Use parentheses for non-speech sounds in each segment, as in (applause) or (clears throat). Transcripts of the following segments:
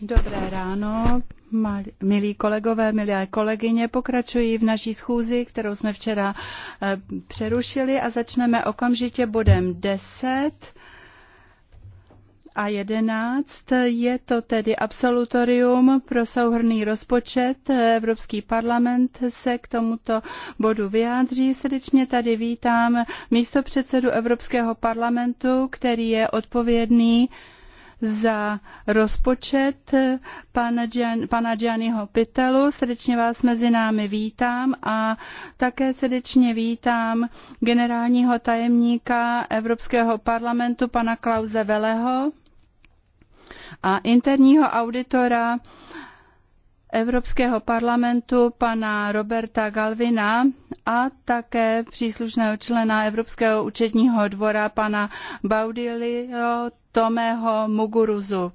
Dobré ráno, milí kolegové, milé kolegyně. Pokračuji v naší schůzi, kterou jsme včera eh, přerušili a začneme okamžitě bodem 10 a 11 je to tedy absolutorium pro souhrný rozpočet. Evropský parlament se k tomuto bodu vyjádří. Srdečně tady vítám místo předsedu Evropského parlamentu, který je odpovědný za rozpočet pana, Gian, pana Gianniho Pitelu. Srdečně vás mezi námi vítám a také srdečně vítám generálního tajemníka Evropského parlamentu pana Klauze Veleho a interního auditora Evropského parlamentu pana Roberta Galvina a také příslušného člena Evropského účetního dvora pana Baudilio Tomého Muguruzu.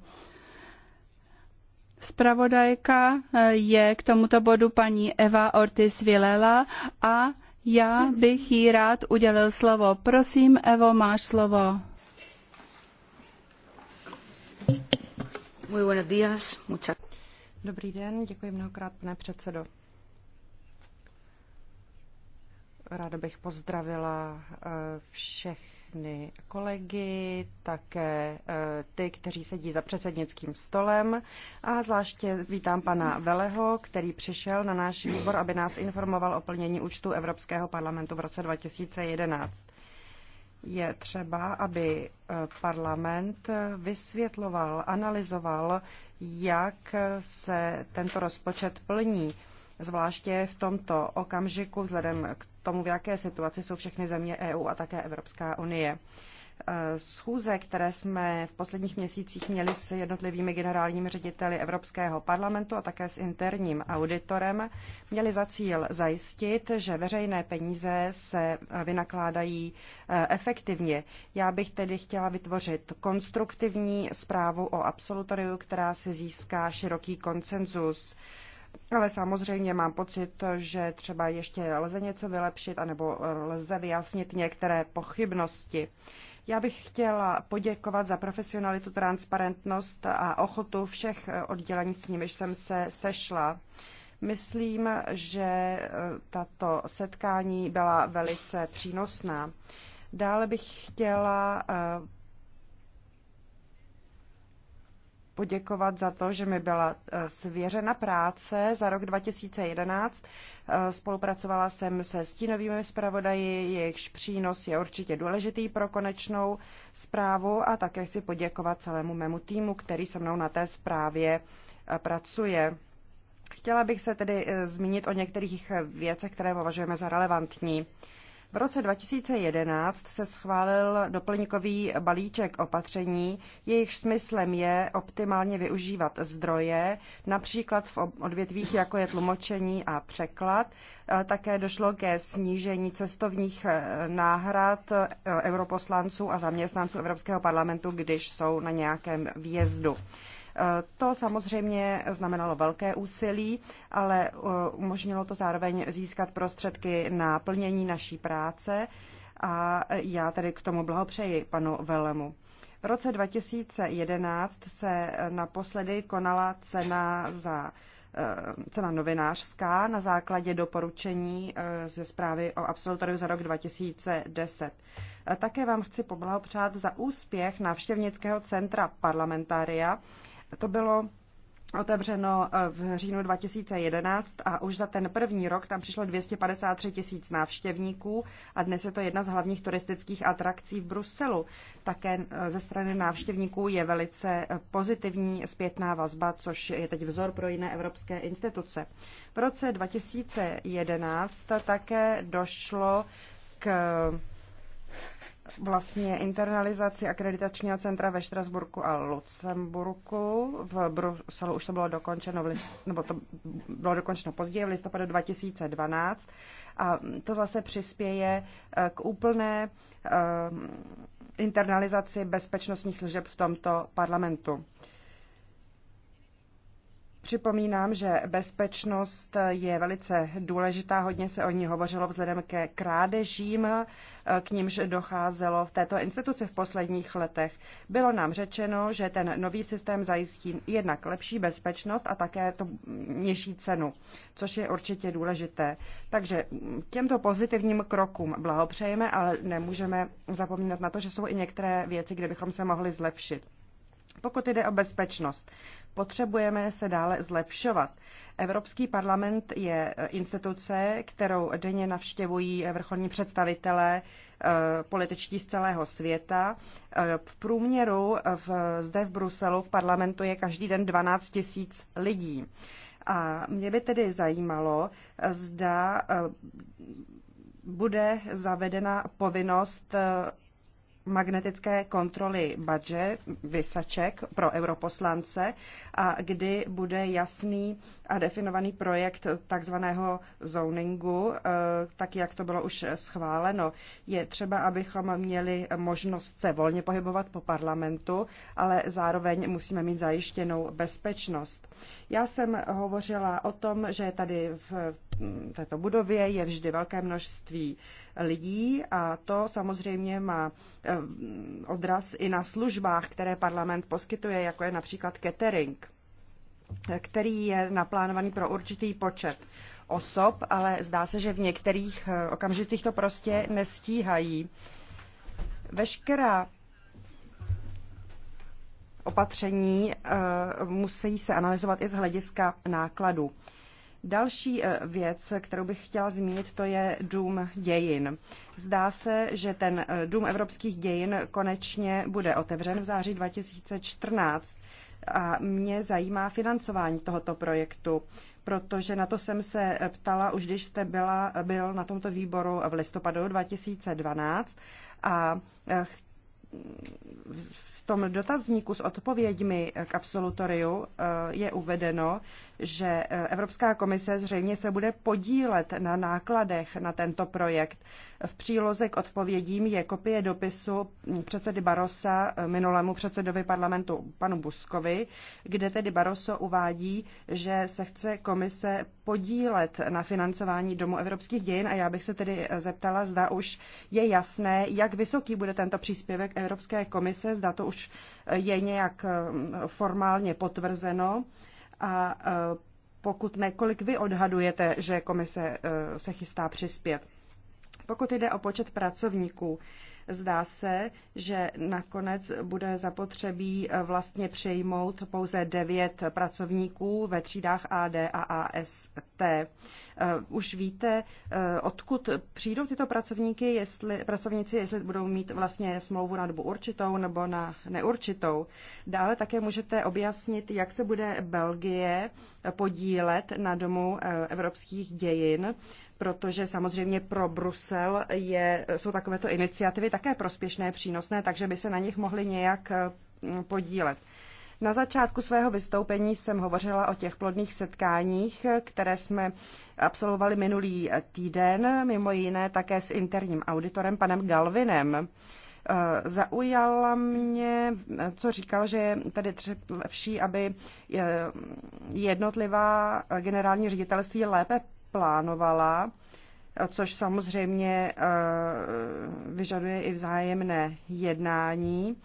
Spravodajka eh, je k tomuto bodu paní Eva Ortiz Vilela a já bych jí rád udělil slovo. Prosím, Evo, máš slovo. Muy buenos días. Dobrý den, děkuji mnohokrát, pane předsedo. Ráda bych pozdravila eh, všechny kolegy, také eh, ty, kteří sedí za předsednickým stolem a zvláště vítám pana Veleho, který přišel na náš výbor, aby nás informoval o plnění účtu Evropského parlamentu v roce 2011 je třeba, aby eh, parlament eh, vysvětloval, analyzoval, jak eh, se tento rozpočet plní, zvláště v tomto okamžiku, vzhledem k tomu, v jaké situaci jsou všechny země EU a také Evropská unie. Eh, schůze, které jsme v posledních měsících měli s jednotlivými generálními řediteli Evropského parlamentu a také s interním auditorem, měly za cíl zajistit, že veřejné peníze se eh, vynakládají eh, efektivně. Já bych tedy chtěla vytvořit konstruktivní zprávu o absolutoriu, která si získá široký konsenzus. Ale samozřejmě mám pocit, že třeba ještě lze něco vylepšit, anebo lze vyjasnit některé pochybnosti. Já bych chtěla poděkovat za profesionalitu, transparentnost a ochotu všech eh, oddělení, s nimiž jsem se sešla. Myslím, že eh, tato setkání byla velice přínosná. Dále bych chtěla eh, poděkovat za to, že mi byla eh, svěřena práce za rok 2011. Eh, spolupracovala jsem se stínovými zpravodaji, jejichž přínos je určitě důležitý pro konečnou zprávu a také chci poděkovat celému mému týmu, který se mnou na té zprávě eh, pracuje. Chtěla bych se tedy zmínit o některých věcech, které považujeme za relevantní. V roce 2011 se schválil doplňkový balíček opatření, jejichž smyslem je optimálně využívat zdroje, například v odvětvích, jako je tlumočení a překlad. Také došlo ke snížení cestovních e, náhrad e, europoslanců a zaměstnanců Evropského parlamentu, když jsou na nějakém výjezdu. To samozřejmě znamenalo velké úsilí, ale eh, umožnilo to zároveň získat prostředky na plnění naší práce a já tedy k tomu blahopřeji panu Velemu. V roce 2011 se eh, naposledy konala cena za eh, cena novinářská na základě doporučení ze zprávy o absolutoriu za rok 2010. Také vám chci poblahopřát za úspěch návštěvnického centra parlamentária, to bylo otevřeno eh, v říjnu 2011 a už za ten první rok tam přišlo 253 tisíc návštěvníků a dnes je to jedna z hlavních turistických atrakcí v Bruselu. Také eh, ze strany návštěvníků je velice eh, pozitivní zpětná vazba, což je teď vzor pro jiné evropské instituce. V roce 2011 také došlo k vlastně internalizaci akreditačního centra ve Štrasburku a Lucemburku. V Bruselu už to bylo dokončeno, nebo to bylo dokončeno později, v listopadu 2012. A to zase přispěje eh, k úplné eh, internalizaci bezpečnostních služeb v tomto parlamentu. Připomínám, že bezpečnost je velice důležitá, hodně se o ní hovořilo vzhledem ke krádežím, k nímž docházelo v této instituci v posledních letech. Bylo nám řečeno, že ten nový systém zajistí jednak lepší bezpečnost a také to nižší cenu, což je určitě důležité. Takže těmto pozitivním krokům blahopřejeme, ale nemůžeme zapomínat na to, že jsou i některé věci, kde bychom se mohli zlepšit. Pokud jde o bezpečnost, Potřebujeme se dále zlepšovat. Evropský parlament je eh, instituce, kterou denně navštěvují eh, vrcholní představitelé eh, političtí z celého světa. V průměru v, zde v Bruselu v parlamentu je každý den 12 tisíc lidí. A mě by tedy zajímalo, zda bude zavedena povinnost magnetické kontroly badže, vysaček pro europoslance a kdy bude jasný a definovaný projekt takzvaného zoningu, eh, tak jak to bylo už schváleno. Je třeba, abychom měli možnost se volně pohybovat po parlamentu, ale zároveň musíme mít zajištěnou bezpečnost. Já jsem hovořila o tom, že tady v této budově je vždy velké množství lidí a to samozřejmě má eh, odraz i na službách, které parlament poskytuje, jako je například catering který je naplánovaný pro určitý počet osob, ale zdá se, že v některých eh, okamžicích to prostě nestíhají. Veškerá opatření eh, musí se analyzovat i z hlediska nákladů. Další eh, věc, kterou bych chtěla zmínit, to je dům dějin. Zdá se, že ten eh, dům evropských dějin konečně bude otevřen v září 2014. A mě zajímá financování tohoto projektu, protože na to jsem se ptala už, když jste byla, byl na tomto výboru v listopadu 2012 a v tom dotazníku s odpověďmi k absolutoriu eh, je uvedeno, že eh, Evropská komise zřejmě se bude podílet na nákladech na tento projekt. V příloze k odpovědím je kopie dopisu předsedy Barosa minulému předsedovi parlamentu panu Buskovi, kde tedy Baroso uvádí, že se chce komise podílet na financování Domu evropských dějin a já bych se tedy zeptala, zda už je jasné, jak vysoký bude tento příspěvek Evropské komise, zda to už je nějak eh, formálně potvrzeno a eh, pokud ne, kolik vy odhadujete, že komise eh, se chystá přispět? Pokud jde o počet pracovníků, zdá se, že nakonec bude zapotřebí eh, vlastně přejmout pouze devět pracovníků ve třídách AD a AST. Eh, už víte, eh, odkud přijdou tyto pracovníky, jestli, pracovníci, jestli budou mít vlastně smlouvu na dobu určitou nebo na neurčitou. Dále také můžete objasnit, jak se bude Belgie podílet na Domu evropských dějin protože samozřejmě pro Brusel je, jsou takovéto iniciativy také prospěšné, přínosné, takže by se na nich mohli nějak eh, podílet. Na začátku svého vystoupení jsem hovořila o těch plodných setkáních, které jsme absolvovali minulý eh, týden, mimo jiné také s interním auditorem panem Galvinem. Eh, zaujala mě, co říkal, že je tady lepší, aby jednotlivá generální ředitelství lépe plánovala, což samozřejmě e, vyžaduje i vzájemné jednání.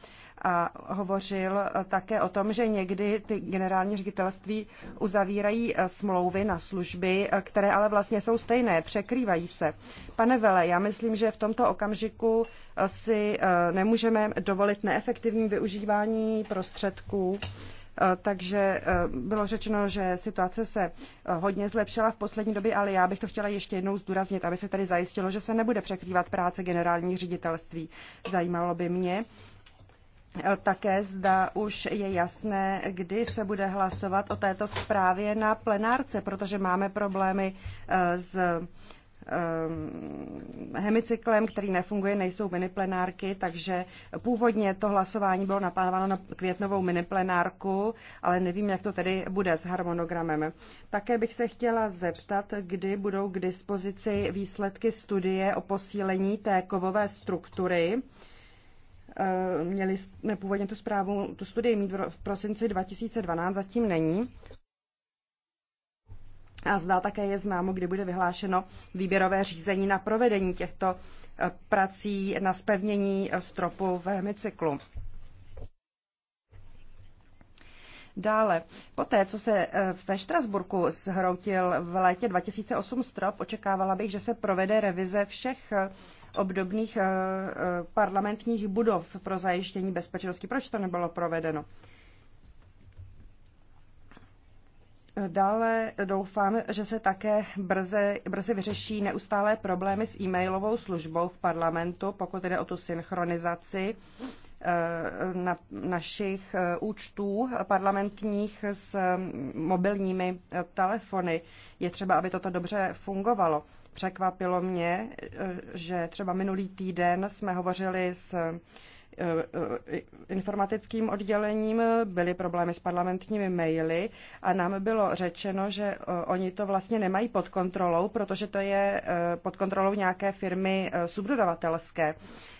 A hovořil e, také o tom, že někdy ty generální ředitelství uzavírají e, smlouvy na služby, které ale vlastně jsou stejné, překrývají se. Pane Vele, já myslím, že v tomto okamžiku si nemůžeme dovolit neefektivní využívání prostředků Eh, takže eh, bylo řečeno, že situace se eh, hodně zlepšila v poslední době, ale já bych to chtěla ještě jednou zdůraznit, aby se tady zajistilo, že se nebude překrývat práce generálních ředitelství. Zajímalo by mě, také zda už je jasné, kdy se bude hlasovat o této zprávě na plenárce, protože máme problémy s Ehm, hemicyklem, který nefunguje, nejsou miniplenárky, takže původně to hlasování bylo naplánováno na květnovou miniplenárku, ale nevím, jak to tedy bude s harmonogramem. Také bych se chtěla zeptat, kdy budou k dispozici výsledky studie o posílení té kovové struktury. Ehm, měli jsme původně tu zprávu, tu studii mít v prosinci 2012, zatím není. A zda také je známo, kdy bude vyhlášeno výběrové řízení na provedení těchto e, prací na spevnění e, stropu v hemicyklu. Dále, poté, co se e, ve Štrasburku zhroutil v létě 2008 strop, očekávala bych, že se provede revize všech obdobných parlamentních budov pro zajištění bezpečnosti. Proč to nebylo provedeno? Dále doufám, že se také brze, brzy vyřeší neustálé problémy s e-mailovou službou v parlamentu, pokud jde o tu synchronizaci eh, na našich eh, účtů parlamentních s mm, mobilními eh, telefony. Je třeba, aby toto dobře fungovalo. Překvapilo mě, že třeba minulý týden jsme hovořili s Eh, eh, informatickým oddělením, byly problémy s parlamentními maily a nám bylo řečeno, že eh, oni to vlastně nemají pod kontrolou, protože to je pod kontrolou nějaké firmy subdodavatelské.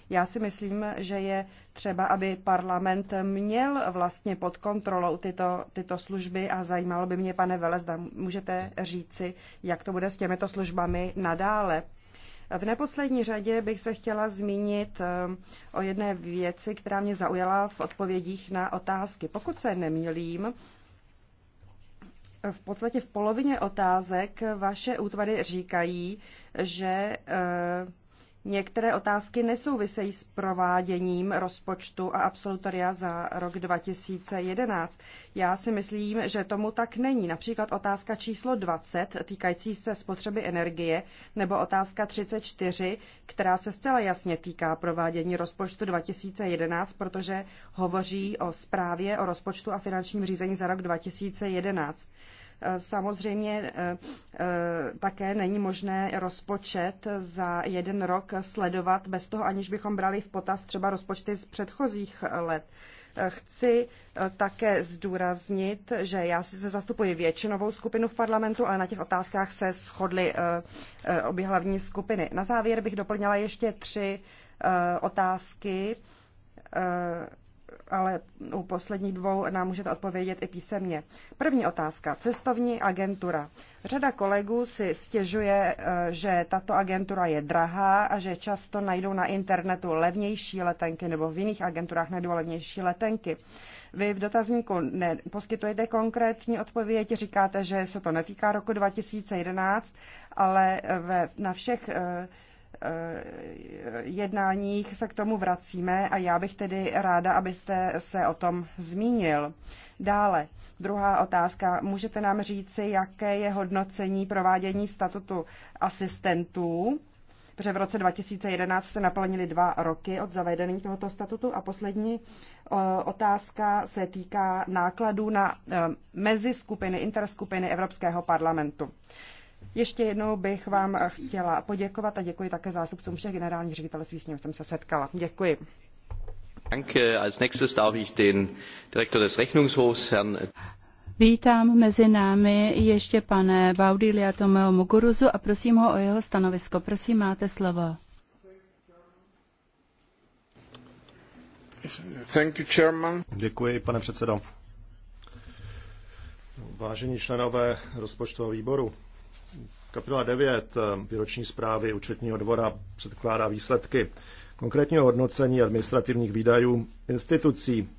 Já si myslím, že je třeba, aby parlament měl vlastně pod kontrolou tyto, tyto služby a zajímalo by mě, pane Velezda, můžete říci, jak to bude s těmito službami nadále, v neposlední řadě bych se chtěla zmínit eh, o jedné věci, která mě zaujala v odpovědích na otázky. Pokud se nemýlím, v podstatě v polovině otázek vaše útvary říkají, že eh, Některé otázky nesouvisejí s prováděním rozpočtu a absolutoria za rok 2011. Já si myslím, že tomu tak není. Například otázka číslo 20 týkající se spotřeby energie nebo otázka 34, která se zcela jasně týká provádění rozpočtu 2011, protože hovoří o zprávě o rozpočtu a finančním řízení za rok 2011. Samozřejmě eh, eh, také není možné rozpočet za jeden rok sledovat bez toho, aniž bychom brali v potaz třeba rozpočty z předchozích let. Eh, chci také zdůraznit, že já si se zastupuji většinovou skupinu v parlamentu, ale na těch otázkách se shodly obě hlavní skupiny. Na závěr bych doplnila ještě tři otázky ale u poslední dvou nám můžete odpovědět i písemně. První otázka. Cestovní agentura. Řada kolegů si stěžuje, eh, že tato agentura je drahá a že často najdou na internetu levnější letenky nebo v jiných agenturách najdou levnější letenky. Vy v dotazníku neposkytujete konkrétní odpověď, říkáte, že se to netýká roku 2011, ale ve, na všech eh, Eh, jednáních se k tomu vracíme a já bych tedy ráda, abyste se o tom zmínil. Dále, druhá otázka. Můžete nám říci, jaké je hodnocení provádění statutu asistentů? Protože v roce 2011 se naplnili dva roky od zavedení tohoto statutu. A poslední eh, otázka se týká nákladů na eh, mezi skupiny, interskupiny Evropského parlamentu. Ještě jednou bych vám chtěla poděkovat a děkuji také zástupcům všech generálních ředitelství, s ním jsem se setkala. Děkuji. Danke. Als nächstes darf ich den Direktor des Rechnungshofs, Herrn Vítám mezi námi ještě pane Baudilia Tomeo Muguruzu a prosím ho o jeho stanovisko. Prosím, máte slovo. Thank you, chairman. Děkuji, pane předsedo. Vážení členové rozpočtového výboru, Kapitola 9 eh, výroční zprávy účetního dvora předkládá výsledky konkrétního hodnocení administrativních výdajů institucí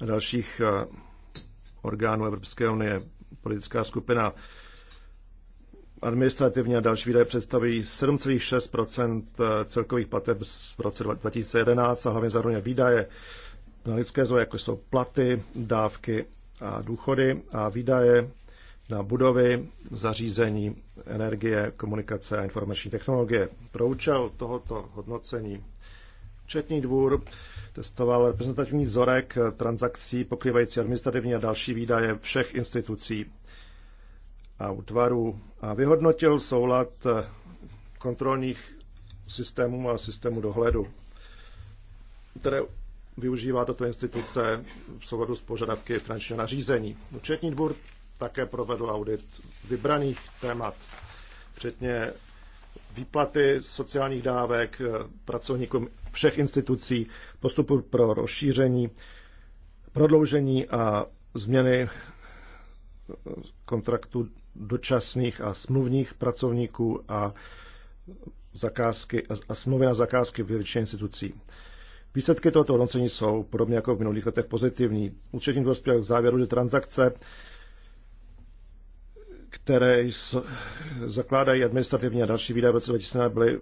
a dalších eh, orgánů Evropské unie. Politická skupina administrativně a další výdaje představují 7,6 eh, celkových plateb v roce 2011 a hlavně zároveň výdaje na lidské zdroje, jako jsou platy, dávky a důchody a výdaje na budovy, zařízení, energie, komunikace a informační technologie. Pro účel tohoto hodnocení Četní dvůr testoval reprezentativní vzorek transakcí pokrývající administrativní a další výdaje všech institucí a útvarů a vyhodnotil soulad kontrolních systémů a systému dohledu, které využívá tato instituce v souladu s požadavky finančního nařízení. Účetní dvůr také provedl audit vybraných témat, včetně výplaty sociálních dávek eh, pracovníkům všech institucí, postupu pro rozšíření, prodloužení a změny eh, kontraktu dočasných a smluvních pracovníků a zakázky a smluvy na zakázky v většině institucí. Výsledky tohoto hodnocení jsou, podobně jako v minulých letech, pozitivní. Účetní dospěl k závěru, že transakce které jsou, zakládají administrativně a další výdaje v roce 2017 byly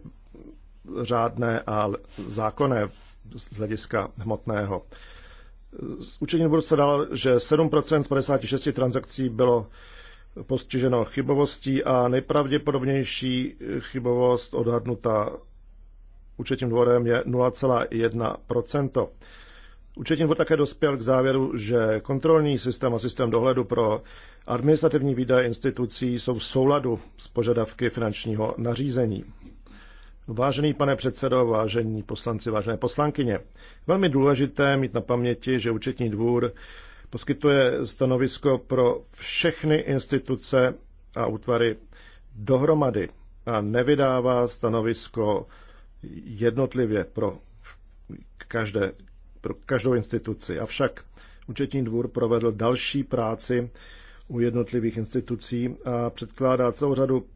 řádné a zákonné z hlediska hmotného. Z učení budu se dal, že 7% z 56 transakcí bylo postiženo chybovostí a nejpravděpodobnější chybovost odhadnutá účetním dvorem je 0,1%. Účetní dvůr také dospěl k závěru, že kontrolní systém a systém dohledu pro administrativní výdaje institucí jsou v souladu s požadavky finančního nařízení. Vážený pane předsedo, vážení poslanci, vážené poslankyně, velmi důležité mít na paměti, že účetní dvůr poskytuje stanovisko pro všechny instituce a útvary dohromady a nevydává stanovisko jednotlivě pro každé pro každou instituci. Avšak účetní dvůr provedl další práci u jednotlivých institucí a předkládá celou řadu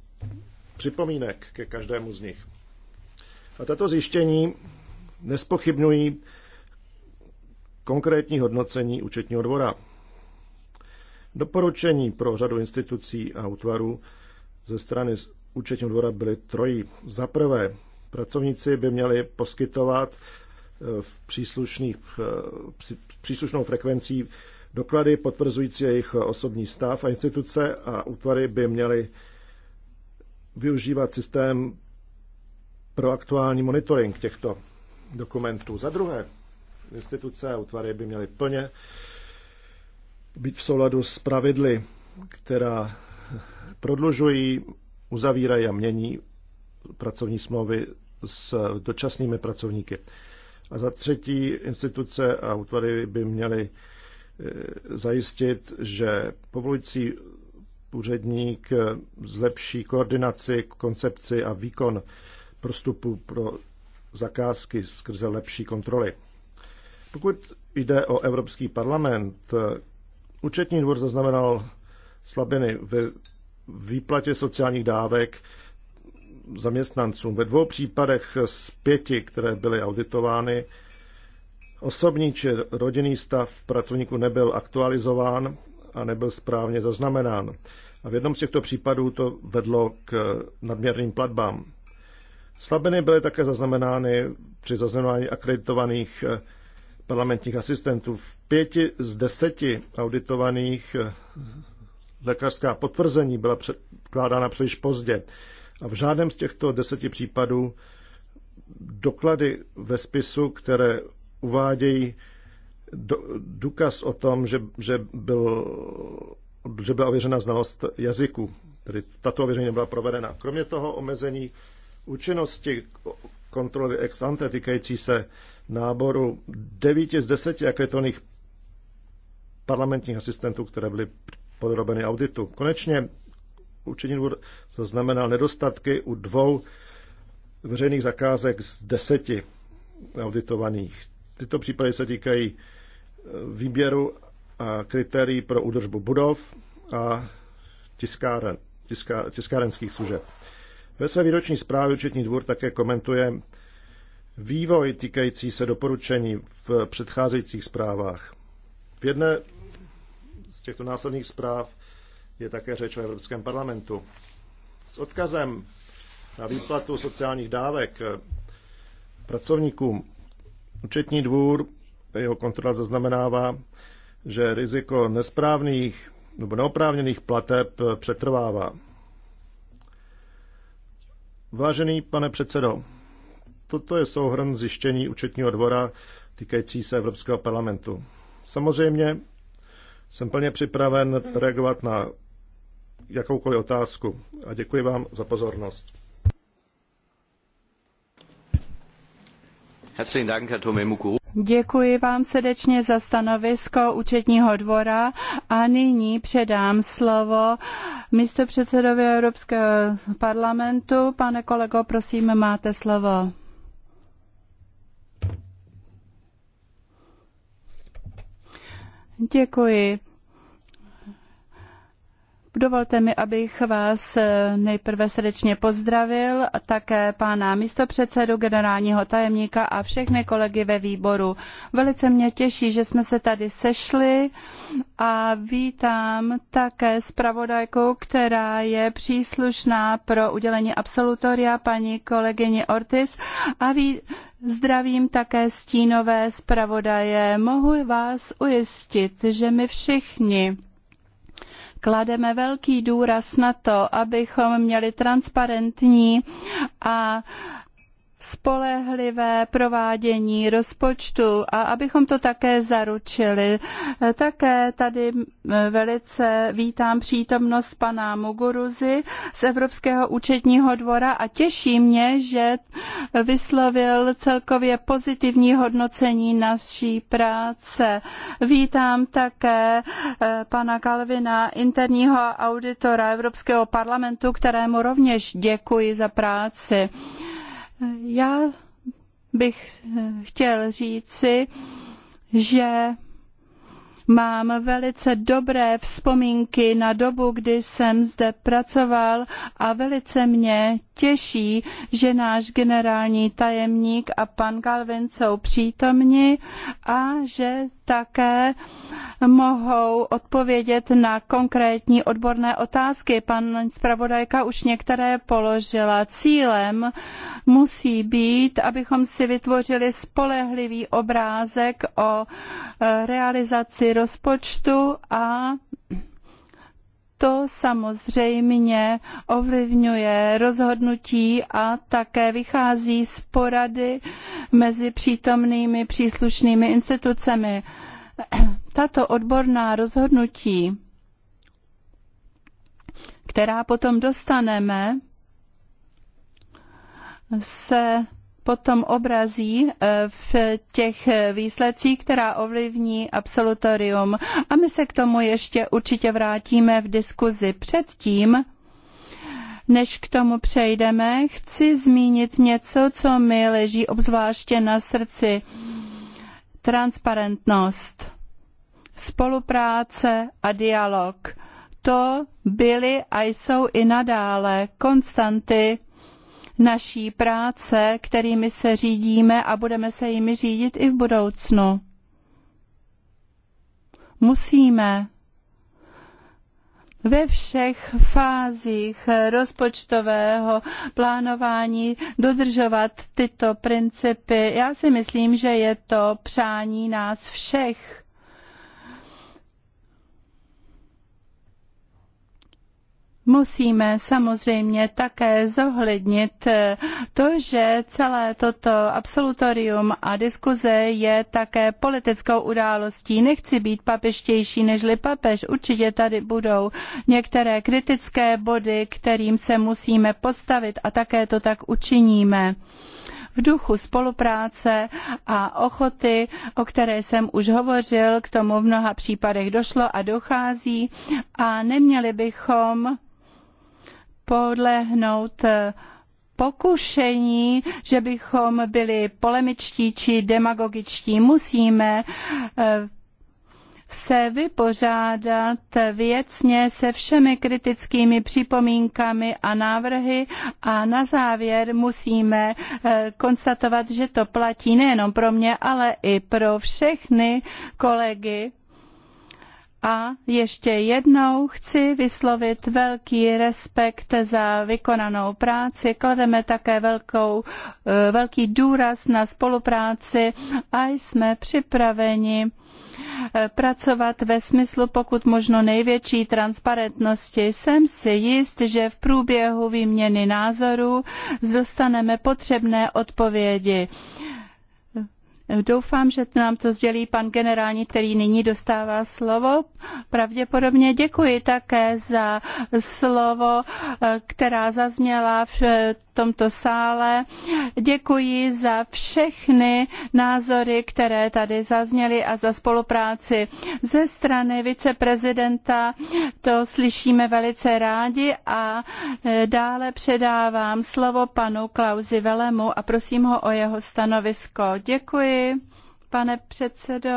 připomínek ke každému z nich. A tato zjištění nespochybnují konkrétní hodnocení účetního dvora. Doporučení pro řadu institucí a útvarů ze strany účetního dvora byly trojí. Za prvé, pracovníci by měli poskytovat v příslušných, eh, příslušnou frekvencí doklady potvrzující jejich osobní stav a instituce a útvary by měly využívat systém pro aktuální monitoring těchto dokumentů. Za druhé, instituce a útvary by měly plně být v souladu s pravidly, která prodlužují, uzavírají a mění pracovní smlouvy s dočasnými pracovníky. A za třetí, instituce a útvary by měly e, zajistit, že povolující úředník zlepší koordinaci, koncepci a výkon prostupu pro zakázky skrze lepší kontroly. Pokud jde o Evropský parlament, e, účetní dvůr zaznamenal slabiny ve výplatě sociálních dávek zaměstnancům. Ve dvou případech z pěti, které byly auditovány, osobní či rodinný stav pracovníků nebyl aktualizován a nebyl správně zaznamenán. A v jednom z těchto případů to vedlo k nadměrným platbám. Slabiny byly také zaznamenány při zaznamenání akreditovaných eh, parlamentních asistentů. V pěti z deseti auditovaných eh, lékařská potvrzení byla předkládána příliš pozdě. A v žádném z těchto deseti případů doklady ve spisu, které uvádějí do, důkaz o tom, že, že, byl, že byla ověřena znalost jazyku, tedy tato ověření byla provedena. Kromě toho omezení účinnosti kontroly ex ante týkající se náboru 9 z 10 akreditovaných parlamentních asistentů, které byly podrobeny auditu. Konečně účetní dvůr zaznamenal nedostatky u dvou veřejných zakázek z deseti auditovaných. Tyto případy se týkají e, výběru a kritérií pro údržbu budov a tiskáren, tiská, tiskárenských služeb. Ve své výroční zprávě účetní dvůr také komentuje vývoj týkající se doporučení v předcházejících zprávách. V jedné z těchto následných zpráv je také řeč o Evropském parlamentu. S odkazem na výplatu sociálních dávek pracovníkům účetní dvůr jeho kontrola zaznamenává, že riziko nesprávných nebo neoprávněných plateb přetrvává. Vážený pane předsedo, toto je souhrn zjištění účetního dvora týkající se Evropského parlamentu. Samozřejmě jsem plně připraven reagovat na jakoukoliv otázku. A děkuji vám za pozornost. Děkuji vám srdečně za stanovisko účetního dvora a nyní předám slovo místo předsedovi Evropského parlamentu. Pane kolego, prosím, máte slovo. Děkuji. Dovolte mi, abych vás eh, nejprve srdečně pozdravil, a také pána místopředsedu generálního tajemníka a všechny kolegy ve výboru. Velice mě těší, že jsme se tady sešli a vítám také zpravodajku, která je příslušná pro udělení absolutoria paní kolegyni Ortiz a ví, Zdravím také stínové zpravodaje. Mohu vás ujistit, že my všichni Klademe velký důraz na to, abychom měli transparentní a spolehlivé provádění rozpočtu a abychom to také zaručili. Eh, také tady velice vítám přítomnost pana Muguruzy z Evropského účetního dvora a těší mě, že vyslovil celkově pozitivní hodnocení naší práce. Vítám také eh, pana Kalvina, interního auditora Evropského parlamentu, kterému rovněž děkuji za práci. Já bych chtěl říci, že Mám velice dobré vzpomínky na dobu, kdy jsem zde pracoval a velice mě těší, že náš generální tajemník a pan Galvin jsou přítomni a že také mohou odpovědět na konkrétní odborné otázky. Pan zpravodajka už některé položila. Cílem musí být, abychom si vytvořili spolehlivý obrázek o eh, realizaci rozpočtu a to samozřejmě ovlivňuje rozhodnutí a také vychází z porady mezi přítomnými příslušnými institucemi tato odborná rozhodnutí, která potom dostaneme, se potom obrazí eh, v těch výsledcích, která ovlivní absolutorium. A my se k tomu ještě určitě vrátíme v diskuzi předtím, než k tomu přejdeme, chci zmínit něco, co mi leží obzvláště na srdci transparentnost, spolupráce a dialog. To byly a jsou i nadále konstanty naší práce, kterými se řídíme a budeme se jimi řídit i v budoucnu. Musíme ve všech fázích rozpočtového plánování dodržovat tyto principy. Já si myslím, že je to přání nás všech Musíme samozřejmě také zohlednit eh, to, že celé toto absolutorium a diskuze je také politickou událostí. Nechci být papeštější nežli papež. Určitě tady budou některé kritické body, kterým se musíme postavit a také to tak učiníme v duchu spolupráce a ochoty, o které jsem už hovořil, k tomu v mnoha případech došlo a dochází a neměli bychom podlehnout eh, pokušení, že bychom byli polemičtí či demagogičtí. Musíme eh, se vypořádat věcně se všemi kritickými připomínkami a návrhy a na závěr musíme eh, konstatovat, že to platí nejenom pro mě, ale i pro všechny kolegy a ještě jednou chci vyslovit velký respekt za vykonanou práci. Klademe také velkou, eh, velký důraz na spolupráci a jsme připraveni eh, pracovat ve smyslu pokud možno největší transparentnosti. Jsem si jist, že v průběhu výměny názorů dostaneme eh, potřebné odpovědi. Doufám, že nám to sdělí pan generální, který nyní dostává slovo. Pravděpodobně děkuji také za slovo, eh, která zazněla v tomto sále. Děkuji za všechny názory, které tady zazněly a za spolupráci ze strany viceprezidenta. To slyšíme velice rádi a e, dále předávám slovo panu Klausi Velemu a prosím ho o jeho stanovisko. Děkuji, pane předsedo.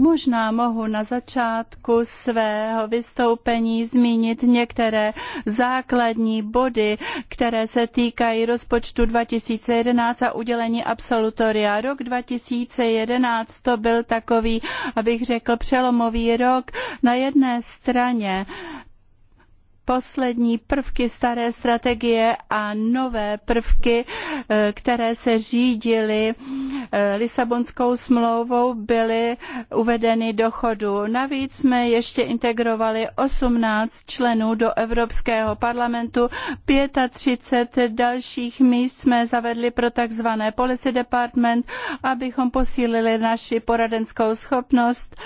Možná mohu na začátku svého vystoupení zmínit některé základní body, které se týkají rozpočtu 2011 a udělení absolutoria. Rok 2011 to byl takový, abych řekl, přelomový rok. Na jedné straně poslední prvky staré strategie a nové prvky, eh, které se řídily eh, Lisabonskou smlouvou, byly uvedeny do chodu. Navíc jsme ještě integrovali 18 členů do Evropského parlamentu, 35 dalších míst jsme zavedli pro takzvané Policy Department, abychom posílili naši poradenskou schopnost,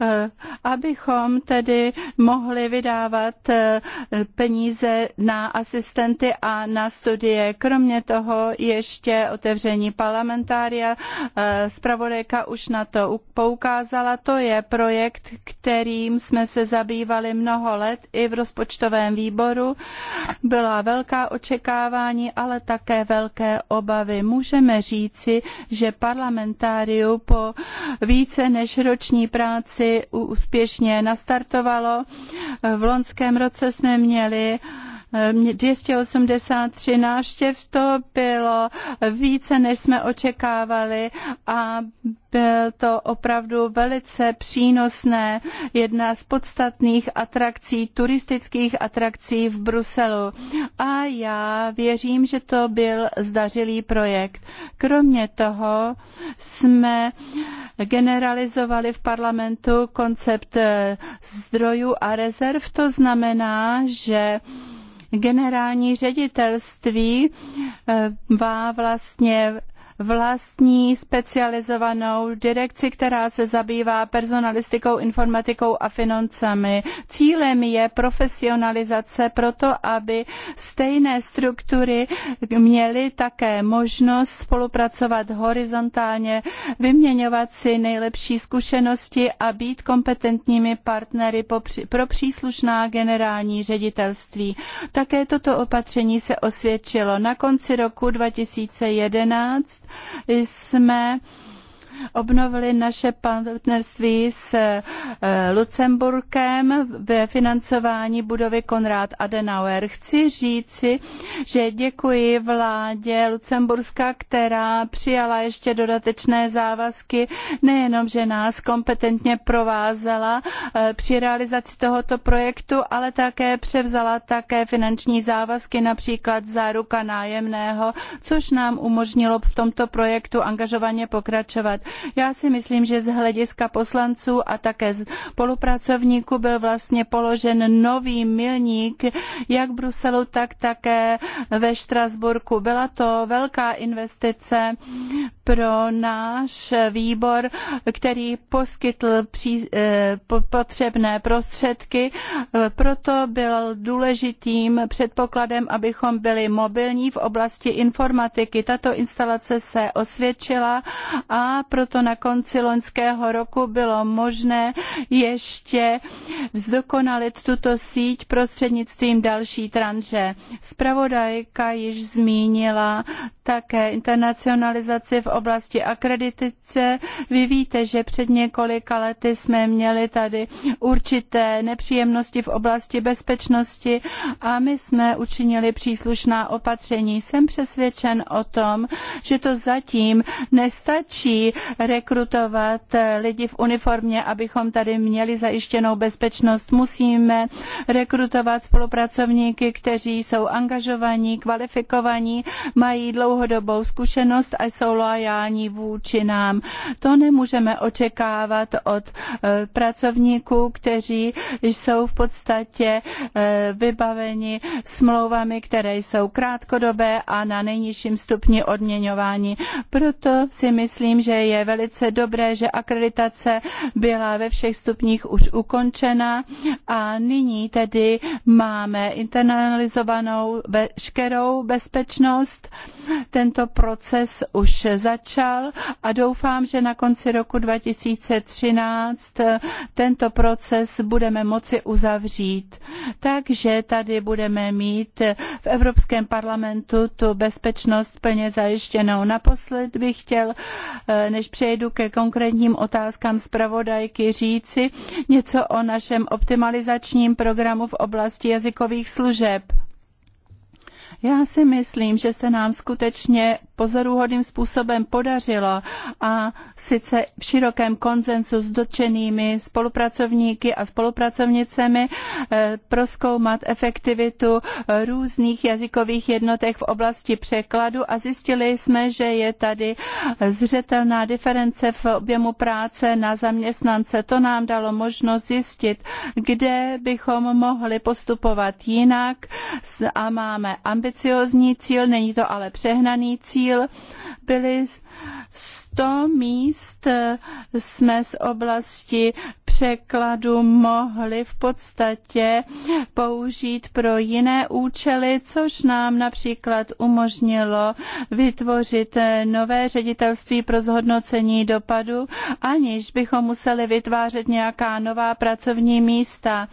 eh, abychom tedy mohli vydávat peníze na asistenty a na studie. Kromě toho ještě otevření parlamentária. Spravodajka eh, už na to poukázala. To je projekt, kterým jsme se zabývali mnoho let i v rozpočtovém výboru. Byla velká očekávání, ale také velké obavy. Můžeme říci, že parlamentáriu po více než roční práci úspěšně nastartovalo. V loňském roce jsme měli 283 eh, návštěv, to bylo více, než jsme očekávali a byl to opravdu velice přínosné, jedna z podstatných atrakcí, turistických atrakcí v Bruselu. A já věřím, že to byl zdařilý projekt. Kromě toho jsme uh, generalizovali v parlamentu koncept eh, zdrojů a rezerv. To znamená, že generální ředitelství eh, má vlastně vlastní specializovanou direkci, která se zabývá personalistikou, informatikou a financemi. Cílem je profesionalizace proto, aby stejné struktury měly také možnost spolupracovat horizontálně, vyměňovat si nejlepší zkušenosti a být kompetentními partnery pro příslušná generální ředitelství. Také toto opatření se osvědčilo. Na konci roku 2011 2011 jsme obnovili naše partnerství s eh, Lucemburkem ve financování budovy Konrad Adenauer. Chci říci, že děkuji vládě Lucemburska, která přijala ještě dodatečné závazky, nejenom, že nás kompetentně provázela eh, při realizaci tohoto projektu, ale také převzala také finanční závazky, například záruka nájemného, což nám umožnilo v tomto projektu angažovaně pokračovat. Já si myslím, že z hlediska poslanců a také z spolupracovníků byl vlastně položen nový milník, jak v Bruselu, tak také ve Štrasburku. Byla to velká investice pro náš výbor, který poskytl pří, eh, potřebné prostředky. Proto byl důležitým předpokladem, abychom byli mobilní v oblasti informatiky. Tato instalace se osvědčila a proto na konci loňského roku bylo možné ještě zdokonalit tuto síť prostřednictvím další tranže. Spravodajka již zmínila také internacionalizaci v oblasti akreditace. Vy víte, že před několika lety jsme měli tady určité nepříjemnosti v oblasti bezpečnosti a my jsme učinili příslušná opatření. Jsem přesvědčen o tom, že to zatím nestačí rekrutovat eh, lidi v uniformě, abychom tady měli zajištěnou bezpečnost. Musíme rekrutovat spolupracovníky, kteří jsou angažovaní, kvalifikovaní, mají dlouhodobou zkušenost a jsou loajální vůči nám. To nemůžeme očekávat od eh, pracovníků, kteří jsou v podstatě eh, vybaveni smlouvami, které jsou krátkodobé a na nejnižším stupni odměňování. Proto si myslím, že je je velice dobré, že akreditace byla ve všech stupních už ukončena a nyní tedy máme internalizovanou veškerou bezpečnost. Tento proces už začal a doufám, že na konci roku 2013 tento proces budeme moci uzavřít. Takže tady budeme mít v Evropském parlamentu tu bezpečnost plně zajištěnou. Naposled bych chtěl, eh, než než přejdu ke konkrétním otázkám zpravodajky, říci něco o našem optimalizačním programu v oblasti jazykových služeb. Já si myslím, že se nám skutečně pozoruhodným způsobem podařilo a sice v širokém konsenzu s dotčenými spolupracovníky a spolupracovnicemi eh, proskoumat efektivitu eh, různých jazykových jednotek v oblasti překladu a zjistili jsme, že je tady eh, zřetelná diference v objemu práce na zaměstnance. To nám dalo možnost zjistit, kde bychom mohli postupovat jinak a máme ambiciozní cíl, není to ale přehnaný cíl, cíl byly 100 míst jsme z oblasti překladu mohli v podstatě použít pro jiné účely, což nám například umožnilo vytvořit nové ředitelství pro zhodnocení dopadu, aniž bychom museli vytvářet nějaká nová pracovní místa.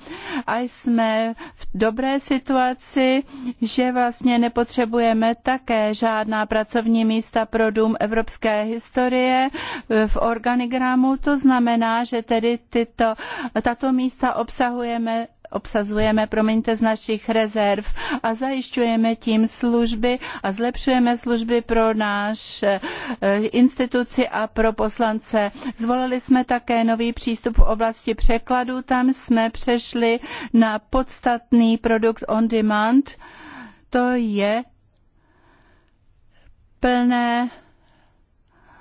A jsme v dobré situaci, že vlastně nepotřebujeme také žádná pracovní místa pro Dům Evropské historie v organigramu. To znamená, že tedy tyto, tato místa obsahujeme obsazujeme, promiňte, z našich rezerv a zajišťujeme tím služby a zlepšujeme služby pro náš eh, instituci a pro poslance. Zvolili jsme také nový přístup v oblasti překladu, tam jsme přešli na podstatný produkt on demand, to je plné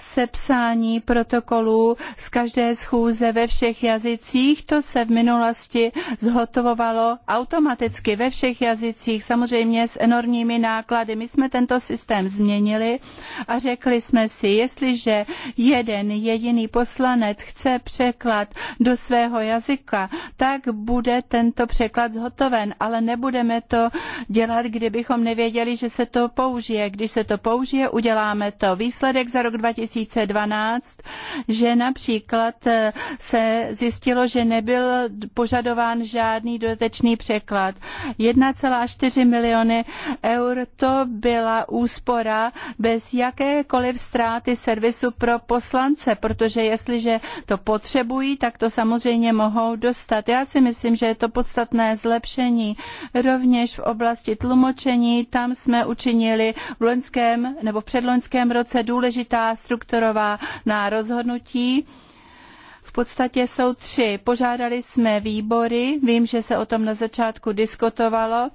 sepsání protokolů z každé schůze ve všech jazycích. To se v minulosti zhotovovalo automaticky ve všech jazycích, samozřejmě s enormními náklady. My jsme tento systém změnili a řekli jsme si, jestliže jeden jediný poslanec chce překlad do svého jazyka, tak bude tento překlad zhotoven, ale nebudeme to dělat, kdybychom nevěděli, že se to použije. Když se to použije, uděláme to. Výsledek za rok 2000 2012, že například eh, se zjistilo, že nebyl požadován žádný dodatečný překlad. 1,4 miliony eur to byla úspora bez jakékoliv ztráty servisu pro poslance, protože jestliže to potřebují, tak to samozřejmě mohou dostat. Já si myslím, že je to podstatné zlepšení. Rovněž v oblasti tlumočení, tam jsme učinili v loňském nebo v předloňském roce důležitá strukturální strukturovaná rozhodnutí podstatě jsou tři. Požádali jsme výbory, vím, že se o tom na začátku diskutovalo,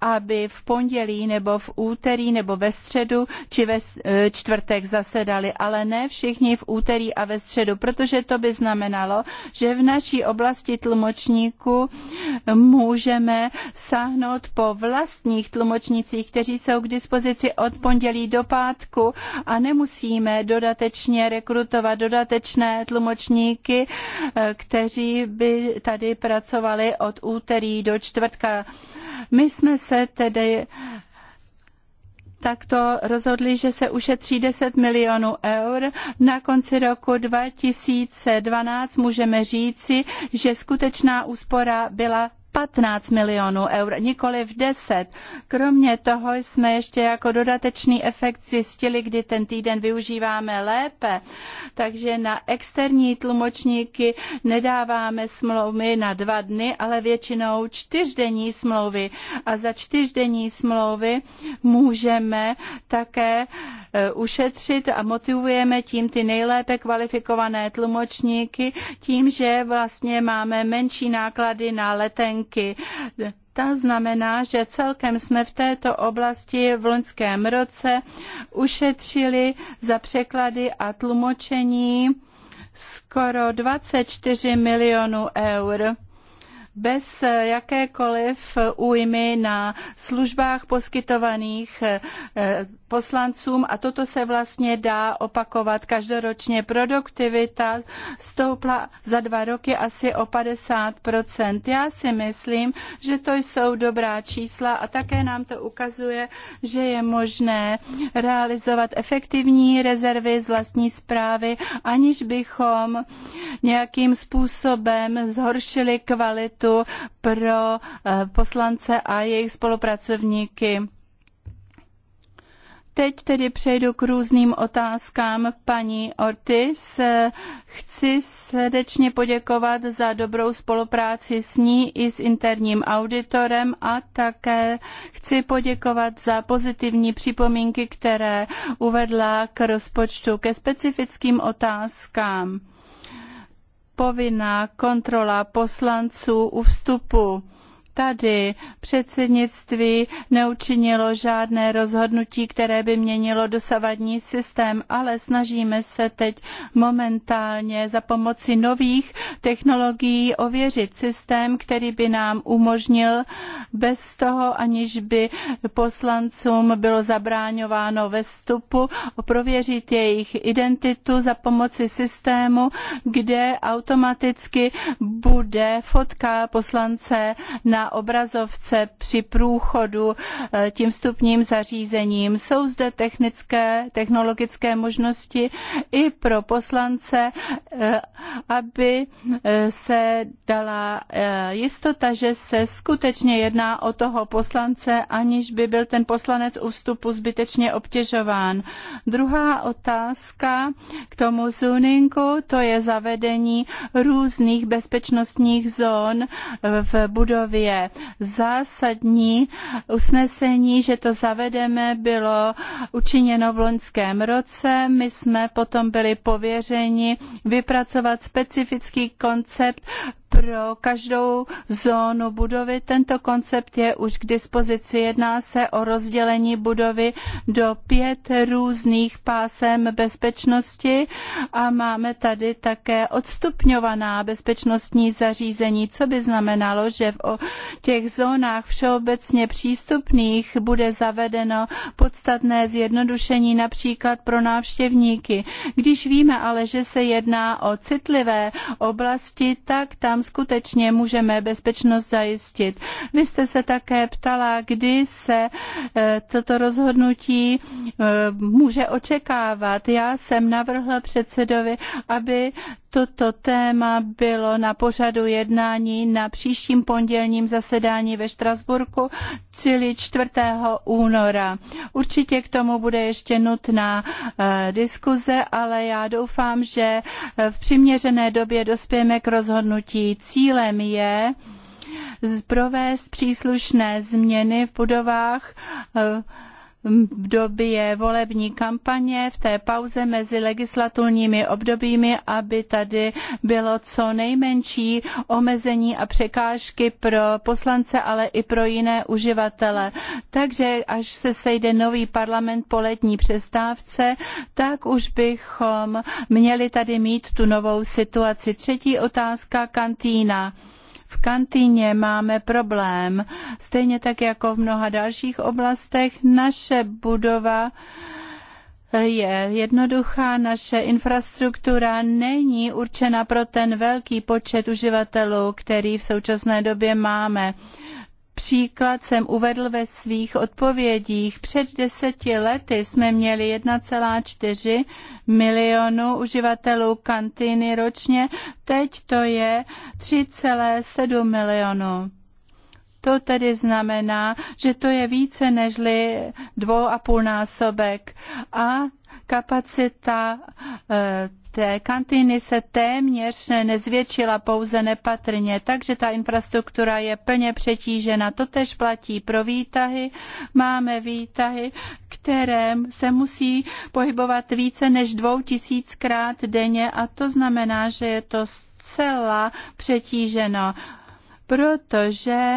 aby v pondělí nebo v úterý nebo ve středu či ve e, čtvrtek zasedali, ale ne všichni v úterý a ve středu, protože to by znamenalo, že v naší oblasti tlumočníků můžeme sáhnout po vlastních tlumočnicích, kteří jsou k dispozici od pondělí do pátku a nemusíme dodatečně rekrutovat dodatečné tlumočníky, kteří by tady pracovali od úterý do čtvrtka. My jsme se tedy takto rozhodli, že se ušetří 10 milionů eur. Na konci roku 2012 můžeme říci, že skutečná úspora byla 15 milionů eur, nikoli v 10. Kromě toho jsme ještě jako dodatečný efekt zjistili, kdy ten týden využíváme lépe, takže na externí tlumočníky nedáváme smlouvy na dva dny, ale většinou čtyřdenní smlouvy. A za čtyřdenní smlouvy můžeme také eh, ušetřit a motivujeme tím ty nejlépe kvalifikované tlumočníky tím, že vlastně máme menší náklady na letenky podmínky. Ta znamená, že celkem jsme v této oblasti v loňském roce ušetřili za překlady a tlumočení skoro 24 milionů eur bez jakékoliv újmy na službách poskytovaných eh, poslancům a toto se vlastně dá opakovat každoročně. Produktivita stoupla za dva roky asi o 50%. Já si myslím, že to jsou dobrá čísla a také nám to ukazuje, že je možné realizovat efektivní rezervy z vlastní zprávy, aniž bychom nějakým způsobem zhoršili kvalitu pro eh, poslance a jejich spolupracovníky. Teď tedy přejdu k různým otázkám paní Ortiz. Chci srdečně poděkovat za dobrou spolupráci s ní i s interním auditorem a také chci poděkovat za pozitivní připomínky, které uvedla k rozpočtu ke specifickým otázkám. Povinná kontrola poslanců u vstupu tady předsednictví neučinilo žádné rozhodnutí, které by měnilo dosavadní systém, ale snažíme se teď momentálně za pomoci nových technologií ověřit systém, který by nám umožnil bez toho, aniž by poslancům bylo zabráňováno ve vstupu, prověřit jejich identitu za pomoci systému, kde automaticky bude fotka poslance na obrazovce při průchodu eh, tím vstupním zařízením. Jsou zde technické, technologické možnosti i pro poslance, eh, aby eh, se dala jistota, že se skutečně jedná o toho poslance, aniž by byl ten poslanec u vstupu zbytečně obtěžován. Druhá otázka k tomu zooningu, to je zavedení různých bezpečnostních zón v budově zásadní usnesení, že to zavedeme, bylo učiněno v loňském roce. My jsme potom byli pověřeni vypracovat specifický koncept pro každou zónu budovy. Tento koncept je už k dispozici. Jedná se o rozdělení budovy do pět různých pásem bezpečnosti a máme tady také odstupňovaná bezpečnostní zařízení, co by znamenalo, že v těch zónách všeobecně přístupných bude zavedeno podstatné zjednodušení například pro návštěvníky. Když víme ale, že se jedná o citlivé oblasti, tak tam tam skutečně můžeme bezpečnost zajistit. Vy jste se také ptala, kdy se e, toto rozhodnutí e, může očekávat. Já jsem navrhla předsedovi, aby Toto téma bylo na pořadu jednání na příštím pondělním zasedání ve Štrasburku, čili 4. února. Určitě k tomu bude ještě nutná eh, diskuze, ale já doufám, že eh, v přiměřené době dospějeme k rozhodnutí. Cílem je, eh, provést příslušné změny v budovách v době volební kampaně, v té pauze mezi legislativními obdobími, aby tady bylo co nejmenší omezení a překážky pro poslance, ale i pro jiné uživatele. Takže až se sejde nový parlament po letní přestávce, tak už bychom měli tady mít tu novou situaci. Třetí otázka, kantýna. V kantýně máme problém, stejně tak jako v mnoha dalších oblastech. Naše budova je jednoduchá, naše infrastruktura není určena pro ten velký počet uživatelů, který v současné době máme příklad jsem uvedl ve svých odpovědích. Před deseti lety jsme měli 1,4 milionu uživatelů kantýny ročně, teď to je 3,7 milionu. To tedy znamená, že to je více nežli dvou a půl násobek a kapacita e, té kantýny se téměř nezvětšila pouze nepatrně, takže ta infrastruktura je plně přetížena. To platí pro výtahy. Máme výtahy, které se musí pohybovat více než dvou tisíckrát denně a to znamená, že je to zcela přetíženo, protože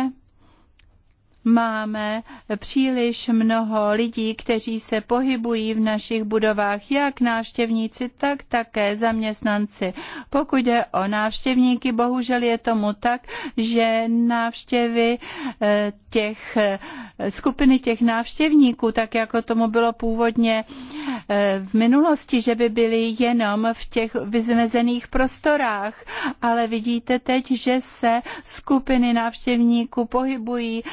máme příliš mnoho lidí, kteří se pohybují v našich budovách, jak návštěvníci, tak také zaměstnanci. Pokud jde o návštěvníky, bohužel je tomu tak, že návštěvy eh, těch eh, skupiny těch návštěvníků, tak jako tomu bylo původně eh, v minulosti, že by byly jenom v těch vyzmezených prostorách, ale vidíte teď, že se skupiny návštěvníků pohybují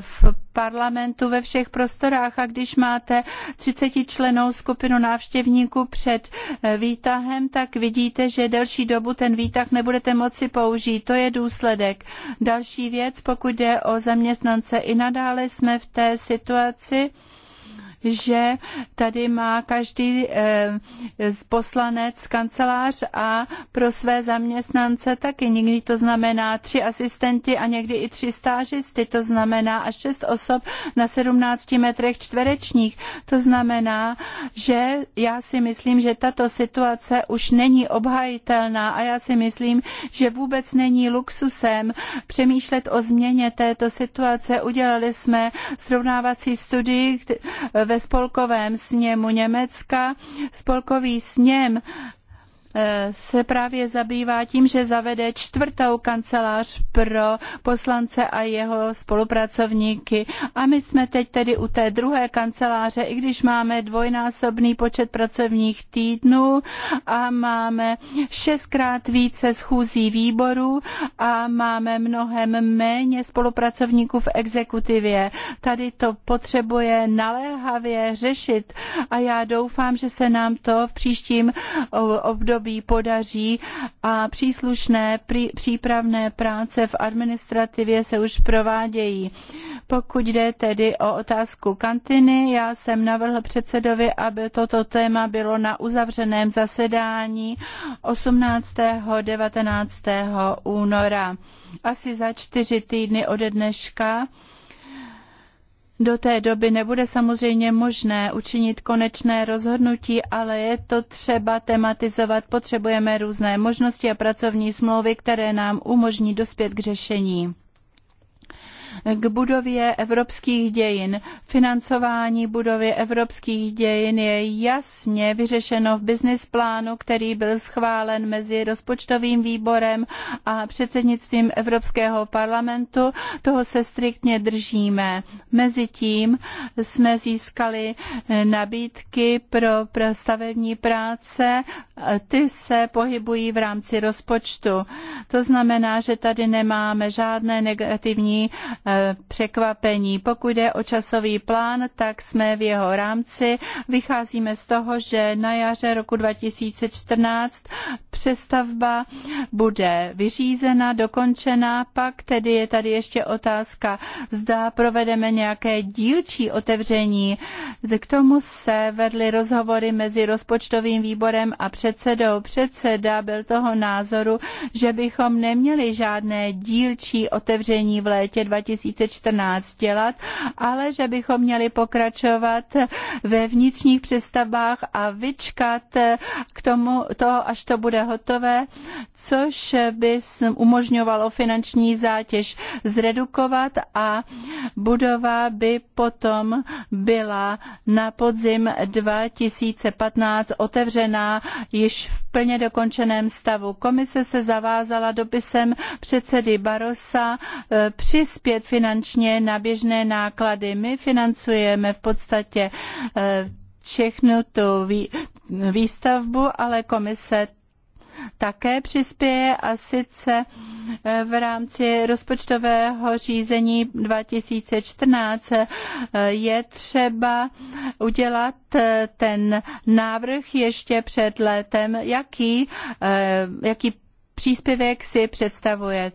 v parlamentu ve všech prostorách a když máte 30 členou skupinu návštěvníků před eh, výtahem, tak vidíte, že delší dobu ten výtah nebudete moci použít. To je důsledek. Další věc, pokud jde o zaměstnance, i nadále jsme v té situaci, že tady má každý eh, poslanec kancelář a pro své zaměstnance taky. Někdy to znamená tři asistenti a někdy i tři stážisty. To znamená až šest osob na 17 metrech čtverečních. To znamená, že já si myslím, že tato situace už není obhajitelná a já si myslím, že vůbec není luxusem přemýšlet o změně této situace. Udělali jsme srovnávací studii ve spolkovém sněmu Německa. Spolkový sněm Eh, se právě zabývá tím, že zavede čtvrtou kancelář pro poslance a jeho spolupracovníky. A my jsme teď tedy u té druhé kanceláře, i když máme dvojnásobný počet pracovních týdnů a máme šestkrát více schůzí výborů a máme mnohem méně spolupracovníků v exekutivě. Tady to potřebuje naléhavě řešit a já doufám, že se nám to v příštím období období podaří a příslušné přípravné práce v administrativě se už provádějí. Pokud jde tedy o otázku kantiny, já jsem navrhl předsedovi, aby toto téma bylo na uzavřeném zasedání 18. 19. února. Asi za čtyři týdny ode dneška do té doby nebude samozřejmě možné učinit konečné rozhodnutí, ale je to třeba tematizovat. Potřebujeme různé možnosti a pracovní smlouvy, které nám umožní dospět k řešení k budově evropských dějin. Financování budovy evropských dějin je jasně vyřešeno v business plánu, který byl schválen mezi rozpočtovým výborem a předsednictvím Evropského parlamentu. Toho se striktně držíme. Mezitím jsme získali nabídky pro stavební práce ty se pohybují v rámci rozpočtu. To znamená, že tady nemáme žádné negativní eh, překvapení. Pokud jde o časový plán, tak jsme v jeho rámci. Vycházíme z toho, že na jaře roku 2014 přestavba bude vyřízena, dokončena, pak tedy je tady ještě otázka, zda provedeme nějaké dílčí otevření. K tomu se vedly rozhovory mezi rozpočtovým výborem a před předsedou. Předseda byl toho názoru, že bychom neměli žádné dílčí otevření v létě 2014 dělat, ale že bychom měli pokračovat ve vnitřních přestavbách a vyčkat k tomu, to, až to bude hotové, což by umožňovalo finanční zátěž zredukovat a budova by potom byla na podzim 2015 otevřená již v plně dokončeném stavu. Komise se zavázala dopisem předsedy Barosa e, přispět finančně na běžné náklady. My financujeme v podstatě e, všechnu tu výstavbu, ale komise také přispěje a sice eh, v rámci rozpočtového řízení 2014 eh, je třeba udělat eh, ten návrh ještě před létem, jaký, jaký příspěvek si představuje.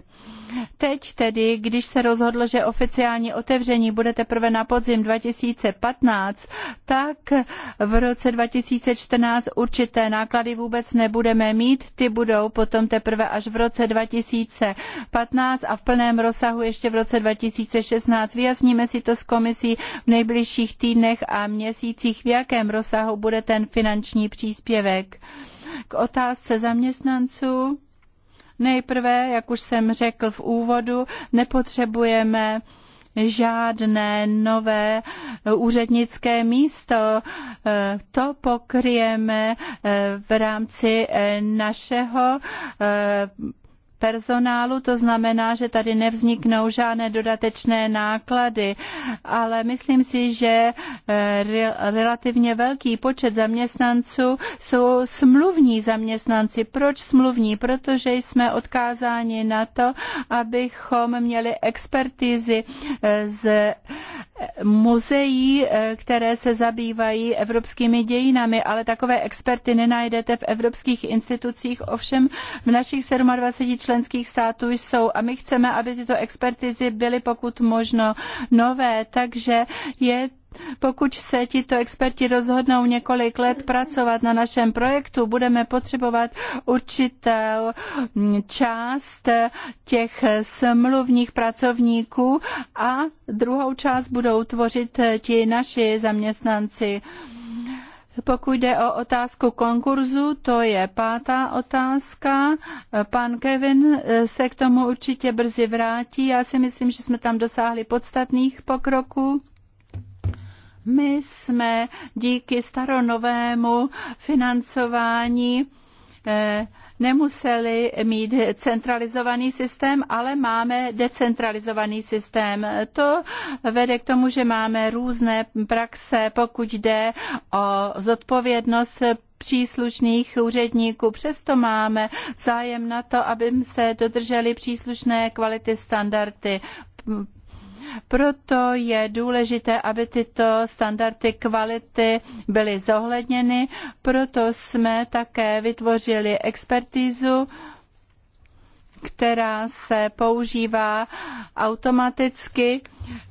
Teď tedy, když se rozhodlo, že oficiální otevření bude teprve na podzim 2015, tak v roce 2014 určité náklady vůbec nebudeme mít, ty budou potom teprve až v roce 2015 a v plném rozsahu ještě v roce 2016. Vyjasníme si to s komisí v nejbližších týdnech a měsících, v jakém rozsahu bude ten finanční příspěvek. K otázce zaměstnanců Nejprve, jak už jsem řekl v úvodu, nepotřebujeme žádné nové úřednické místo. To pokryjeme eh, v rámci eh, našeho eh, personálu, to znamená, že tady nevzniknou žádné dodatečné náklady, ale myslím si, že eh, relativně velký počet zaměstnanců jsou smluvní zaměstnanci. Proč smluvní? Protože jsme odkázáni na to, abychom měli expertizy eh, z muzeí, eh, které se zabývají evropskými dějinami, ale takové experty nenajdete v evropských institucích, ovšem v našich 27 členských států jsou a my chceme, aby tyto expertizy byly pokud možno nové, takže je pokud se tito experti rozhodnou několik let pracovat na našem projektu, budeme potřebovat určitou mm, část těch smluvních pracovníků a druhou část budou tvořit ti naši zaměstnanci. Pokud jde o otázku konkurzu, to je pátá otázka. Pan Kevin se k tomu určitě brzy vrátí. Já si myslím, že jsme tam dosáhli podstatných pokroků. My jsme díky staronovému financování eh, nemuseli mít centralizovaný systém, ale máme decentralizovaný systém. To vede k tomu, že máme různé praxe, pokud jde o zodpovědnost příslušných úředníků. Přesto máme zájem na to, aby se dodržely příslušné kvality standardy proto je důležité, aby tyto standardy kvality byly zohledněny. Proto jsme také vytvořili expertizu, která se používá automaticky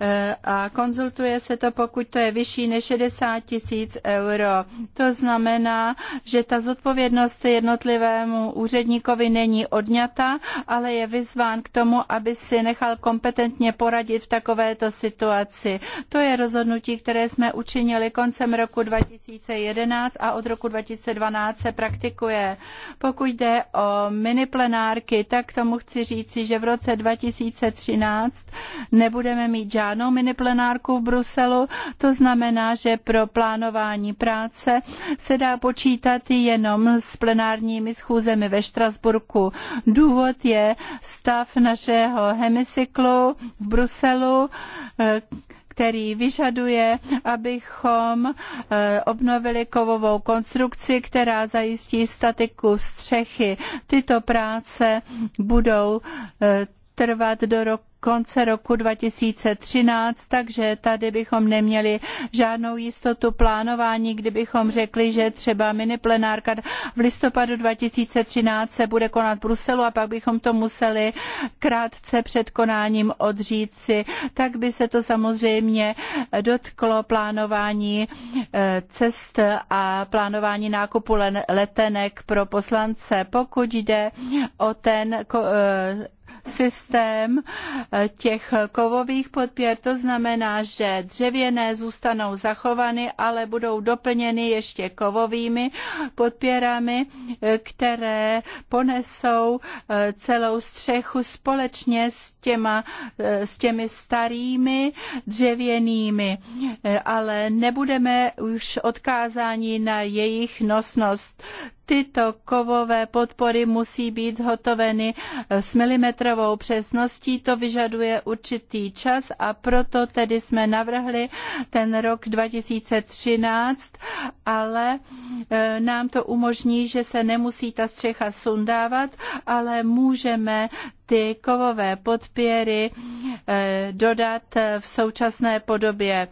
Eh, a konzultuje se to, pokud to je vyšší než 60 tisíc euro. To znamená, že ta zodpovědnost jednotlivému úředníkovi není odňata, ale je vyzván k tomu, aby si nechal kompetentně poradit v takovéto situaci. To je rozhodnutí, které jsme učinili koncem roku 2011 a od roku 2012 se praktikuje. Pokud jde o mini plenárky, tak tomu chci říci, že v roce 2013 nebudeme mít Parmigiano miniplenárku v Bruselu. To znamená, že pro plánování práce se dá počítat jenom s plenárními schůzemi ve Štrasburku. Důvod je stav našeho hemicyklu v Bruselu, eh, který vyžaduje, abychom eh, obnovili kovovou konstrukci, která zajistí statiku střechy. Tyto práce budou eh, trvat do roku konce roku 2013, takže tady bychom neměli žádnou jistotu plánování, kdybychom řekli, že třeba plenárka v listopadu 2013 se bude konat v Bruselu a pak bychom to museli krátce před konáním odříci, tak by se to samozřejmě dotklo plánování eh, cest a plánování nákupu letenek pro poslance. Pokud jde o ten eh, systém eh, těch kovových podpěr. To znamená, že dřevěné zůstanou zachovány, ale budou doplněny ještě kovovými podpěrami, eh, které ponesou eh, celou střechu společně s, těma, s těmi starými dřevěnými, ale nebudeme už odkázáni na jejich nosnost. Tyto kovové podpory musí být zhotoveny eh, s milimetrovou přesností, to vyžaduje určitý čas a proto tedy jsme navrhli ten rok 2013, ale eh, nám to umožní, že se nemusí ta střecha sundávat, ale můžeme ty kovové podpěry eh, dodat v současné podobě.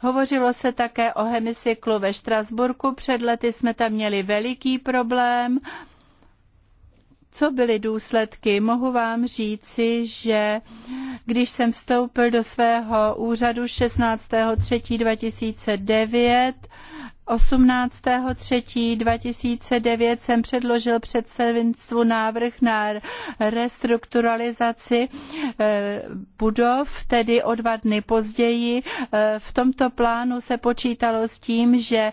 Hovořilo se také o hemicyklu ve Štrasburku. Před lety jsme tam měli veliký problém. Co byly důsledky? Mohu vám říci, že když jsem vstoupil do svého úřadu 16.3.2009, 18.3.2009 jsem předložil předsednictvu návrh na restrukturalizaci eh, budov, tedy o dva dny později. Eh, v tomto plánu se počítalo s tím, že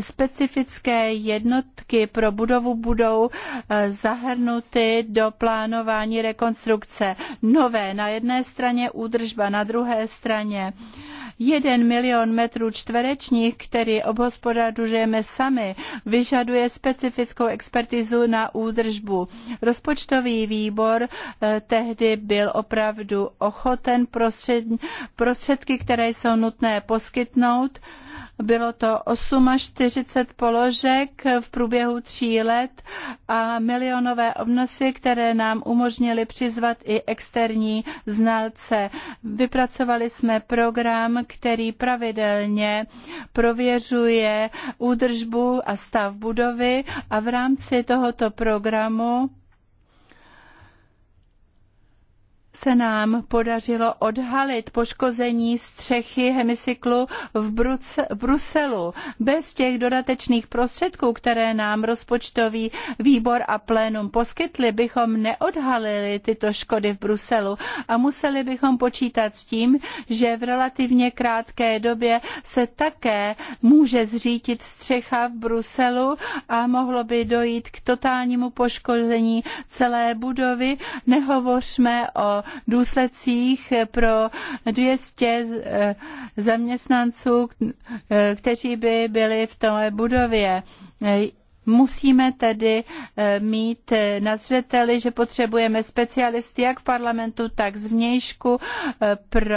specifické jednotky pro budovu budou eh, zahrnuty do plánování rekonstrukce. Nové na jedné straně, údržba na druhé straně Jeden milion metrů čtverečních, který obhospodařujeme sami, vyžaduje specifickou expertizu na údržbu. Rozpočtový výbor eh, tehdy byl opravdu ochoten prostředky, které jsou nutné poskytnout, bylo to 48 položek v průběhu tří let a milionové obnosy, které nám umožnily přizvat i externí znalce. Vypracovali jsme program, který pravidelně prověřuje údržbu a stav budovy a v rámci tohoto programu se nám podařilo odhalit poškození střechy hemicyklu v, v Bruselu. Bez těch dodatečných prostředků, které nám rozpočtový výbor a plénum poskytli, bychom neodhalili tyto škody v Bruselu a museli bychom počítat s tím, že v relativně krátké době se také může zřítit střecha v Bruselu a mohlo by dojít k totálnímu poškození celé budovy. Nehovořme o důsledcích pro 200 eh, zaměstnanců, eh, kteří by byli v té budově. Eh, musíme tedy mít na zřeteli, že potřebujeme specialisty jak v parlamentu, tak zvnějšku pro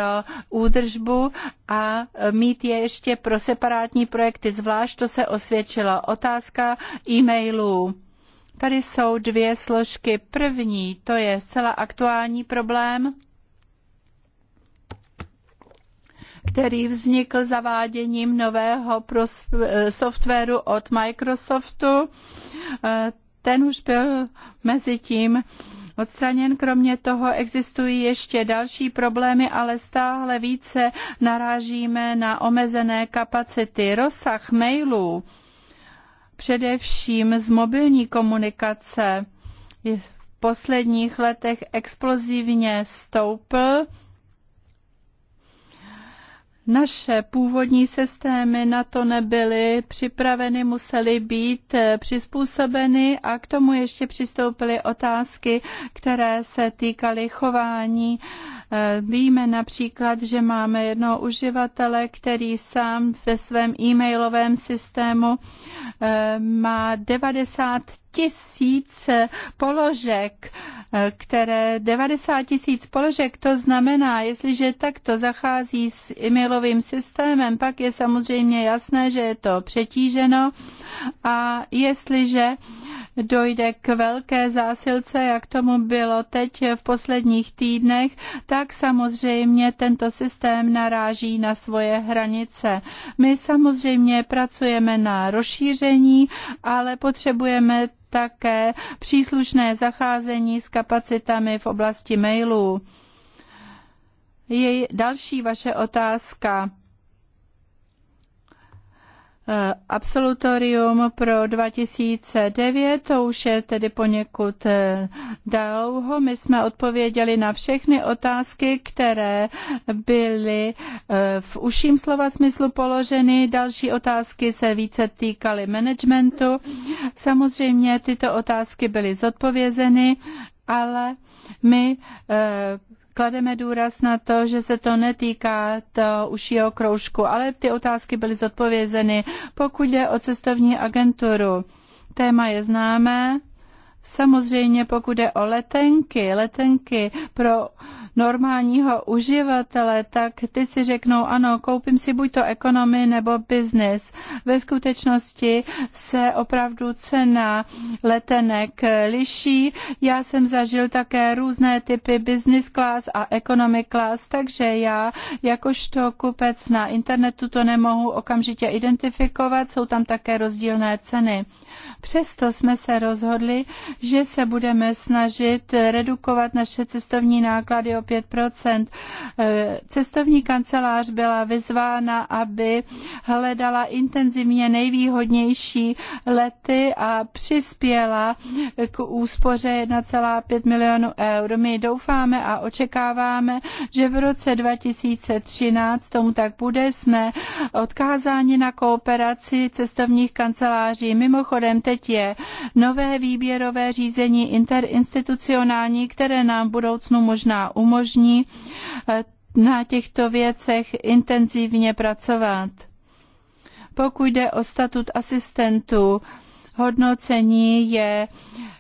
údržbu a mít je ještě pro separátní projekty zvlášť. To se osvědčilo. otázka e-mailů Tady jsou dvě složky. První, to je zcela aktuální problém, který vznikl zaváděním nového softwaru od Microsoftu. Eh, ten už byl mezi tím odstraněn. Kromě toho existují ještě další problémy, ale stále více narážíme na omezené kapacity. Rozsah mailů především z mobilní komunikace. V posledních letech explozivně stoupl. Naše původní systémy na to nebyly připraveny, musely být přizpůsobeny a k tomu ještě přistoupily otázky, které se týkaly chování Eh, víme například, že máme jednoho uživatele, který sám ve svém e-mailovém systému eh, má 90 tisíc položek, eh, které 90 tisíc položek, to znamená, jestliže takto zachází s e-mailovým systémem, pak je samozřejmě jasné, že je to přetíženo a jestliže dojde k velké zásilce, jak tomu bylo teď v posledních týdnech, tak samozřejmě tento systém naráží na svoje hranice. My samozřejmě pracujeme na rozšíření, ale potřebujeme také příslušné zacházení s kapacitami v oblasti mailů. Je další vaše otázka Eh, absolutorium pro 2009, to už je tedy poněkud eh, dlouho. My jsme odpověděli na všechny otázky, které byly eh, v uším slova smyslu položeny. Další otázky se více týkaly managementu. Samozřejmě tyto otázky byly zodpovězeny, ale my Klademe důraz na to, že se to netýká to užšího kroužku, ale ty otázky byly zodpovězeny. Pokud jde o cestovní agenturu, téma je známé. Samozřejmě, pokud jde o letenky, letenky pro normálního uživatele, tak ty si řeknou, ano, koupím si buď to ekonomy nebo business. Ve skutečnosti se opravdu cena letenek liší. Já jsem zažil také různé typy business class a economy class, takže já jakožto kupec na internetu to nemohu okamžitě identifikovat, jsou tam také rozdílné ceny. Přesto jsme se rozhodli, že se budeme snažit redukovat naše cestovní náklady o 5 eh, Cestovní kancelář byla vyzvána, aby hledala intenzivně nejvýhodnější lety a přispěla k úspoře 1,5 milionu eur. My doufáme a očekáváme, že v roce 2013 tomu tak bude. Jsme odkázáni na kooperaci cestovních kanceláří. Mimochodem, teď je nové výběrové řízení interinstitucionální, které nám v budoucnu možná umožní umožní eh, na těchto věcech intenzivně pracovat. Pokud jde o statut asistentů, hodnocení je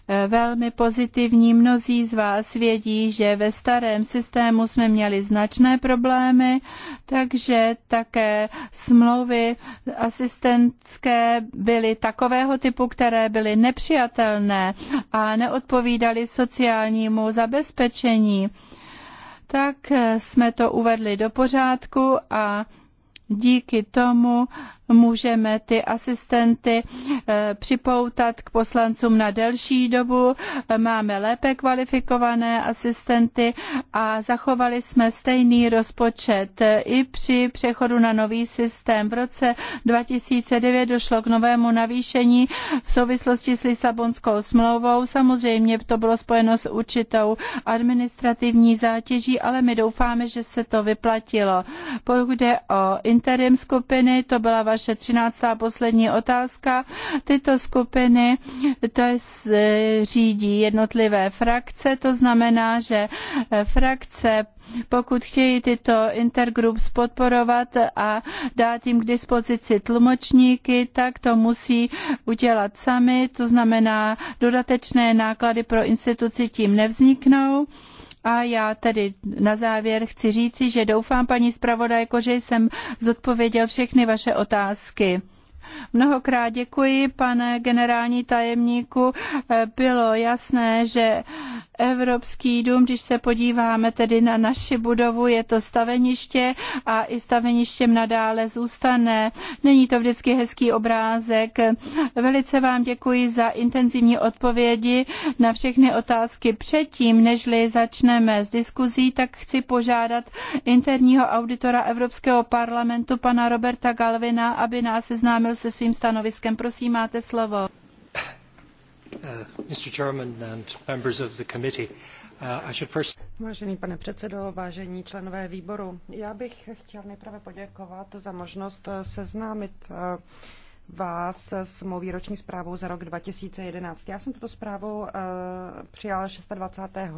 eh, velmi pozitivní. Mnozí z vás vědí, že ve starém systému jsme měli značné problémy, takže také smlouvy asistentské byly takového typu, které byly nepřijatelné a neodpovídaly sociálnímu zabezpečení tak eh, jsme to uvedli do pořádku a díky tomu můžeme ty asistenty eh, připoutat k poslancům na delší dobu, máme lépe kvalifikované asistenty a zachovali jsme stejný rozpočet eh, i při přechodu na nový systém. V roce 2009 došlo k novému navýšení v souvislosti s Lisabonskou smlouvou. Samozřejmě to bylo spojeno s určitou administrativní zátěží, ale my doufáme, že se to vyplatilo. Pokud jde o interim skupiny, to byla vaše třináctá poslední otázka. Tyto skupiny to je, e, řídí jednotlivé frakce, to znamená, že e, frakce pokud chtějí tyto intergroups podporovat a dát jim k dispozici tlumočníky, tak to musí udělat sami, to znamená dodatečné náklady pro instituci tím nevzniknou. A já tedy na závěr chci říci, že doufám, paní zpravodajko, že jsem zodpověděl všechny vaše otázky. Mnohokrát děkuji, pane generální tajemníku. Eh, Bylo jasné, že Evropský dům, když se podíváme tedy na naši budovu, je to staveniště a i staveništěm nadále zůstane. Není to vždycky hezký obrázek. Velice vám děkuji za intenzivní odpovědi na všechny otázky. Předtím, nežli začneme s diskuzí, tak chci požádat interního auditora Evropského parlamentu, pana Roberta Galvina, aby nás seznámil se svým stanoviskem. Prosím, máte slovo. Uh, uh, Vážený pane předsedo, vážení členové výboru, já bych chtěl nejprve poděkovat za možnost uh, seznámit vás s mou výroční zprávou za rok 2011. Já jsem tuto zprávu eh, přijala 26.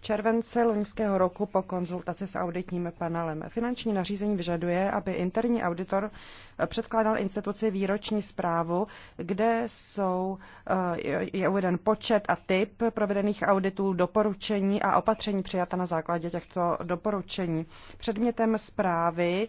července loňského roku po konzultaci s auditním panelem. Finanční nařízení vyžaduje, aby interní auditor eh, předkládal instituci výroční zprávu, kde jsou, eh, je uveden počet a typ provedených auditů, doporučení a opatření přijata na základě těchto doporučení. Předmětem zprávy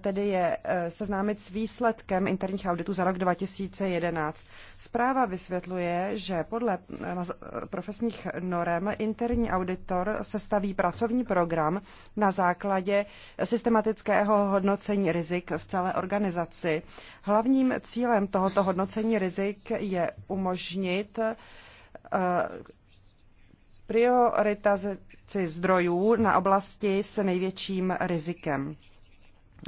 tedy je seznámit s výsledkem interních auditů za rok 2011. Zpráva vysvětluje, že podle eh, eh, profesních norem interní auditor sestaví pracovní program na základě systematického hodnocení rizik v celé organizaci. Hlavním cílem tohoto hodnocení rizik je umožnit eh, prioritizaci zdrojů na oblasti s největším rizikem.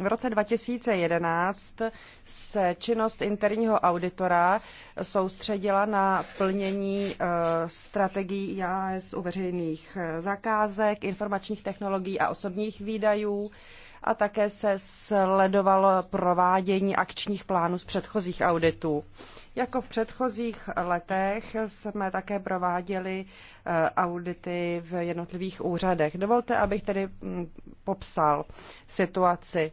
V roce 2011 se činnost interního auditora soustředila na plnění e, strategií IAS u veřejných e, zakázek, informačních technologií a osobních výdajů a také se sledovalo provádění akčních plánů z předchozích auditů. Jako v předchozích letech jsme také prováděli eh, audity v jednotlivých úřadech. Dovolte, abych tedy mm, popsal situaci.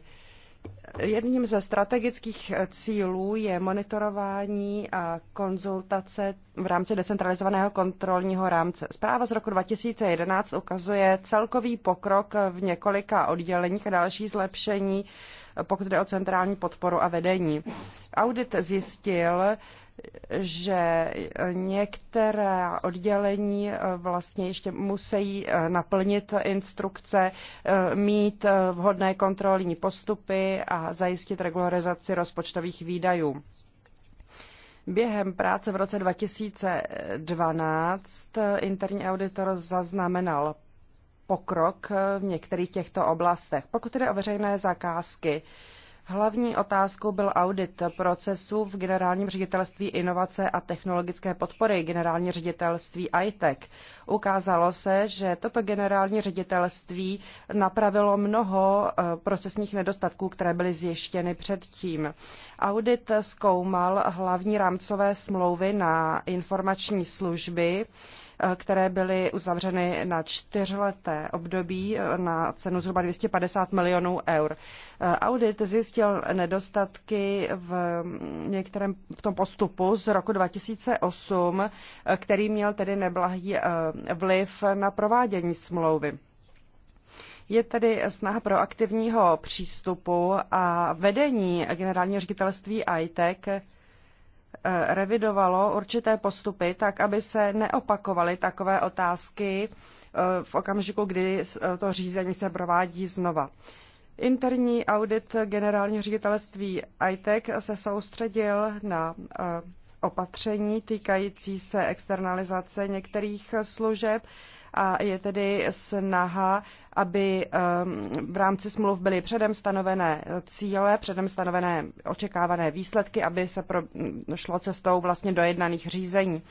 Jedním ze strategických cílů je monitorování a konzultace v rámci decentralizovaného kontrolního rámce. Zpráva z roku 2011 ukazuje celkový pokrok v několika odděleních a další zlepšení, pokud jde o centrální podporu a vedení. Audit zjistil, že některé oddělení eh, vlastně ještě musí eh, naplnit instrukce, eh, mít vhodné kontrolní postupy a zajistit regularizaci rozpočtových výdajů. Během práce v roce 2012 interní auditor zaznamenal pokrok v některých těchto oblastech. Pokud jde o veřejné zakázky, Hlavní otázkou byl audit procesu v generálním ředitelství inovace a technologické podpory generální ředitelství ITEC. Ukázalo se, že toto generální ředitelství napravilo mnoho eh, procesních nedostatků, které byly zjištěny předtím. Audit zkoumal hlavní rámcové smlouvy na informační služby, které byly uzavřeny na čtyřleté období eh, na cenu zhruba 250 milionů eur. Eh, audit zjistil nedostatky v mm, některém v tom postupu z roku 2008, eh, který měl tedy neblahý vliv na provádění smlouvy. Je tedy snaha proaktivního přístupu a vedení generálního ředitelství ITEC Eh, revidovalo určité postupy tak, aby se neopakovaly takové otázky eh, v okamžiku, kdy eh, to řízení se provádí znova. Interní audit generálního ředitelství ITEC se soustředil na opatření týkající se externalizace některých služeb a je tedy snaha, aby ehm, v rámci smluv byly předem stanovené eh, cíle, předem stanovené očekávané výsledky, aby se pro, mm, šlo cestou vlastně dojednaných řízení.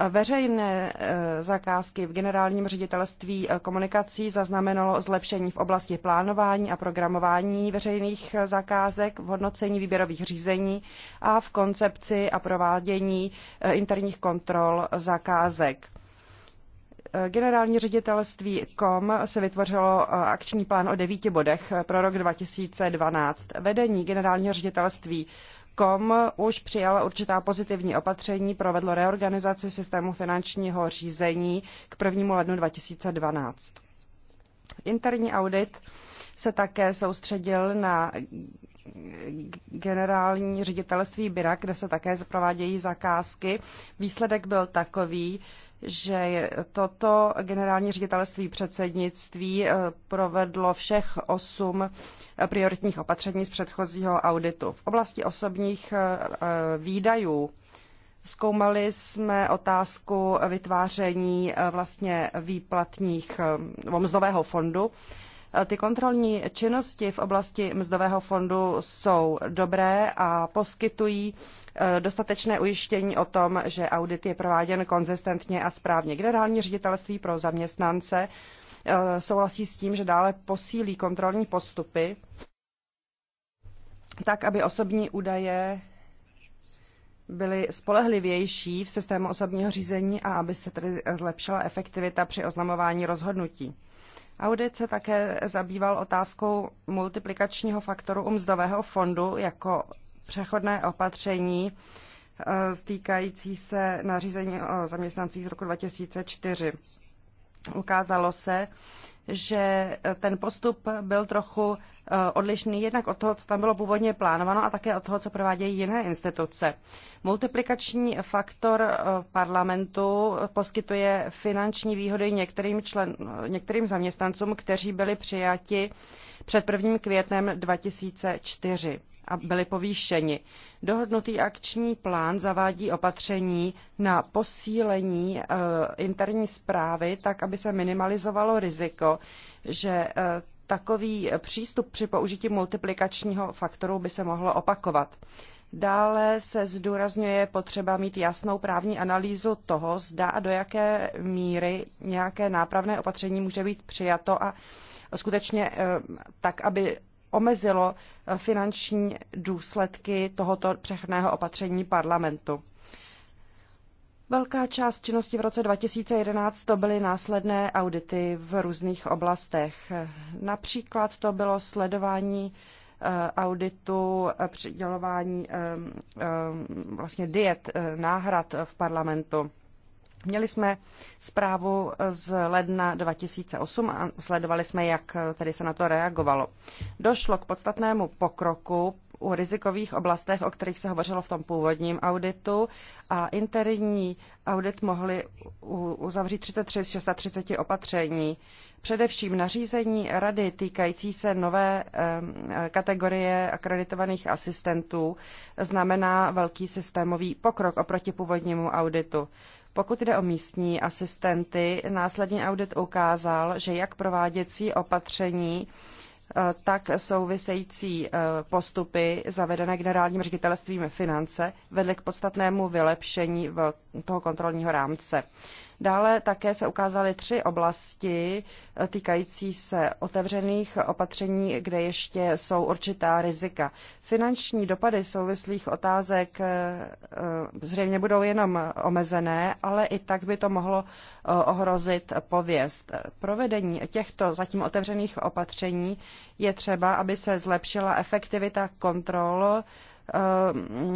Eh, veřejné eh, zakázky v generálním ředitelství komunikací zaznamenalo zlepšení v oblasti plánování a programování veřejných zakázek, v hodnocení výběrových řízení a v koncepci a provádění interních kontrol zakázek. Eh, generální ředitelství KOM se vytvořilo eh, akční plán o devíti bodech eh, pro rok 2012. Vedení generálního ředitelství KOM už přijala určitá pozitivní opatření, provedlo reorganizaci systému finančního řízení k 1. lednu 2012. Interní audit se také soustředil na generální ředitelství BIRA, kde se také provádějí zakázky. Výsledek byl takový, že toto generální ředitelství předsednictví eh, provedlo všech osm eh, prioritních opatření z předchozího auditu. V oblasti osobních eh, výdajů Zkoumali jsme otázku vytváření vlastně výplatních mzdového fondu ty kontrolní činnosti v oblasti mzdového fondu jsou dobré a poskytují e, dostatečné ujištění o tom, že audit je prováděn konzistentně a správně. Generální ředitelství pro zaměstnance e, souhlasí s tím, že dále posílí kontrolní postupy tak, aby osobní údaje byly spolehlivější v systému osobního řízení a aby se tedy zlepšila efektivita při oznamování rozhodnutí. Audit se také zabýval otázkou multiplikačního faktoru u mzdového fondu jako přechodné opatření eh, stýkající se nařízení o zaměstnancích z roku 2004 ukázalo se, že eh, ten postup byl trochu eh, odlišný jednak od toho, co tam bylo původně plánováno a také od toho, co provádějí jiné instituce. Multiplikační faktor eh, parlamentu poskytuje finanční výhody některým, člen, některým zaměstnancům, kteří byli přijati před 1. květnem 2004 a byli povýšeni. Dohodnutý akční plán zavádí opatření na posílení eh, interní zprávy, tak aby se minimalizovalo riziko, že eh, takový přístup při použití multiplikačního faktoru by se mohlo opakovat. Dále se zdůrazňuje potřeba mít jasnou právní analýzu toho, zda a do jaké míry nějaké nápravné opatření může být přijato a skutečně eh, tak, aby omezilo eh, finanční důsledky tohoto přechného opatření parlamentu. Velká část činnosti v roce 2011 to byly následné audity v různých oblastech. Například to bylo sledování eh, auditu eh, přidělování vlastně diet, náhrad v parlamentu. Měli jsme zprávu z ledna 2008 a sledovali jsme, jak tedy se na to reagovalo. Došlo k podstatnému pokroku u rizikových oblastech, o kterých se hovořilo v tom původním auditu a interní audit mohli uzavřít 33 z 630 opatření. Především nařízení rady týkající se nové kategorie akreditovaných asistentů znamená velký systémový pokrok oproti původnímu auditu. Pokud jde o místní asistenty, následný audit ukázal, že jak prováděcí opatření, eh, tak související eh, postupy zavedené generálním ředitelstvím finance vedly k podstatnému vylepšení toho kontrolního rámce. Dále také se ukázaly tři oblasti eh, týkající se otevřených opatření, kde ještě jsou určitá rizika. Finanční dopady souvislých otázek eh, eh, zřejmě budou jenom omezené, ale i tak by to mohlo ohrozit pověst. Provedení těchto zatím otevřených opatření je třeba, aby se zlepšila efektivita kontrol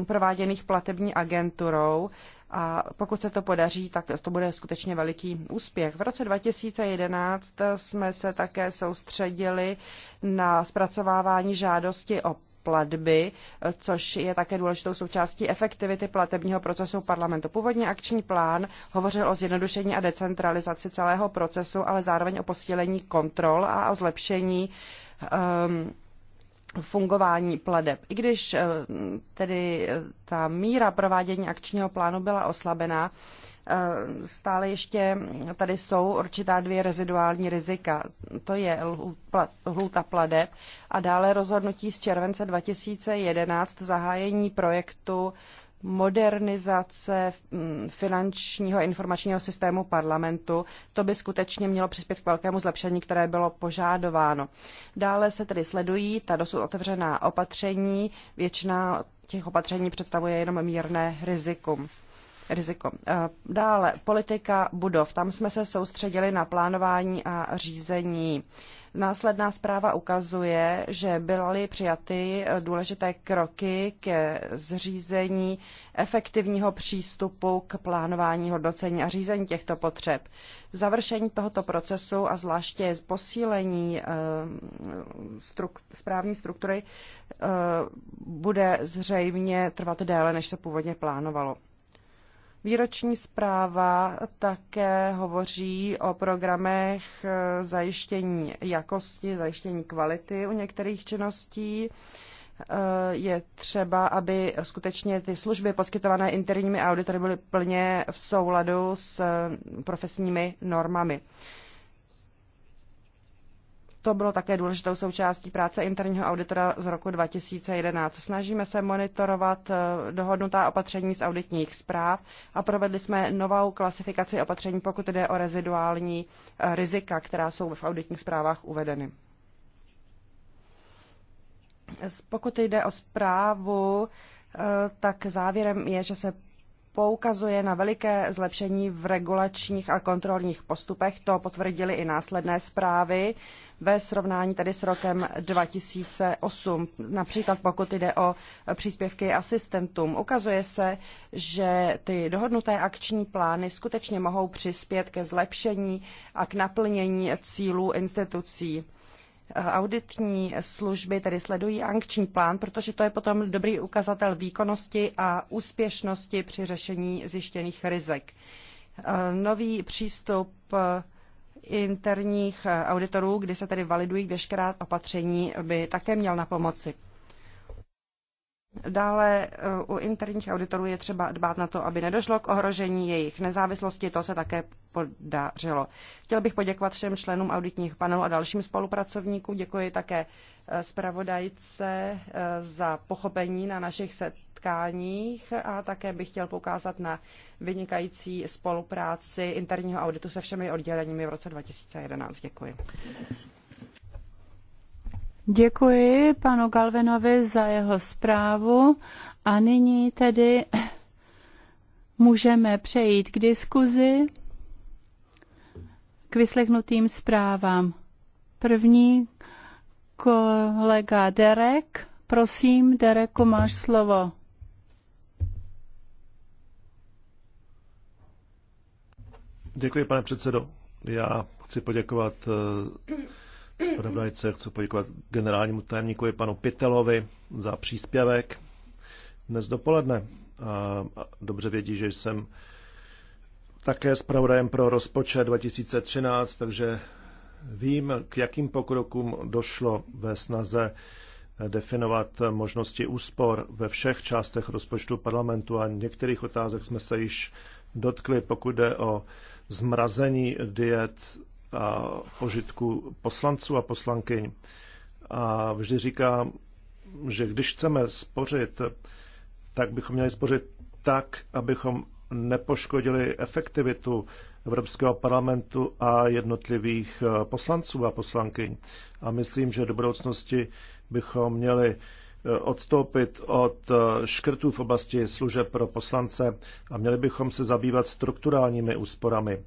prováděných platební agenturou, a pokud se to podaří, tak to bude skutečně veliký úspěch. V roce 2011 jsme se také soustředili na zpracovávání žádosti o platby, což je také důležitou součástí efektivity platebního procesu parlamentu. Původně akční plán hovořil o zjednodušení a decentralizaci celého procesu, ale zároveň o posílení kontrol a o zlepšení um, fungování pladeb. I když eh, tedy eh, ta míra provádění akčního plánu byla oslabená, eh, stále ještě tady jsou určitá dvě reziduální rizika. To je hluta pladeb a dále rozhodnutí z července 2011 zahájení projektu modernizace mm, finančního informačního systému parlamentu. To by skutečně mělo přispět k velkému zlepšení, které bylo požádováno. Dále se tedy sledují ta dosud otevřená opatření. Většina těch opatření představuje jenom mírné rizikum. Riziko. Eh, dále politika budov. Tam jsme se soustředili na plánování a řízení. Následná zpráva ukazuje, že byly přijaty důležité kroky ke zřízení efektivního přístupu k plánování, hodnocení a řízení těchto potřeb. Završení tohoto procesu a zvláště posílení eh, správní struktury eh, bude zřejmě trvat déle, než se původně plánovalo. Výroční zpráva také hovoří o programech eh, zajištění jakosti, zajištění kvality u některých činností. Eh, je třeba, aby skutečně ty služby poskytované interními auditory byly plně v souladu s eh, profesními normami. To bylo také důležitou součástí práce interního auditora z roku 2011. Snažíme se monitorovat eh, dohodnutá opatření z auditních zpráv a provedli jsme novou klasifikaci opatření, pokud jde o reziduální eh, rizika, která jsou v auditních zprávách uvedeny. Pokud jde o zprávu, eh, tak závěrem je, že se poukazuje na veliké zlepšení v regulačních a kontrolních postupech. To potvrdili i následné zprávy ve srovnání tedy s rokem 2008. Například pokud jde o příspěvky asistentům, ukazuje se, že ty dohodnuté akční plány skutečně mohou přispět ke zlepšení a k naplnění cílů institucí auditní služby tedy sledují ankční plán, protože to je potom dobrý ukazatel výkonnosti a úspěšnosti při řešení zjištěných rizik. Nový přístup interních auditorů, kdy se tedy validují veškerá opatření, by také měl na pomoci. Dále eh, u interních auditorů je třeba dbát na to, aby nedošlo k ohrožení jejich nezávislosti. To se také podařilo. Chtěl bych poděkovat všem členům auditních panelů a dalším spolupracovníkům. Děkuji také eh, zpravodajce eh, za pochopení na našich setkáních a také bych chtěl poukázat na vynikající spolupráci interního auditu se všemi odděleními v roce 2011. Děkuji. Děkuji panu Galvinovi za jeho zprávu a nyní tedy (clears throat) můžeme přejít k diskuzi, k vyslechnutým zprávám. První kolega Derek. Prosím, Dereku, máš slovo. Děkuji, pane předsedo. Já chci poděkovat eh, zpravodajce. Chci poděkovat generálnímu tajemníkovi panu Pitelovi za příspěvek dnes dopoledne. A dobře vědí, že jsem také zpravodajem pro rozpočet 2013, takže vím, k jakým pokrokům došlo ve snaze definovat možnosti úspor ve všech částech rozpočtu parlamentu a některých otázek jsme se již dotkli, pokud jde o zmrazení diet a požitku poslanců a poslankyň. A vždy říkám, že když chceme spořit, tak bychom měli spořit tak, abychom nepoškodili efektivitu Evropského parlamentu a jednotlivých eh, poslanců a poslankyň. A myslím, že do budoucnosti bychom měli eh, odstoupit od eh, škrtů v oblasti služeb pro poslance a měli bychom se zabývat strukturálními úsporami.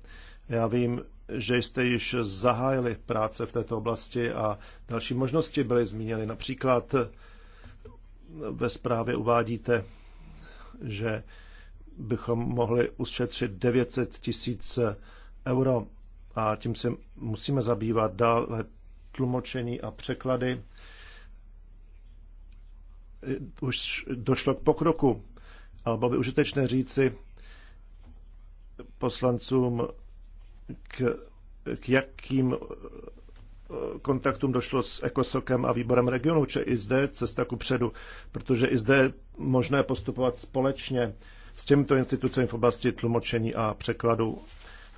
Já vím, že jste již zahájili práce v této oblasti a další možnosti byly zmíněny. Například ve zprávě uvádíte, že bychom mohli ušetřit 900 tisíc euro a tím se musíme zabývat dále tlumočení a překlady. Už došlo k pokroku, ale bylo by užitečné říci poslancům k, k jakým eh, kontaktům došlo s Ekosokem a výborem regionu, či i zde cesta ku předu, protože i zde je možné postupovat společně s těmito institucemi v oblasti tlumočení a překladu,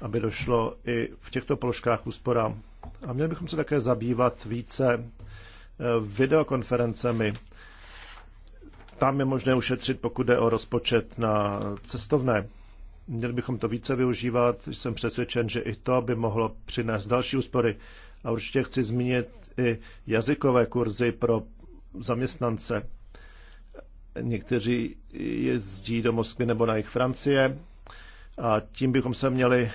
aby došlo i v těchto položkách úspora. A měli bychom se také zabývat více eh, videokonferencemi. Tam je možné ušetřit, pokud jde o rozpočet na cestovné. Měli bychom to více využívat. Jsem přesvědčen, že i to by mohlo přinést další úspory. A určitě chci zmínit i jazykové kurzy pro zaměstnance. Někteří jezdí do Moskvy nebo na jich Francie a tím bychom se měli eh,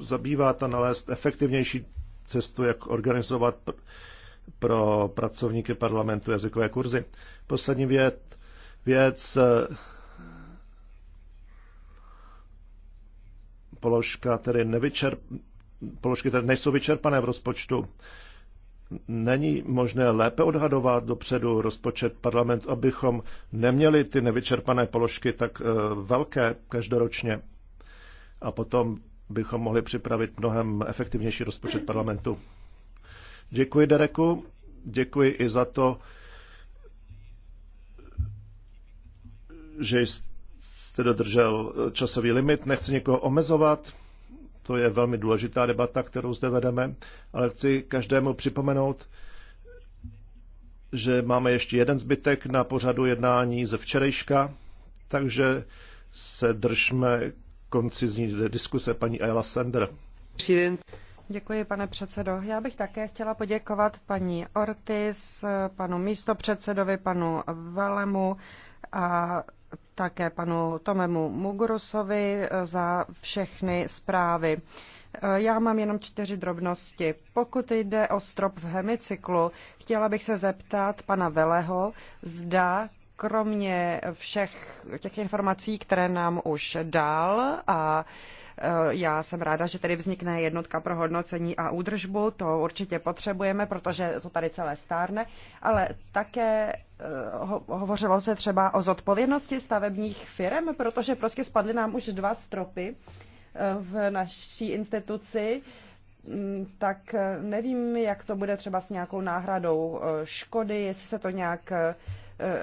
zabývat a nalézt efektivnější cestu, jak organizovat pro pracovníky parlamentu jazykové kurzy. Poslední věc, věc eh, položka tedy nevyčer, položky tedy nejsou vyčerpané v rozpočtu. Není možné lépe odhadovat dopředu rozpočet parlamentu, abychom neměli ty nevyčerpané položky tak eh, velké každoročně. A potom bychom mohli připravit mnohem efektivnější rozpočet parlamentu. Děkuji, Dereku. Děkuji i za to, že jste jste dodržel eh, časový limit, nechci někoho omezovat, to je velmi důležitá debata, kterou zde vedeme, ale chci každému připomenout, že máme ještě jeden zbytek na pořadu jednání ze včerejška, takže se držme koncizní diskuse paní Ayla Sender. Děkuji, pane předsedo. Já bych také chtěla poděkovat paní Ortiz, panu místopředsedovi, panu Velemu a také panu Tomemu Mugurusovi eh, za všechny zprávy. Eh, já mám jenom čtyři drobnosti. Pokud jde o strop v hemicyklu, chtěla bych se zeptat pana Veleho, zda kromě všech těch informací, které nám už dal a uh, Eh, já jsem ráda, že tady vznikne jednotka pro hodnocení a údržbu, to určitě potřebujeme, protože to tady celé stárne, ale také eh, hovořilo se třeba o zodpovědnosti stavebních firm, protože prostě spadly nám už dva stropy eh, v naší instituci, mm, tak nevím, jak to bude třeba s nějakou náhradou škody, jestli se to nějak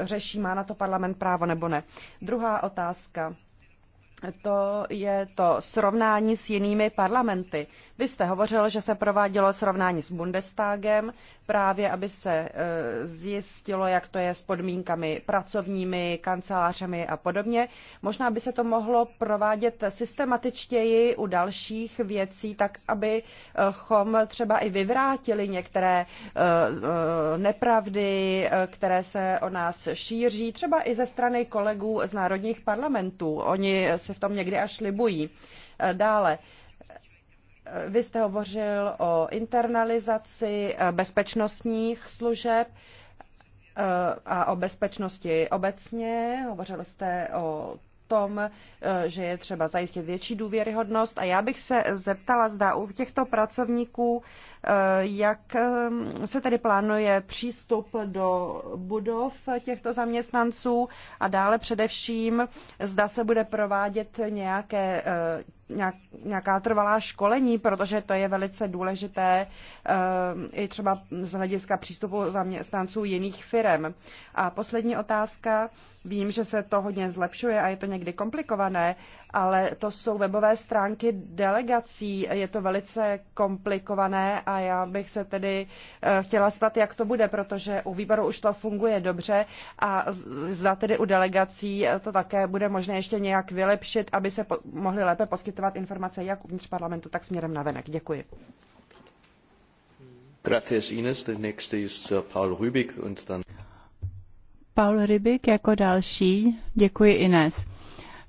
řeší, má na to parlament právo nebo ne. Druhá otázka to je to srovnání s jinými parlamenty. Vy jste hovořil, že se provádělo srovnání s Bundestagem, právě aby se e, zjistilo, jak to je s podmínkami pracovními, kancelářemi a podobně. Možná by se to mohlo provádět systematičtěji u dalších věcí, tak abychom e, třeba i vyvrátili některé e, nepravdy, které se o nás šíří, třeba i ze strany kolegů z národních parlamentů. Oni se v tom někdy až libují. Eh, dále, eh, vy jste hovořil o internalizaci eh, bezpečnostních služeb a o bezpečnosti obecně. Hovořil jste o tom, eh, že je třeba zajistit větší důvěryhodnost. A já bych se zeptala, zda u těchto pracovníků, eh, jak eh, se tedy plánuje přístup do budov těchto zaměstnanců a dále především, zda se bude provádět nějaké nějaká trvalá školení, protože to je velice důležité eh, i třeba z hlediska přístupu zaměstnanců jiných firm. A poslední otázka. Vím, že se to hodně zlepšuje a je to někdy komplikované, ale to jsou webové stránky delegací. Je to velice komplikované a já bych se tedy eh, chtěla stát, jak to bude, protože u výboru už to funguje dobře a zda tedy u delegací eh, to také bude možné ještě nějak vylepšit, aby se mohly lépe poskytovat informace jak uvnitř parlamentu, tak směrem na venek. Děkuji. Gracias Ines, the next is uh, Paul Rübig Paul Rybik jako další. Děkuji Ines.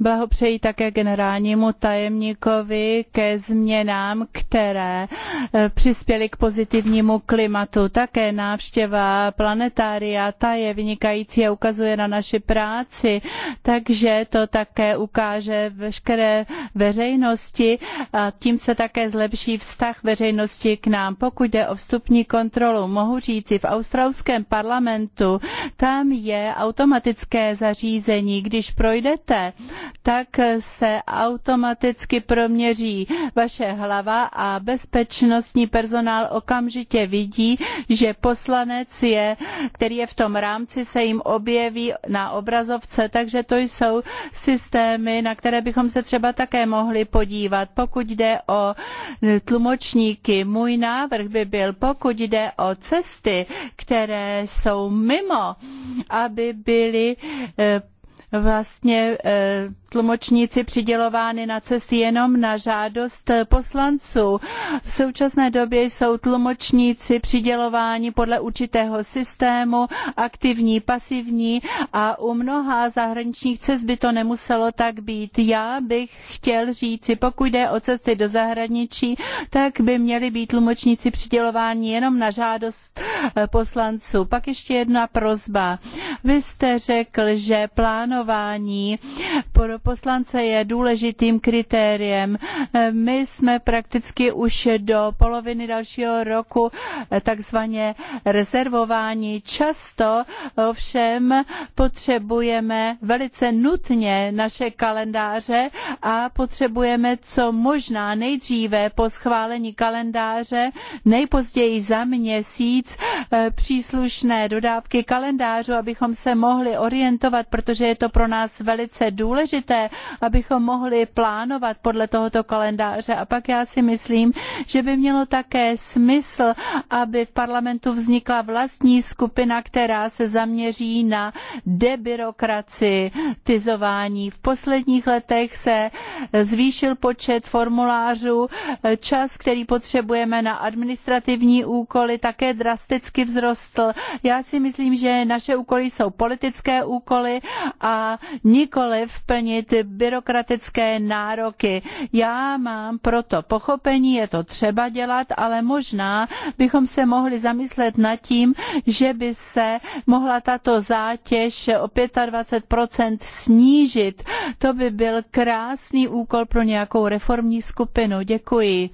Blahopřeji také generálnímu tajemníkovi ke změnám, které eh, přispěly k pozitivnímu klimatu. Také návštěva planetária, ta je vynikající a ukazuje na naši práci, takže to také ukáže veškeré veřejnosti a tím se také zlepší vztah veřejnosti k nám. Pokud jde o vstupní kontrolu, mohu říci, v australském parlamentu tam je automatické zařízení, když projdete tak se automaticky proměří vaše hlava a bezpečnostní personál okamžitě vidí, že poslanec je, který je v tom rámci, se jim objeví na obrazovce, takže to jsou systémy, na které bychom se třeba také mohli podívat. Pokud jde o tlumočníky, můj návrh by byl, pokud jde o cesty, které jsou mimo, aby byly eh, vlastně e, tlumočníci přidělovány na cesty jenom na žádost poslanců. V současné době jsou tlumočníci přidělováni podle určitého systému, aktivní, pasivní a u mnoha zahraničních cest by to nemuselo tak být. Já bych chtěl říci, pokud jde o cesty do zahraničí, tak by měli být tlumočníci přidělováni jenom na žádost e, poslanců. Pak ještě jedna prozba. Vy jste řekl, že plánování jmenování pro poslance je důležitým kritériem. My jsme prakticky už do poloviny dalšího roku takzvaně rezervováni. Často ovšem potřebujeme velice nutně naše kalendáře a potřebujeme co možná nejdříve po schválení kalendáře, nejpozději za měsíc, eh, příslušné dodávky kalendářů, abychom se mohli orientovat, protože je to to pro nás velice důležité, abychom mohli plánovat podle tohoto kalendáře. A pak já si myslím, že by mělo také smysl, aby v parlamentu vznikla vlastní skupina, která se zaměří na debyrokratizování. V posledních letech se zvýšil počet formulářů, čas, který potřebujeme na administrativní úkoly, také drasticky vzrostl. Já si myslím, že naše úkoly jsou politické úkoly a nikoliv plnit byrokratické nároky. Já mám proto pochopení, je to třeba dělat, ale možná bychom se mohli zamyslet nad tím, že by se mohla tato zátěž o 25 snížit. To by byl krásný úkol pro nějakou reformní skupinu. Děkuji.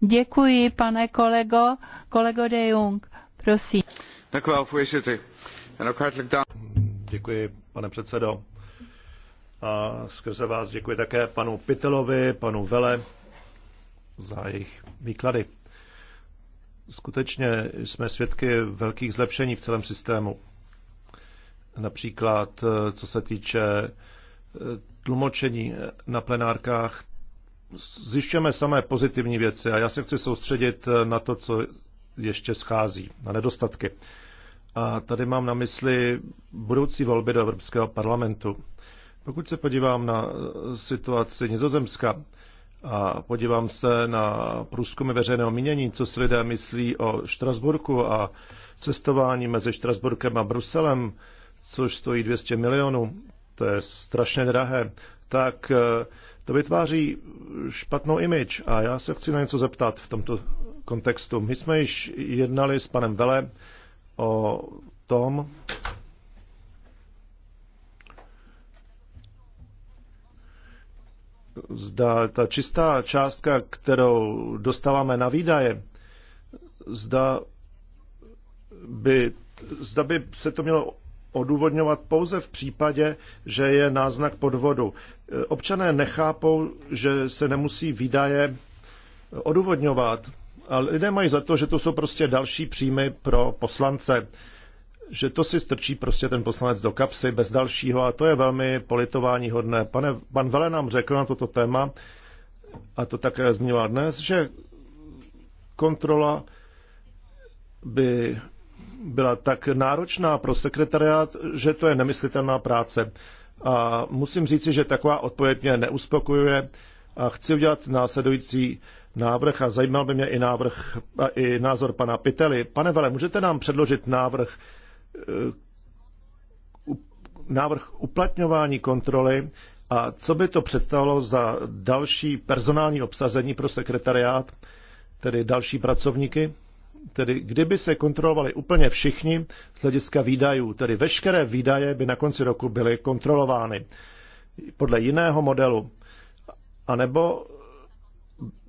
Děkuji, pane kolego. Kolego de Jong, prosím. Dank u wel, voorzitter. En ook hartelijk dank. Děkuji, pane předsedo. A skrze vás děkuji také panu Pitelovi, panu Vele za jejich výklady. Skutečně jsme svědky velkých zlepšení v celém systému. Například, co se týče eh, tlumočení eh, na plenárkách, zjišťujeme samé pozitivní věci a já se chci soustředit eh, na to, co ještě schází, na nedostatky. A tady mám na mysli budoucí volby do Evropského parlamentu. Pokud se podívám na eh, situaci Nizozemska a podívám se na průzkumy veřejného mínění, co si lidé myslí o Štrasburku a cestování mezi Štrasburkem a Bruselem, což stojí 200 milionů, to je strašně drahé, tak eh, to vytváří špatnou image. A já se chci na něco zeptat v tomto kontextu. My jsme již jednali s panem Vele, o tom, zda ta čistá částka, kterou dostáváme na výdaje, zda by, zda by se to mělo odůvodňovat pouze v případě, že je náznak podvodu. Občané nechápou, že se nemusí výdaje odůvodňovat. A lidé mají za to, že to jsou prostě další příjmy pro poslance. Že to si strčí prostě ten poslanec do kapsy bez dalšího a to je velmi politování hodné. Pane, pan Vele nám řekl na toto téma, a to také zmínila dnes, že kontrola by byla tak náročná pro sekretariát, že to je nemyslitelná práce. A musím říci, že taková odpověď mě neuspokojuje a chci udělat následující návrh a zajímal by mě i návrh a i názor pana Piteli. Pane Vele, můžete nám předložit návrh, eh, návrh uplatňování kontroly a co by to představilo za další personální obsazení pro sekretariát, tedy další pracovníky? Tedy kdyby se kontrolovali úplně všichni z hlediska výdajů, tedy veškeré výdaje by na konci roku byly kontrolovány podle jiného modelu. A nebo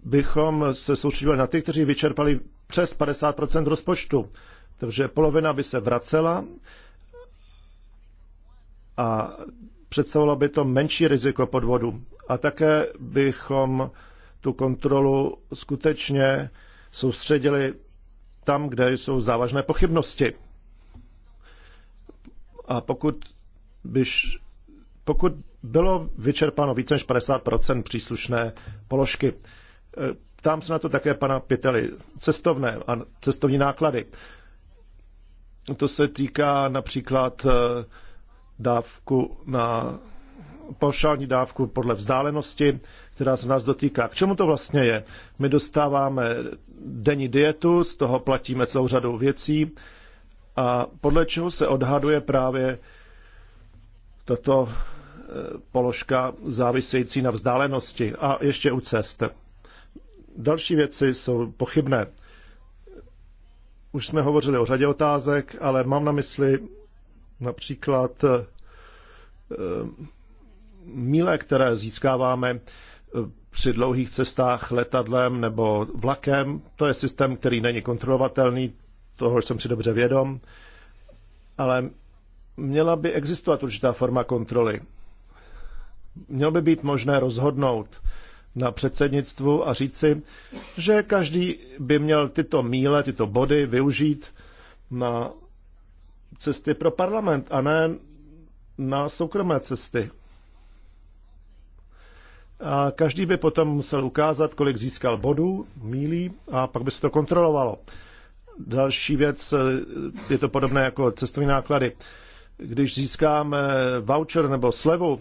bychom se soustředili na ty, kteří vyčerpali přes 50 rozpočtu. Takže polovina by se vracela a představovalo by to menší riziko podvodu. A také bychom tu kontrolu skutečně soustředili tam, kde jsou závažné pochybnosti. A pokud, byš, pokud bylo vyčerpáno více než 50 příslušné položky, Eh, ptám se na to také pana Piteli. Cestovné a cestovní náklady. To se týká například eh, dávku na paušální dávku podle vzdálenosti, která se nás dotýká. K čemu to vlastně je? My dostáváme denní dietu, z toho platíme celou řadu věcí a podle čeho se odhaduje právě tato eh, položka závisející na vzdálenosti a ještě u cest. Další věci jsou pochybné. Už jsme hovořili o řadě otázek, ale mám na mysli například eh, míle, které získáváme eh, při dlouhých cestách letadlem nebo vlakem. To je systém, který není kontrolovatelný, toho jsem si dobře vědom, ale měla by existovat určitá forma kontroly. Mělo by být možné rozhodnout, na předsednictvu a říci, že každý by měl tyto míle, tyto body využít na cesty pro parlament a ne na soukromé cesty. A každý by potom musel ukázat, kolik získal bodů, mílí a pak by se to kontrolovalo. Další věc, je to podobné jako cestovní náklady. Když získáme voucher nebo slevu,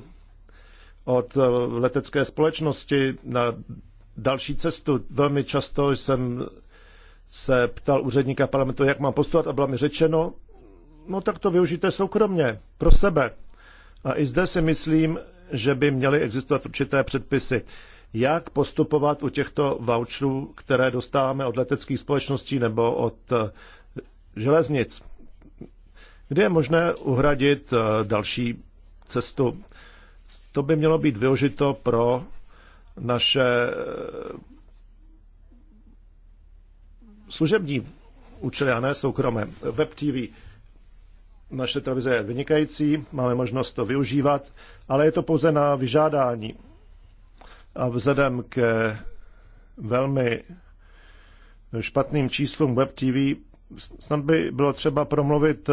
od eh, letecké společnosti na další cestu. Velmi často jsem se ptal úředníka parlamentu, jak mám postupovat a bylo mi řečeno, no tak to využijte soukromně, pro sebe. A i zde si myslím, že by měly existovat určité předpisy, jak postupovat u těchto voucherů, které dostáváme od leteckých společností nebo od eh, železnic, kde je možné uhradit eh, další cestu. To by mělo být využito pro naše eh, služební účely a ne soukromé. Web TV. Naše televize je vynikající, máme možnost to využívat, ale je to pouze na vyžádání. A vzhledem k velmi špatným číslům Web TV, snad by bylo třeba promluvit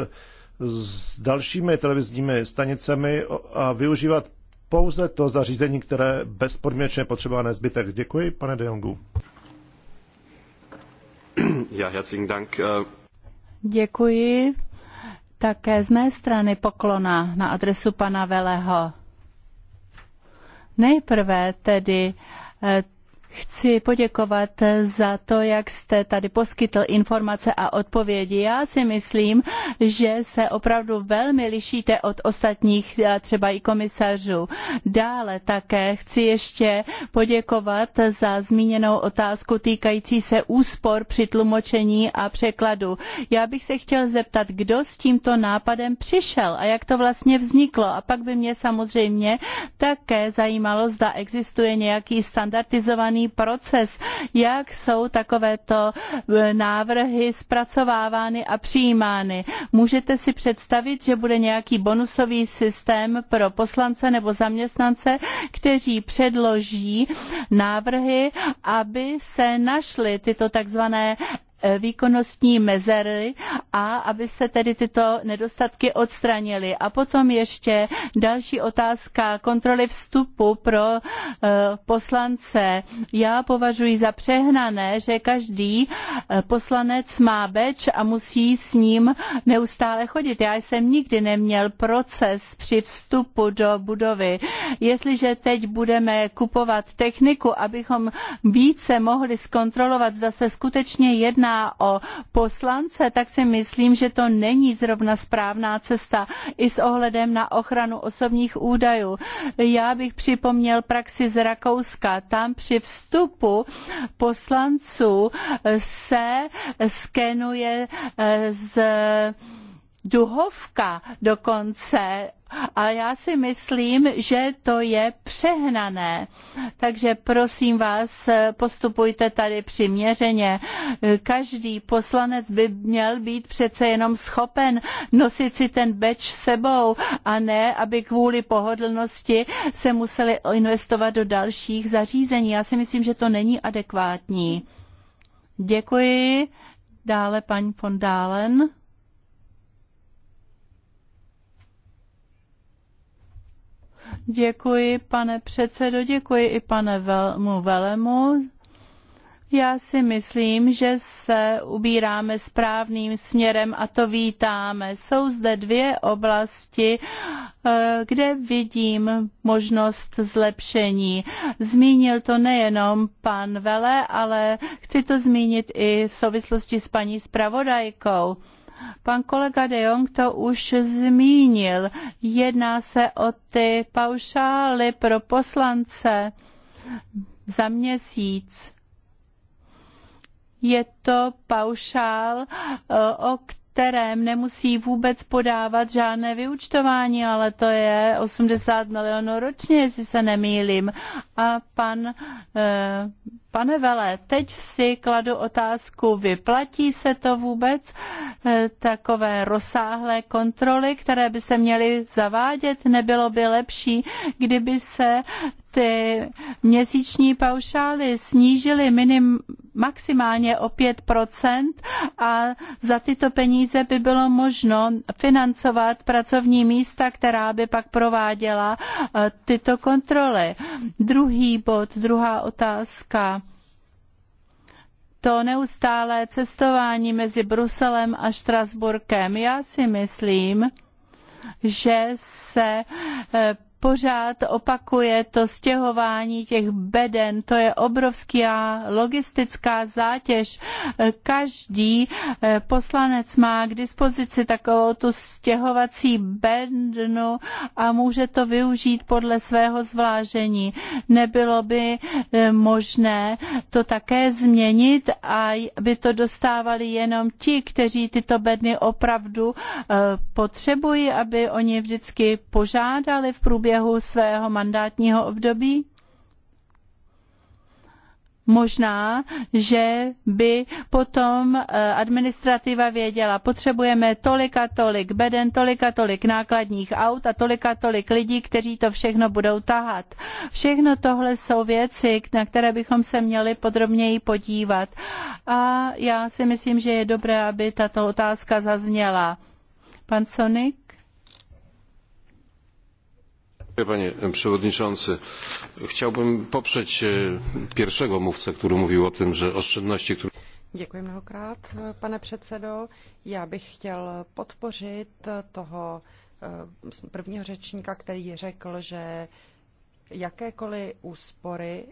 s dalšími televizními stanicemi a využívat pouze to zařízení, které bezpodmínečně potřebuje na zbytek. Děkuji, pane De Jongu. Ja, Dank. Děkuji. Také z mé strany poklona na adresu pana Veleho. Nejprve tedy eh, Chci poděkovat za to, jak jste tady poskytl informace a odpovědi. Já si myslím, že se opravdu velmi lišíte od ostatních eh, třeba i komisařů. Dále také chci ještě poděkovat za zmíněnou otázku týkající se úspor při tlumočení a překladu. Já bych se chtěl zeptat, kdo s tímto nápadem přišel a jak to vlastně vzniklo. A pak by mě samozřejmě také zajímalo, zda existuje nějaký standardizovaný veřejný proces. Jak jsou takovéto e, návrhy zpracovávány a přijímány? Můžete si představit, že bude nějaký bonusový systém pro poslance nebo zaměstnance, kteří předloží návrhy, aby se našly tyto takzvané Eh, výkonnostní mezery a aby se tedy tyto nedostatky odstranily. A potom ještě další otázka kontroly vstupu pro eh, poslance. Já považuji za přehnané, že každý eh, poslanec má beč a musí s ním neustále chodit. Já jsem nikdy neměl proces při vstupu do budovy. Jestliže teď budeme kupovat techniku, abychom více mohli zkontrolovat, zda se skutečně jedná jedná o poslance, tak si myslím, že to není zrovna správná cesta i s ohledem na ochranu osobních údajů. Já bych připomněl praxi z Rakouska. Tam při vstupu poslanců se skenuje eh, z duhovka dokonce ale já si myslím, že to je přehnané. Takže prosím vás, postupujte tady přiměřeně. Každý poslanec by měl být přece jenom schopen nosit si ten beč sebou a ne, aby kvůli pohodlnosti se museli investovat do dalších zařízení. Já si myslím, že to není adekvátní. Děkuji. Dále paní von Dálen. Děkuji, pane předsedo, děkuji i pane Velmu Velemu. Já si myslím, že se ubíráme správným směrem a to vítáme. Jsou zde dvě oblasti, eh, kde vidím možnost zlepšení. Zmínil to nejenom pan Vele, ale chci to zmínit i v souvislosti s paní zpravodajkou. Pan kolega De Jong to už zmínil. Jedná se o ty paušály pro poslance za měsíc. Je to paušál, eh, o kterém nemusí vůbec podávat žádné vyučtování, ale to je 80 milionů ročně, jestli se nemýlím. A pan eh, Pane Vele, teď si kladu otázku, vyplatí se to vůbec eh, takové rozsáhlé kontroly, které by se měly zavádět? Nebylo by lepší, kdyby se ty měsíční paušály snížily minim, maximálně o 5% a za tyto peníze by bylo možno financovat pracovní místa, která by pak prováděla eh, tyto kontroly. Druhý bod, druhá otázka to neustálé cestování mezi Bruselem a Štrasburkem. Já si myslím, že se eh, pořád opakuje to stěhování těch beden, to je obrovská logistická zátěž. Každý eh, poslanec má k dispozici takovou tu stěhovací bednu a může to využít podle svého zvážení. Nebylo by eh, možné to také změnit a by to dostávali jenom ti, kteří tyto bedny opravdu eh, potřebují, aby oni vždycky požádali v průběhu průběhu svého mandátního období? možná, že by potom eh, administrativa věděla, potřebujeme tolik a tolik beden, tolik a tolik nákladních aut a tolik a tolik lidí, kteří to všechno budou tahat. Všechno tohle jsou věci, na které bychom se měli podrobněji podívat. A já si myslím, že je dobré, aby tato otázka zazněla. Pan Sonik? Panie Przewodniczący, chciałbym poprzeć e, pierwszego mówcę, który mówił o tym, że oszczędności, które... Děkuji mnohokrát, pane předsedo. Já bych chtěl podpořit toho e, prvního řečníka, který řekl, že jakékoliv úspory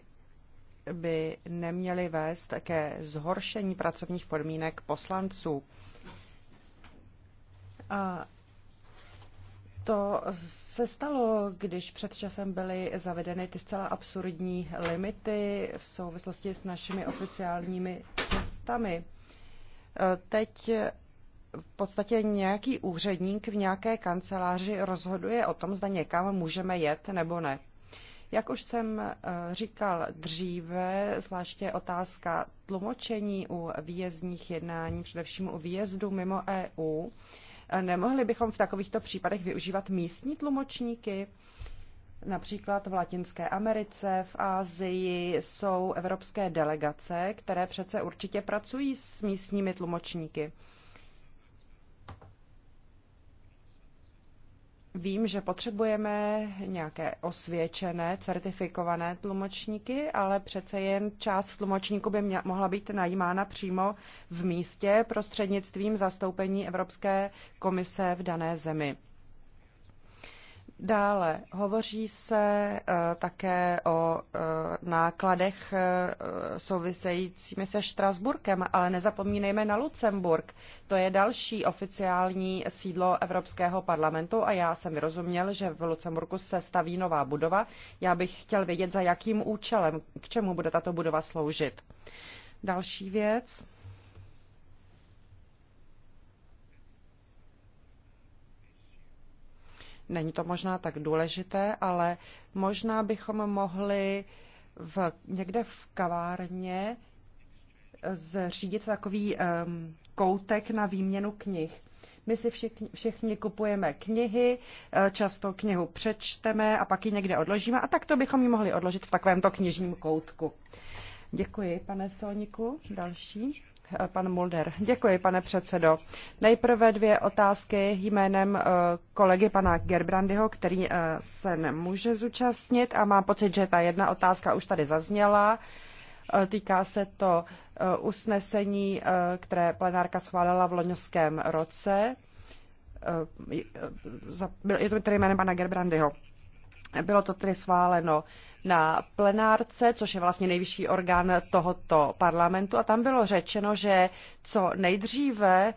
by neměly vést ke zhoršení pracovních podmínek poslanců to se stalo, když před časem byly zavedeny ty zcela absurdní limity v souvislosti s našimi oficiálními cestami. E, teď v podstatě nějaký úředník v nějaké kanceláři rozhoduje o tom, zda někam můžeme jet nebo ne. Jak už jsem e, říkal dříve, zvláště otázka tlumočení u výjezdních jednání, především u výjezdu mimo EU, Nemohli bychom v takovýchto případech využívat místní tlumočníky? Například v Latinské Americe, v Ázii jsou evropské delegace, které přece určitě pracují s místními tlumočníky. Vím, že potřebujeme nějaké osvědčené, certifikované tlumočníky, ale přece jen část tlumočníků by mě, mohla být najímána přímo v místě prostřednictvím zastoupení Evropské komise v dané zemi. Dále hovoří se eh, také o eh, nákladech eh, souvisejícími se Štrasburkem, ale nezapomínejme na Lucemburk. To je další oficiální sídlo Evropského parlamentu a já jsem vyrozuměl, že v Lucemburku se staví nová budova. Já bych chtěl vědět, za jakým účelem, k čemu bude tato budova sloužit. Další věc. Není to možná tak důležité, ale možná bychom mohli v, někde v kavárně zřídit takový um, koutek na výměnu knih. My si všichni, všichni kupujeme knihy, e, často knihu přečteme a pak ji někde odložíme a tak to bychom ji mohli odložit v takovémto knižním koutku. Děkuji, pane Soniku. Další. Eh, pan Mulder. Děkuji, pane předsedo. Nejprve dvě otázky jménem eh, kolegy pana Gerbrandyho, který eh, se nemůže zúčastnit a má pocit, že ta jedna otázka už tady zazněla. Týká se to usnesení, které plenárka schválila v loňském roce. Je to tedy jménem pana Gerbrandyho. Bylo to tedy schváleno na plenárce, což je vlastně nejvyšší orgán tohoto parlamentu. A tam bylo řečeno, že co nejdříve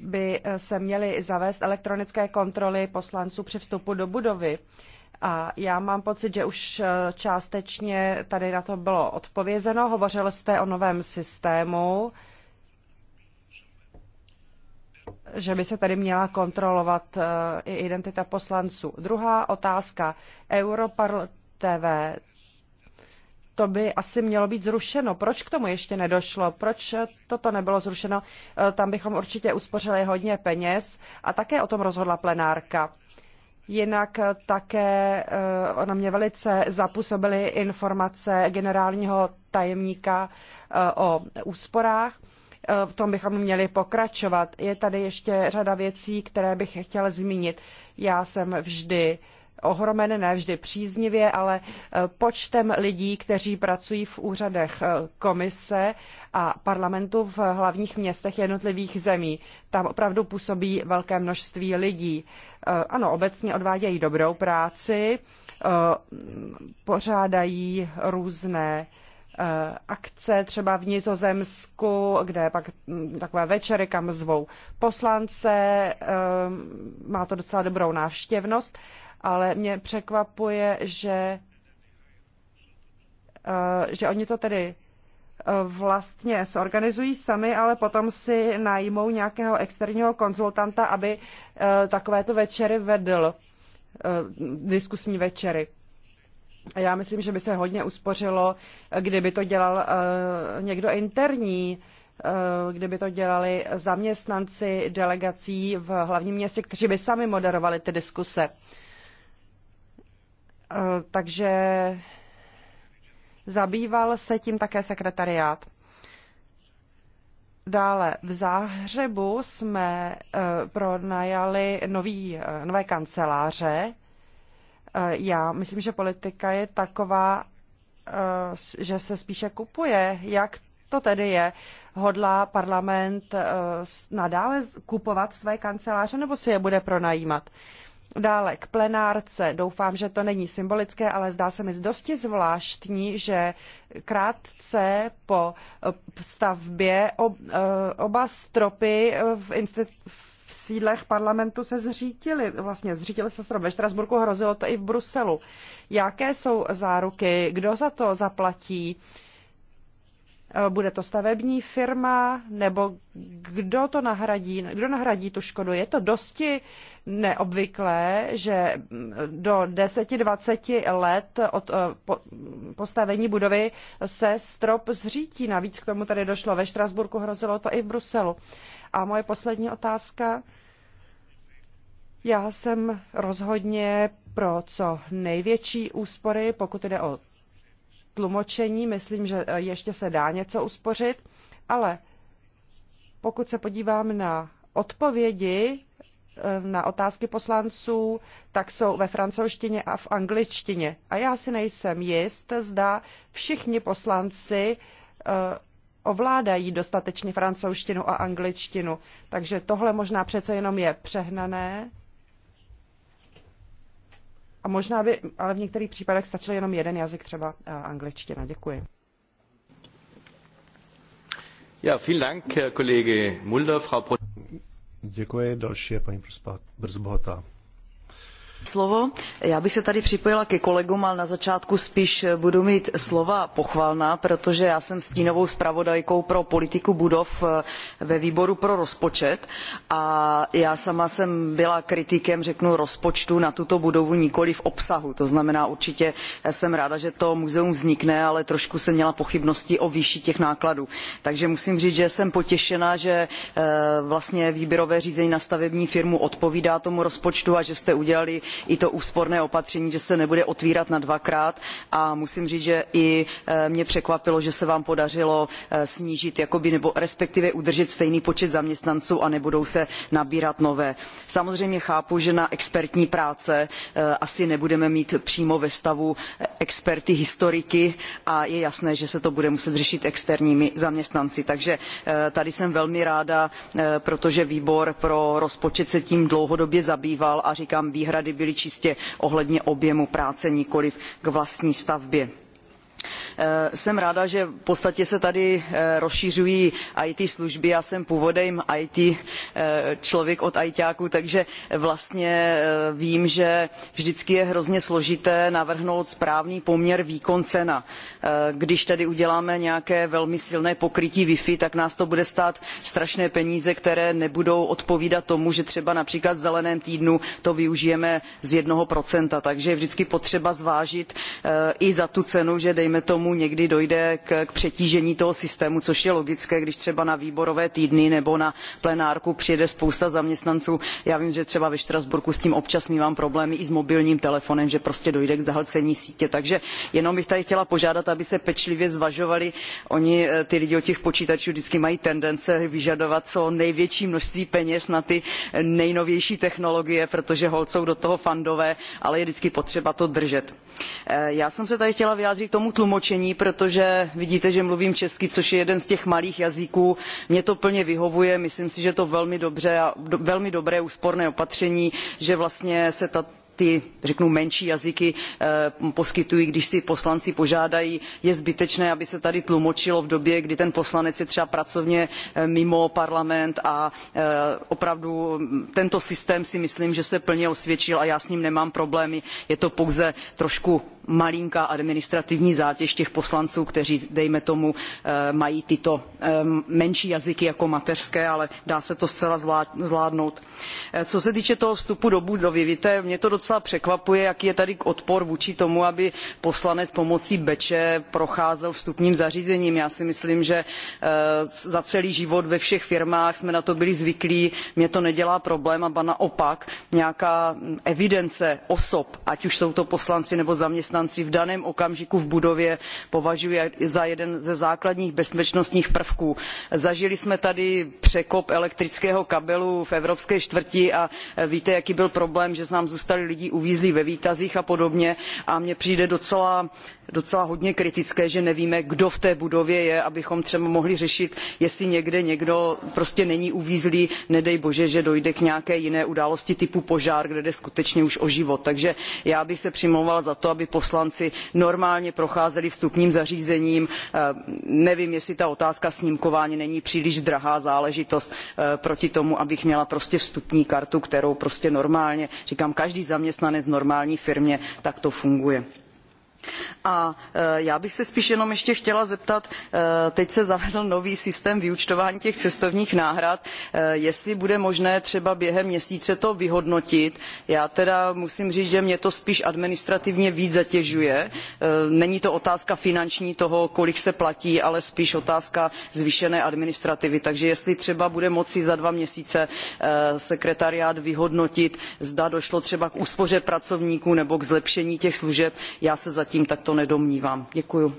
by se měly zavést elektronické kontroly poslanců při vstupu do budovy. A já mám pocit, že už částečně tady na to bylo odpovězeno. Hovořil jste o novém systému, že by se tady měla kontrolovat eh, i identita poslanců. Druhá otázka. Europarl TV. To by asi mělo být zrušeno. Proč k tomu ještě nedošlo? Proč toto nebylo zrušeno? Eh, tam bychom určitě uspořili hodně peněz a také o tom rozhodla plenárka. Jinak eh, také eh, na mě velice zapůsobily informace generálního tajemníka o úsporách. V tom bychom měli pokračovat. Je tady ještě řada věcí, které bych chtěla zmínit. Já jsem vždy ohromen nevždy příznivě, ale eh, počtem lidí, kteří pracují v úřadech eh, komise a parlamentu v hlavních městech jednotlivých zemí. Tam opravdu působí velké množství lidí. Eh, ano, obecně odvádějí dobrou práci, pořádají různé akce třeba v Nizozemsku, kde pak hm, takové večery, kam zvou poslance, má to docela dobrou návštěvnost ale mě překvapuje, že, eh, že oni to tedy eh, vlastně zorganizují sami, ale potom si najmou nějakého externího konzultanta, aby eh, takovéto večery vedl, diskusní večery. Já myslím, že by se hodně uspořilo, kdyby to dělal někdo interní, kdyby to dělali zaměstnanci delegací v hlavním městě, kteří by sami moderovali ty diskuse. Eh, takže zabýval se tím také sekretariát. Dále v Záhřebu jsme eh, pronajali nový, eh, nové kanceláře. Já myslím, že politika je taková, že se spíše kupuje. Jak to tedy je? Hodlá parlament nadále kupovat své kanceláře nebo si je bude pronajímat? Dále k plenárce. Doufám, že to není symbolické, ale zdá se mi dosti zvláštní, že krátce po stavbě eh, oba stropy eh, v, institu- v sídlech parlamentu se zřítily. Vlastně zřítily se strop ve Štrasburku, hrozilo to i v Bruselu. Jaké jsou záruky? Kdo za to zaplatí? Eh, bude to stavební firma, nebo kdo to nahradí, kdo nahradí tu škodu? Je to dosti neobvyklé, že mm, do 10-20 let od eh, postavení budovy se strop zřítí. Navíc k tomu tady došlo ve Štrasburku, hrozilo to i v Bruselu. A moje poslední otázka. Já jsem rozhodně pro co největší úspory, pokud jde o tlumočení. Myslím, že eh, ještě se dá něco uspořit, ale pokud se podívám na odpovědi eh, na otázky poslanců, tak jsou ve francouzštině a v angličtině. A já si nejsem jist, zda všichni poslanci eh, ovládají dostatečně francouzštinu a angličtinu. Takže tohle možná přece jenom je přehnané. A možná by, ale v některých případech stačil jenom jeden jazyk, třeba eh, angličtina. Děkuji. Ja, vielen Dank, Herr Kollege Mulder, Frau Děkuji, další je paní Brzbohatá slovo. Já bych se tady připojila ke kolegům, ale na začátku spíš eh, budu mít slova pochvalná, protože já jsem stínovou zpravodajkou pro politiku budov eh, ve výboru pro rozpočet a já sama jsem byla kritikem, řeknu, rozpočtu na tuto budovu nikoli v obsahu. To znamená určitě, já jsem ráda, že to muzeum vznikne, ale trošku jsem měla pochybnosti o výši těch nákladů. Takže musím říct, že jsem potěšena, že eh, vlastně výběrové řízení na stavební firmu odpovídá tomu rozpočtu a že jste udělali i to úsporné opatření že se nebude otvírat nadvakrát a musím říct že i eh, mě překvapilo že se vám podařilo eh, snížit jakoby, nebo respektive udržet stejný počet zaměstnanců a nebudou se nabírat nové. samozřejmě chápu že na expertní práce eh, asi nebudeme mít přímo ve stavu experty historiky a je jasné že se to bude muset řešit externími zaměstnanci. takže tady jsem velmi ráda protože výbor pro rozpočet se tím dlouhodobě zabýval a říkám výhrady byly čistě ohledně objemu práce, nikoliv k vlastní stavbě Eh, jsem ráda že v podstatě se tady eh, rozšiřují it služby já jsem původem it eh, člověk od ajťáků takže vlastně vím že vždycky je hrozně složité navrhnout správný poměr výkon cena. když tedy uděláme nějaké velmi silné pokrytí wi fi tak nás to bude stát strašné peníze které nebudou odpovídat tomu že třeba například v zeleném týdnu to využijeme z jednoho procenta takže je vždycky potřeba zvážit i za tu cenu že dejme tomu někdy dojde k, k přetížení toho systému což je logické když třeba na výborové týdny nebo na plenárku přijede spousta zaměstnanců. já vím že třeba ve štrasburku s tím občas mívám problémy i s mobilním telefonem že prostě dojde k zahlcení sítě takže jenom bych tady chtěla požádat aby se pečlivě zvažovali oni eh, ty lidé od těch počítačů vždycky mají tendence vyžadovat co největší množství peněz na ty eh, nejnovější technologie protože holt jsou do toho fandové ale je vždycky potřeba to držet. Eh, já jsem se tady chtěla vyjádřit k tomu tlumočení potěšení protože vidíte že mluvím česky což je jeden z těch malých jazyků mně to plně vyhovuje myslím si že je to velmi, dobře velmi dobré úsporné opatření že vlastně se ty řeknu menší jazyky eh, poskytují když si poslanci požádají je zbytečné aby se tady tlumočilo v době kdy ten poslanec je třeba pracovně eh, mimo parlament a eh, opravdu tento systém si myslím že se plně osvědčil a já s ním nemám problémy je to pouze trošku malinká administrativní zátěž těch poslanců, kteří, dejme tomu, eh, mají tyto eh, menší jazyky jako mateřské, ale dá se to zcela zvládnout. Eh, co se týče toho vstupu do budovy, víte, mě to docela překvapuje, jaký je tady odpor vůči tomu, aby poslanec pomocí beče procházel vstupním zařízením. Já si myslím, že za celý život ve všech firmách jsme na to byli zvyklí, mě to nedělá problém a ba naopak nějaká evidence osob, ať už jsou to poslanci nebo zaměstnanci, zaměstnanci v daném okamžiku v budově považuji za jeden ze základních bezpečnostních prvků. zažili jsme tady překop elektrického kabelu v evropské čtvrti a e, víte jaký byl problém že nám zůstali lidé uvízlí ve výtazích a podobně a mně přijde docela docela hodně kritické že nevíme kdo v té budově je abychom třeba mohli řešit jestli někde někdo prostě není uvízlý nedej bože že dojde k nějaké jiné události typu požár kde jde skutečně už o život. takže já bych se přimlouvala za to aby poslanci normálně procházeli vstupním zařízením eh, nevím jestli ta otázka snímkování není příliš drahá záležitost eh, proti tomu abych měla prostě vstupní kartu kterou prostě normálně říkám každý zaměstnanec v normální firmě takto funguje. A eh, já bych se spíš jenom ještě chtěla zeptat, eh, teď se zavedl nový systém vyúčtování těch cestovních náhrad, eh, jestli bude možné třeba během měsíce to vyhodnotit. Já teda musím říct, že mě to spíš administrativně víc zatěžuje. Není to otázka finanční toho, kolik se platí, ale spíš otázka zvýšené administrativy. Takže jestli třeba bude moci za dva měsíce sekretariát vyhodnotit, zda došlo třeba k úspoře pracovníků nebo k zlepšení těch služeb, já se zatím zatím takto nedomnívám. Děkuju.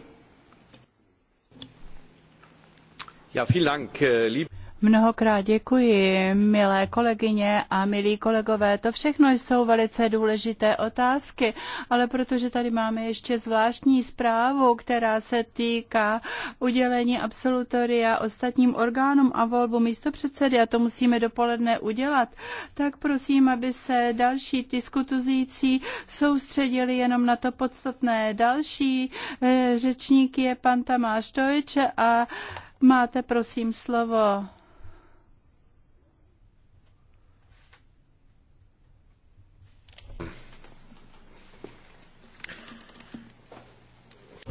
Mnohokrát děkuji, milé kolegyně a milí kolegové. To všechno jsou velice důležité otázky, ale protože tady máme ještě zvláštní zprávu, která se týká udělení absolutoria ostatním orgánům a volbu místopředsedy, a to musíme dopoledne udělat, tak prosím, aby se další diskutující soustředili jenom na to podstatné. Další eh, řečník je pan Tamáš Tojče a máte prosím slovo.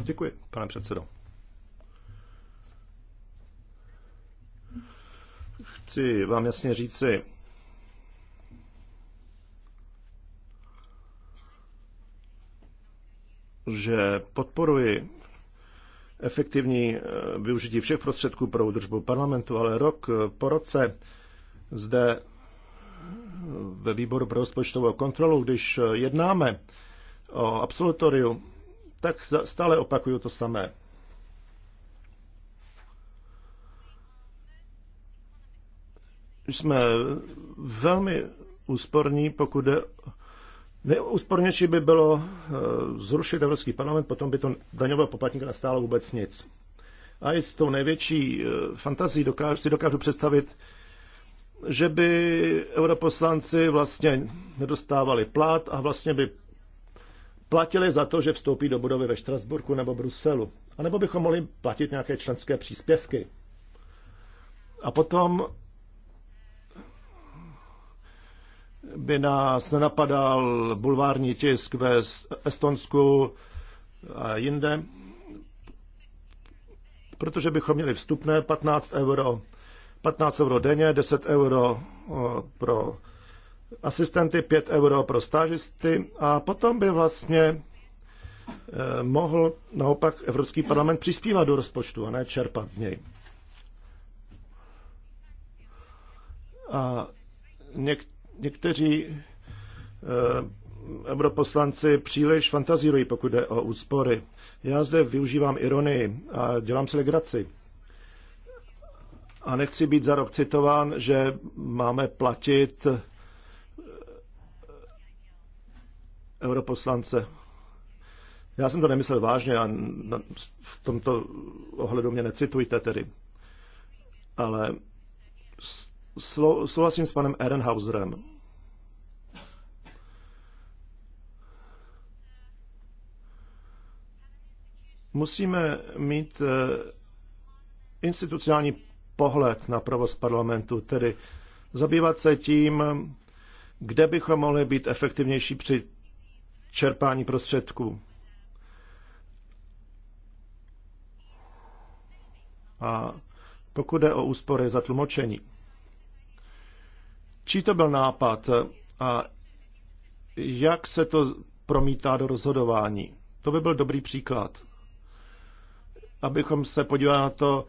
Děkuji, pane předsedo. Chci vám jasně říci, že podporuji efektivní eh, využití všech prostředků pro údržbu parlamentu, ale rok eh, po roce zde eh, ve výboru pro rozpočtovou kontrolu, když jednáme o absolutoriu, tak stále opakuju to samé. Jsme velmi úsporní, pokud je Nejúspornější by bylo eh, zrušit Evropský parlament, potom by to daňového poplatníka nestálo vůbec nic. A i s tou největší eh, fantazí dokážu, si dokážu představit, že by europoslanci vlastně nedostávali plat a vlastně by platili za to, že vstoupí do budovy ve Štrasburku nebo Bruselu. A nebo bychom mohli platit nějaké členské příspěvky. A potom by nás nenapadal bulvární tisk ve Estonsku a jinde, protože bychom měli vstupné 15 euro, 15 euro denně, 10 euro pro asistenty 5 euro pro stážisty a potom by vlastně eh, mohl naopak Evropský parlament přispívat do rozpočtu a ne čerpat z něj. A něk, někteří eh, europoslanci příliš fantazírují, pokud jde o úspory. Já zde využívám ironii a dělám si legraci. A nechci být za rok citován, že máme platit europoslance. Já jsem to nemyslel vážně a v tomto ohledu mě necitujte tedy. Ale souhlasím s panem Ehrenhauserem. Musíme mít eh, institucionální pohled na provoz parlamentu, tedy zabývat se tím, kde bychom mohli být efektivnější při čerpání prostředků. A pokud jde o úspory za tlumočení, čí to byl nápad a jak se to promítá do rozhodování? To by byl dobrý příklad, abychom se podívali na to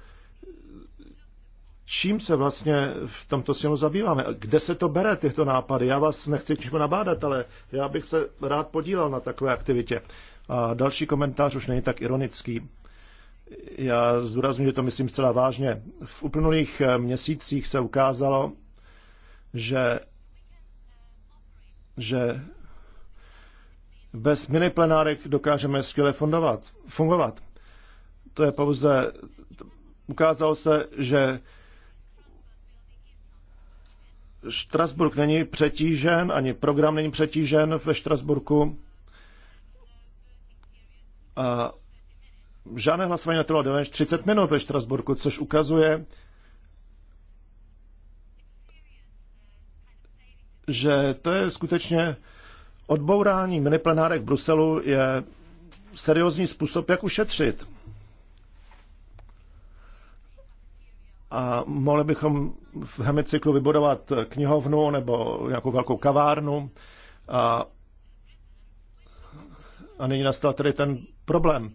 čím se vlastně v tomto směru zabýváme. Kde se to bere, tyto nápady? Já vás nechci čemu nabádat, ale já bych se rád podílel na takové aktivitě. A další komentář už není tak ironický. Já zdůraznuju, že to myslím zcela vážně. V uplynulých eh, měsících se ukázalo, že, že bez miniplenárek dokážeme skvěle fundovat, fungovat. To je pouze, ukázalo se, že Štrasburg není přetížen, ani program není přetížen ve Štrasburku. A žádné hlasování netrvalo déle než 30 minut ve Štrasburku, což ukazuje, že to je skutečně odbourání miniplenárek v Bruselu je seriózní způsob, jak ušetřit. a mohli bychom v hemicyklu vybudovat knihovnu nebo nějakou velkou kavárnu. A, a nyní nastal tedy ten problém.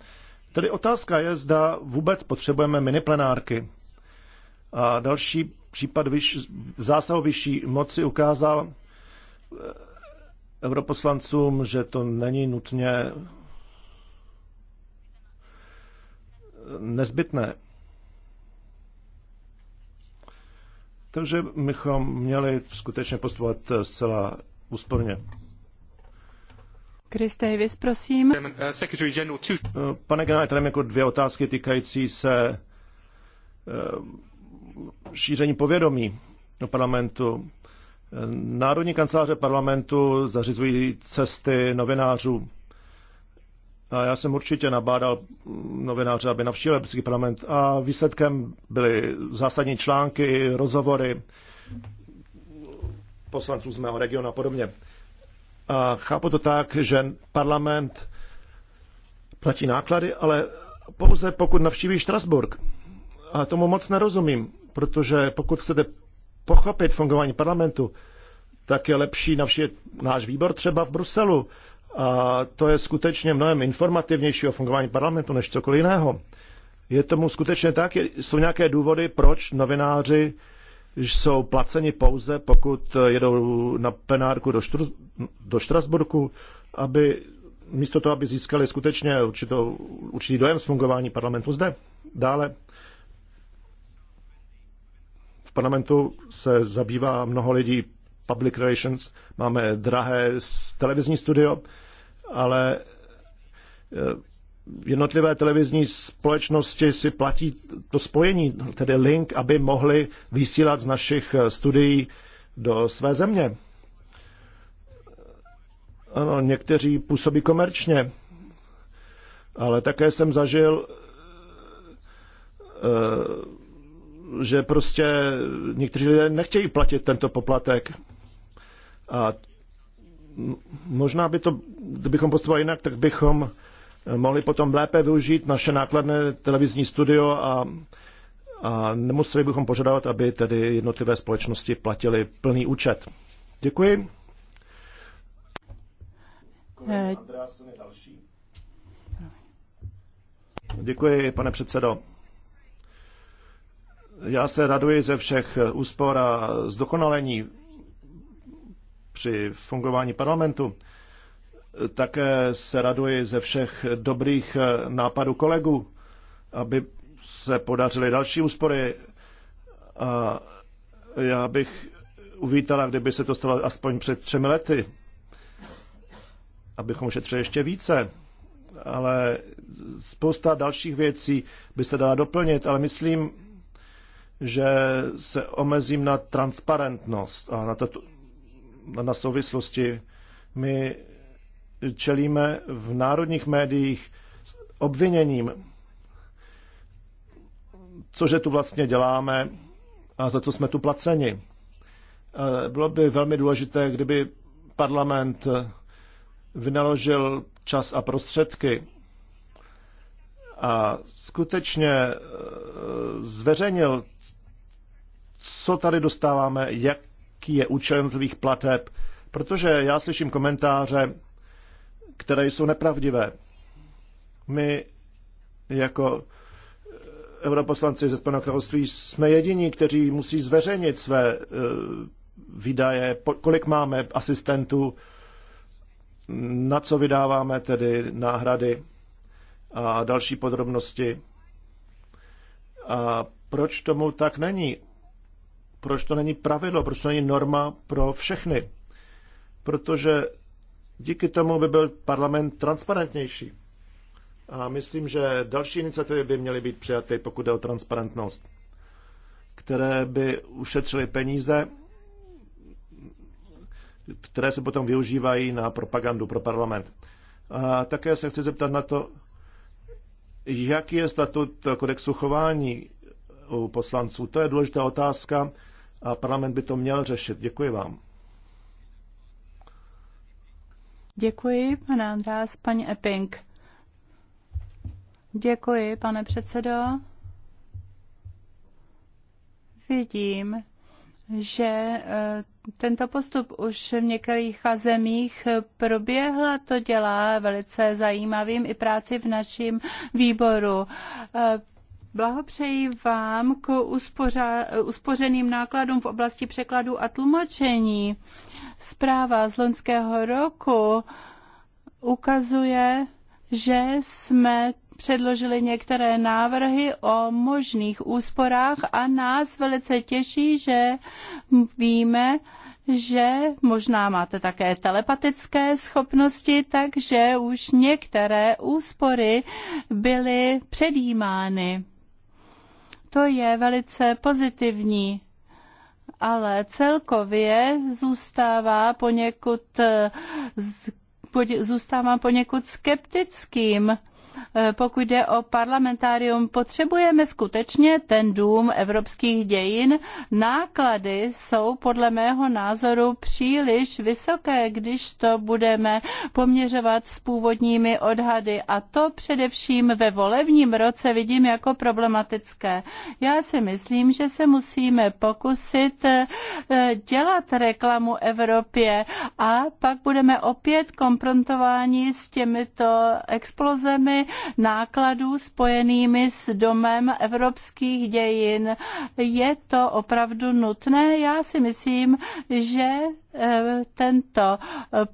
Tedy otázka je, zda vůbec potřebujeme miniplenárky. A další případ vyš, zásahu vyšší moci ukázal eh, europoslancům, že to není nutně eh, nezbytné. Takže bychom měli skutečně postupovat eh, zcela úsporně. Chris Davis, prosím. Uh, eh, pane generále, jako dvě otázky týkající se eh, šíření povědomí do parlamentu. Národní kanceláře parlamentu zařizují cesty novinářů a já jsem určitě nabádal novináře, aby navštívili Evropský parlament a výsledkem byly zásadní články, rozhovory poslanců z mého regionu a podobně. A chápu to tak, že parlament platí náklady, ale pouze pokud navštíví Štrasburg. A tomu moc nerozumím, protože pokud chcete pochopit fungování parlamentu, tak je lepší navštívit náš výbor třeba v Bruselu, a to je skutečně mnohem informativnější o fungování parlamentu než cokoliv jiného. Je tomu skutečně tak? Jsou nějaké důvody, proč novináři jsou placeni pouze, pokud jedou na plenárku do, Štru, do Štrasburku, aby místo toho, aby získali skutečně určitou, určitý dojem z fungování parlamentu zde. Dále v parlamentu se zabývá mnoho lidí public relations, máme drahé televizní studio ale eh, jednotlivé televizní společnosti si platí to spojení, tedy link, aby mohli vysílat z našich eh, studií do své země. Ano, někteří působí komerčně, ale také jsem zažil, eh, že prostě někteří lidé nechtějí platit tento poplatek. A možná by to, kdybychom postupovali jinak, tak bychom eh, mohli potom lépe využít naše nákladné televizní studio a, a nemuseli bychom požadovat, aby tedy jednotlivé společnosti platili plný účet. Děkuji. Eh, Děkuji, pane předsedo. Já se raduji ze všech úspor a zdokonalení při fungování parlamentu. Také se raduji ze všech dobrých nápadů kolegů, aby se podařily další úspory. A já bych uvítala, kdyby se to stalo aspoň před třemi lety, abychom šetřili ještě více. Ale spousta dalších věcí by se dala doplnit, ale myslím, že se omezím na transparentnost a na to, na souvislosti. My čelíme v národních médiích obviněním, cože tu vlastně děláme a za co jsme tu placeni. Bylo by velmi důležité, kdyby parlament vynaložil čas a prostředky a skutečně e, zveřejnil, co tady dostáváme, jak jaký je účel jednotlivých plateb, protože já slyším komentáře, které jsou nepravdivé. My jako eh, europoslanci ze Spojeného království jsme jediní, kteří musí zveřejnit své eh, výdaje, kolik máme asistentů, na co vydáváme tedy náhrady a další podrobnosti. A proč tomu tak není proč to není pravidlo, proč to není norma pro všechny? Protože díky tomu by byl parlament transparentnější. A myslím, že další iniciativy by měly být přijaty, pokud jde o transparentnost, které by ušetřily peníze, které se potom využívají na propagandu pro parlament. A také se chci zeptat na to, jaký je statut kodexu chování u poslanců. To je důležitá otázka, a parlament by to měl řešit. Děkuji vám. Děkuji, pane András. Paní Epping. Děkuji, pane předsedo. Vidím, že eh, tento postup už v některých zemích proběhl a to dělá velice zajímavým i práci v našem výboru. Eh, Blahopřeji vám k uspořa, uspořeným nákladům v oblasti překladu a tlumočení. Zpráva z loňského roku ukazuje, že jsme předložili některé návrhy o možných úsporách a nás velice těší, že víme, že možná máte také telepatické schopnosti, takže už některé úspory byly předjímány. To je velice pozitivní, ale celkově zůstává poněkud, eh, zůstávám poněkud skeptickým Eh, pokud jde o parlamentárium, potřebujeme skutečně ten dům evropských dějin. Náklady jsou podle mého názoru příliš vysoké, když to budeme poměřovat s původními odhady a to především ve volebním roce vidím jako problematické. Já si myslím, že se musíme pokusit eh, dělat reklamu Evropě a pak budeme opět konfrontováni s těmito explozemi nákladů spojenými s domem evropských dějin. Je to opravdu nutné? Já si myslím, že eh, tento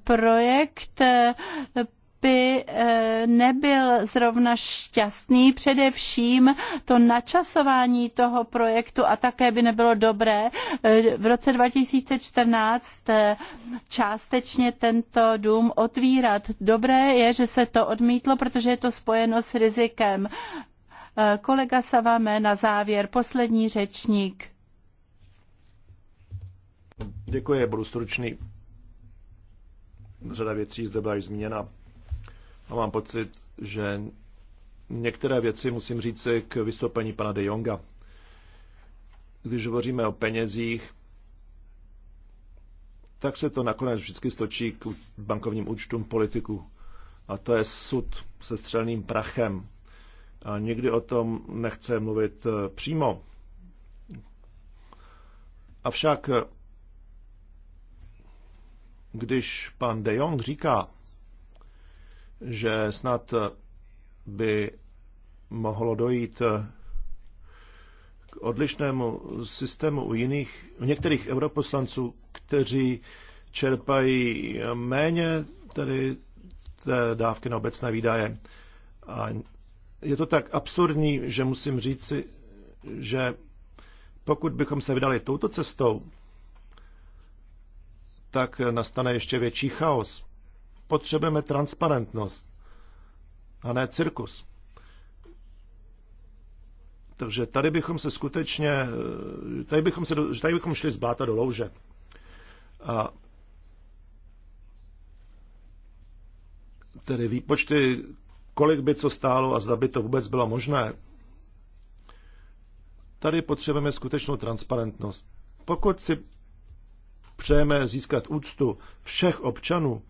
projekt eh, by eh, nebyl zrovna šťastný, především to načasování toho projektu a také by nebylo dobré. Eh, v roce 2014 eh, částečně tento dům otvírat. Dobré je, že se to odmítlo, protože je to spojeno s rizikem. Kolega Savame na závěr, poslední řečník. Děkuji, budu stručný. Řada věcí zde byla již zmíněna. A mám pocit, že některé věci musím říci k vystoupení pana de Jonga. Když hovoříme o penězích, tak se to nakonec vždycky stočí k bankovním účtům politiku, A to je sud se střelným prachem. A nikdy o tom nechce mluvit eh, přímo. Avšak, eh, když pan de Jong říká, že snad by mohlo dojít k odlišnému systému u jiných, u některých europoslanců, kteří čerpají méně tedy té dávky na obecné výdaje. A je to tak absurdní, že musím říci, že pokud bychom se vydali touto cestou, tak nastane ještě větší chaos, potřebujeme transparentnost a ne cirkus. Takže tady bychom se skutečně, tady bychom, se, tady bychom šli z bláta do louže. A tedy výpočty, kolik by co stálo a zda by to vůbec bylo možné. Tady potřebujeme skutečnou transparentnost. Pokud si přejeme získat úctu všech občanů,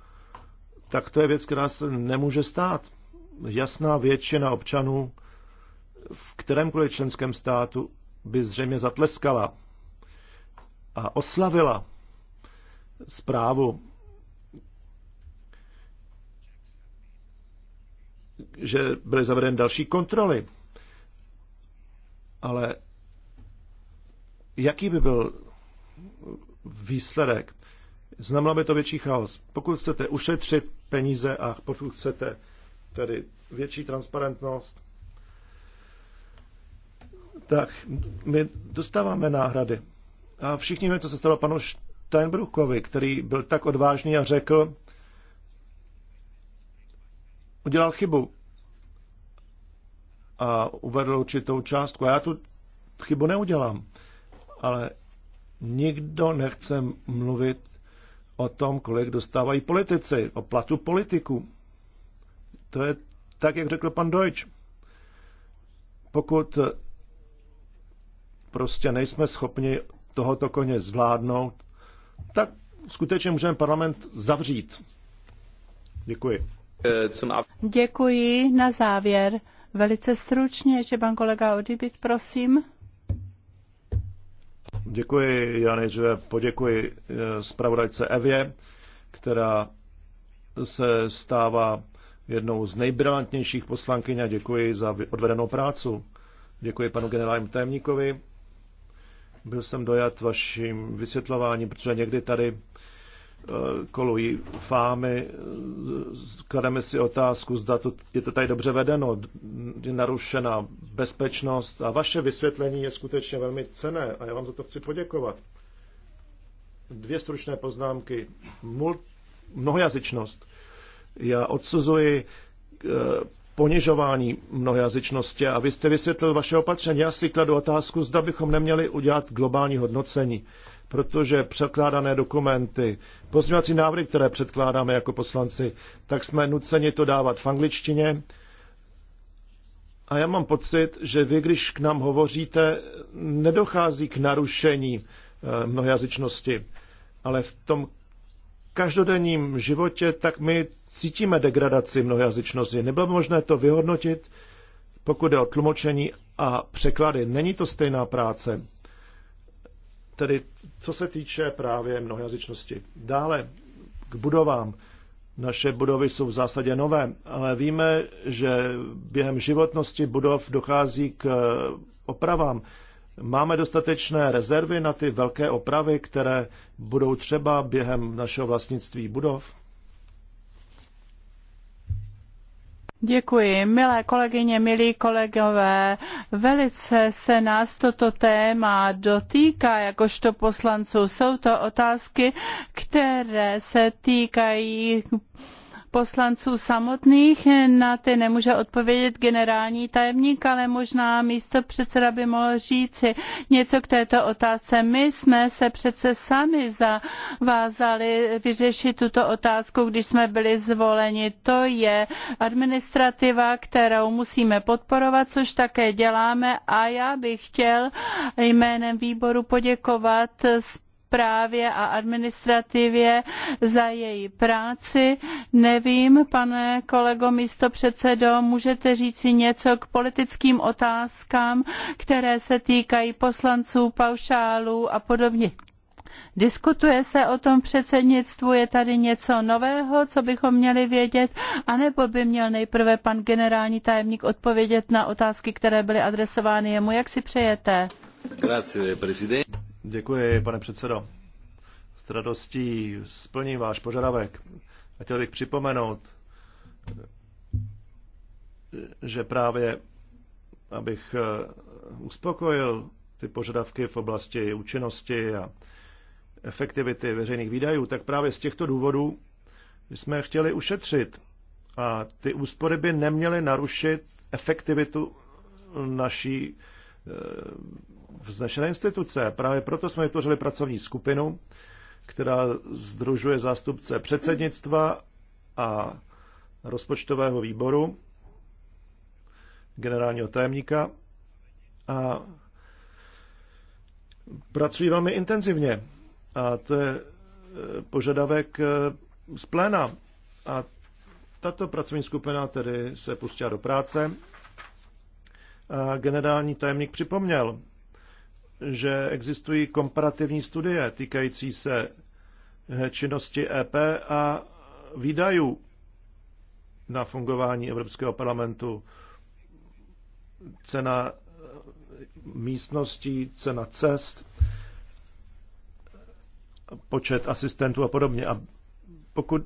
tak to je věc, která se nemůže stát. Jasná většina občanů v kterémkoliv členském státu by zřejmě zatleskala a oslavila zprávu, že byly zavedeny další kontroly. Ale jaký by byl výsledek? Znamenalo by to větší chaos. Pokud chcete ušetřit peníze a pokud chcete tedy větší transparentnost, tak my dostáváme náhrady. A všichni víme, co se stalo panu Steinbruchovi, který byl tak odvážný a řekl, udělal chybu a uvedl určitou částku. A já tu chybu neudělám. Ale nikdo nechce mluvit o tom, kolik dostávají politici, o platu politiků. To je tak, jak řekl pan Deutsch. Pokud prostě nejsme schopni tohoto koně zvládnout, tak skutečně můžeme parlament zavřít. Děkuji. Děkuji. Na závěr velice stručně, ještě pan kolega Odibit, prosím. Děkuji, Jany, že poděkuji eh, zpravodajce Evě, která se stává jednou z nejbrilantnějších poslankyň a děkuji za odvedenou práci. Děkuji panu generálnímu tajemníkovi. Byl jsem dojat vaším vysvětlováním, protože někdy tady Eh, kolují fámy, eh, klademe si otázku, zda to, je to tady dobře vedeno, je narušena bezpečnost a vaše vysvětlení je skutečně velmi cené a já vám za to chci poděkovat. Dvě stručné poznámky. Mul, mnohojazyčnost. Já odsuzuji eh, ponižování mnohojazyčnosti a vy jste vysvětlil vaše opatření. Já si kladu otázku, zda bychom neměli udělat globální hodnocení protože překládané dokumenty, pozměňovací návrhy, které předkládáme jako poslanci, tak jsme nuceni to dávat v angličtině. A já mám pocit, že vy, když k nám hovoříte, nedochází k narušení eh, mnohojazyčnosti, ale v tom každodenním životě, tak my cítíme degradaci mnohojazyčnosti. Nebylo by možné to vyhodnotit, pokud jde o tlumočení a překlady. Není to stejná práce. Tedy co se týče právě mnohojazyčnosti. Dále k budovám. Naše budovy jsou v zásadě nové, ale víme, že během životnosti budov dochází k opravám. Máme dostatečné rezervy na ty velké opravy, které budou třeba během našeho vlastnictví budov? Děkuji. Milé kolegyně, milí kolegové, velice se nás toto téma dotýká, jakožto poslanců. Jsou to otázky, které se týkají poslanců samotných. Eh, na ty nemůže odpovědět generální tajemník, ale možná místo předseda by mohl říci něco k této otázce. My jsme se přece sami zavázali vyřešit tuto otázku, když jsme byli zvoleni. To je administrativa, kterou musíme podporovat, což také děláme a já bych chtěl jménem výboru poděkovat správě a administrativě za její práci. Nevím, pane kolego místo předsedo, můžete říci něco k politickým otázkám, které se týkají poslanců, paušálů a podobně. Diskutuje se o tom předsednictvu, je tady něco nového, co bychom měli vědět, anebo by měl nejprve pan generální tajemník odpovědět na otázky, které byly adresovány jemu. Jak si přejete? Grazie, prezident. Děkuji, pane předsedo. S radostí splním váš požadavek. A chtěl bych připomenout, že právě abych eh, uspokojil ty požadavky v oblasti účinnosti a efektivity veřejných výdajů, tak právě z těchto důvodů jsme chtěli ušetřit. A ty úspory by neměly narušit efektivitu naší eh, vznešené instituce. Právě proto jsme vytvořili pracovní skupinu, která združuje zástupce předsednictva a rozpočtového výboru, generálního tajemníka a pracují velmi intenzivně. A to je e, požadavek e, z pléna. A tato pracovní skupina tedy se pustila do práce. A generální tajemník připomněl, že existují komparativní studie týkající se eh, činnosti EP a výdajů na fungování Evropského parlamentu. Cena eh, místností, cena cest, počet asistentů a podobně. A pokud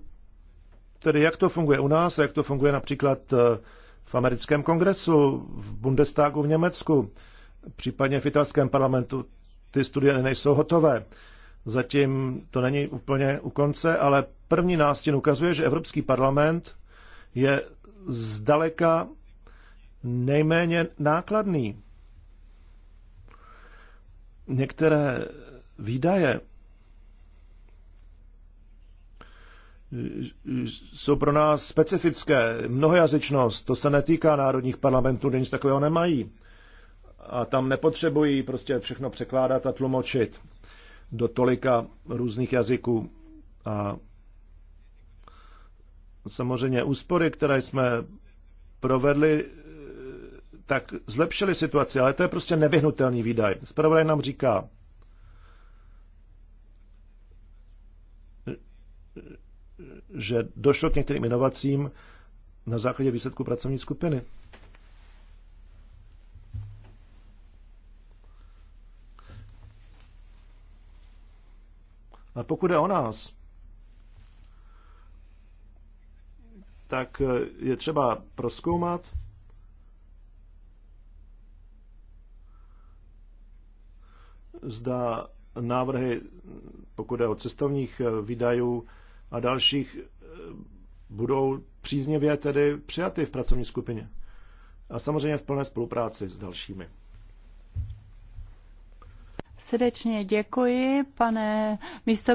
tedy jak to funguje u nás, jak to funguje například eh, v americkém kongresu, v Bundestagu v Německu, Případně v italském parlamentu ty studie nejsou hotové. Zatím to není úplně u konce, ale první nástěn ukazuje, že Evropský parlament je zdaleka nejméně nákladný. Některé výdaje jsou pro nás specifické. Mnohojazyčnost, to se netýká národních parlamentů, nic takového nemají a tam nepotřebují prostě všechno překládat a tlumočit do tolika různých jazyků. A samozřejmě úspory, které jsme provedli, tak zlepšili situaci, ale to je prostě nevyhnutelný výdaj. Spravodaj nám říká, že došlo k některým inovacím na základě výsledku pracovní skupiny. Ale pokud je o nás, tak je třeba proskoumat, zda návrhy, pokud je o cestovních eh, výdajů a dalších, eh, budou příznivě tedy přijaty v pracovní skupině. A samozřejmě v plné spolupráci s dalšími. Srdečně děkuji, pane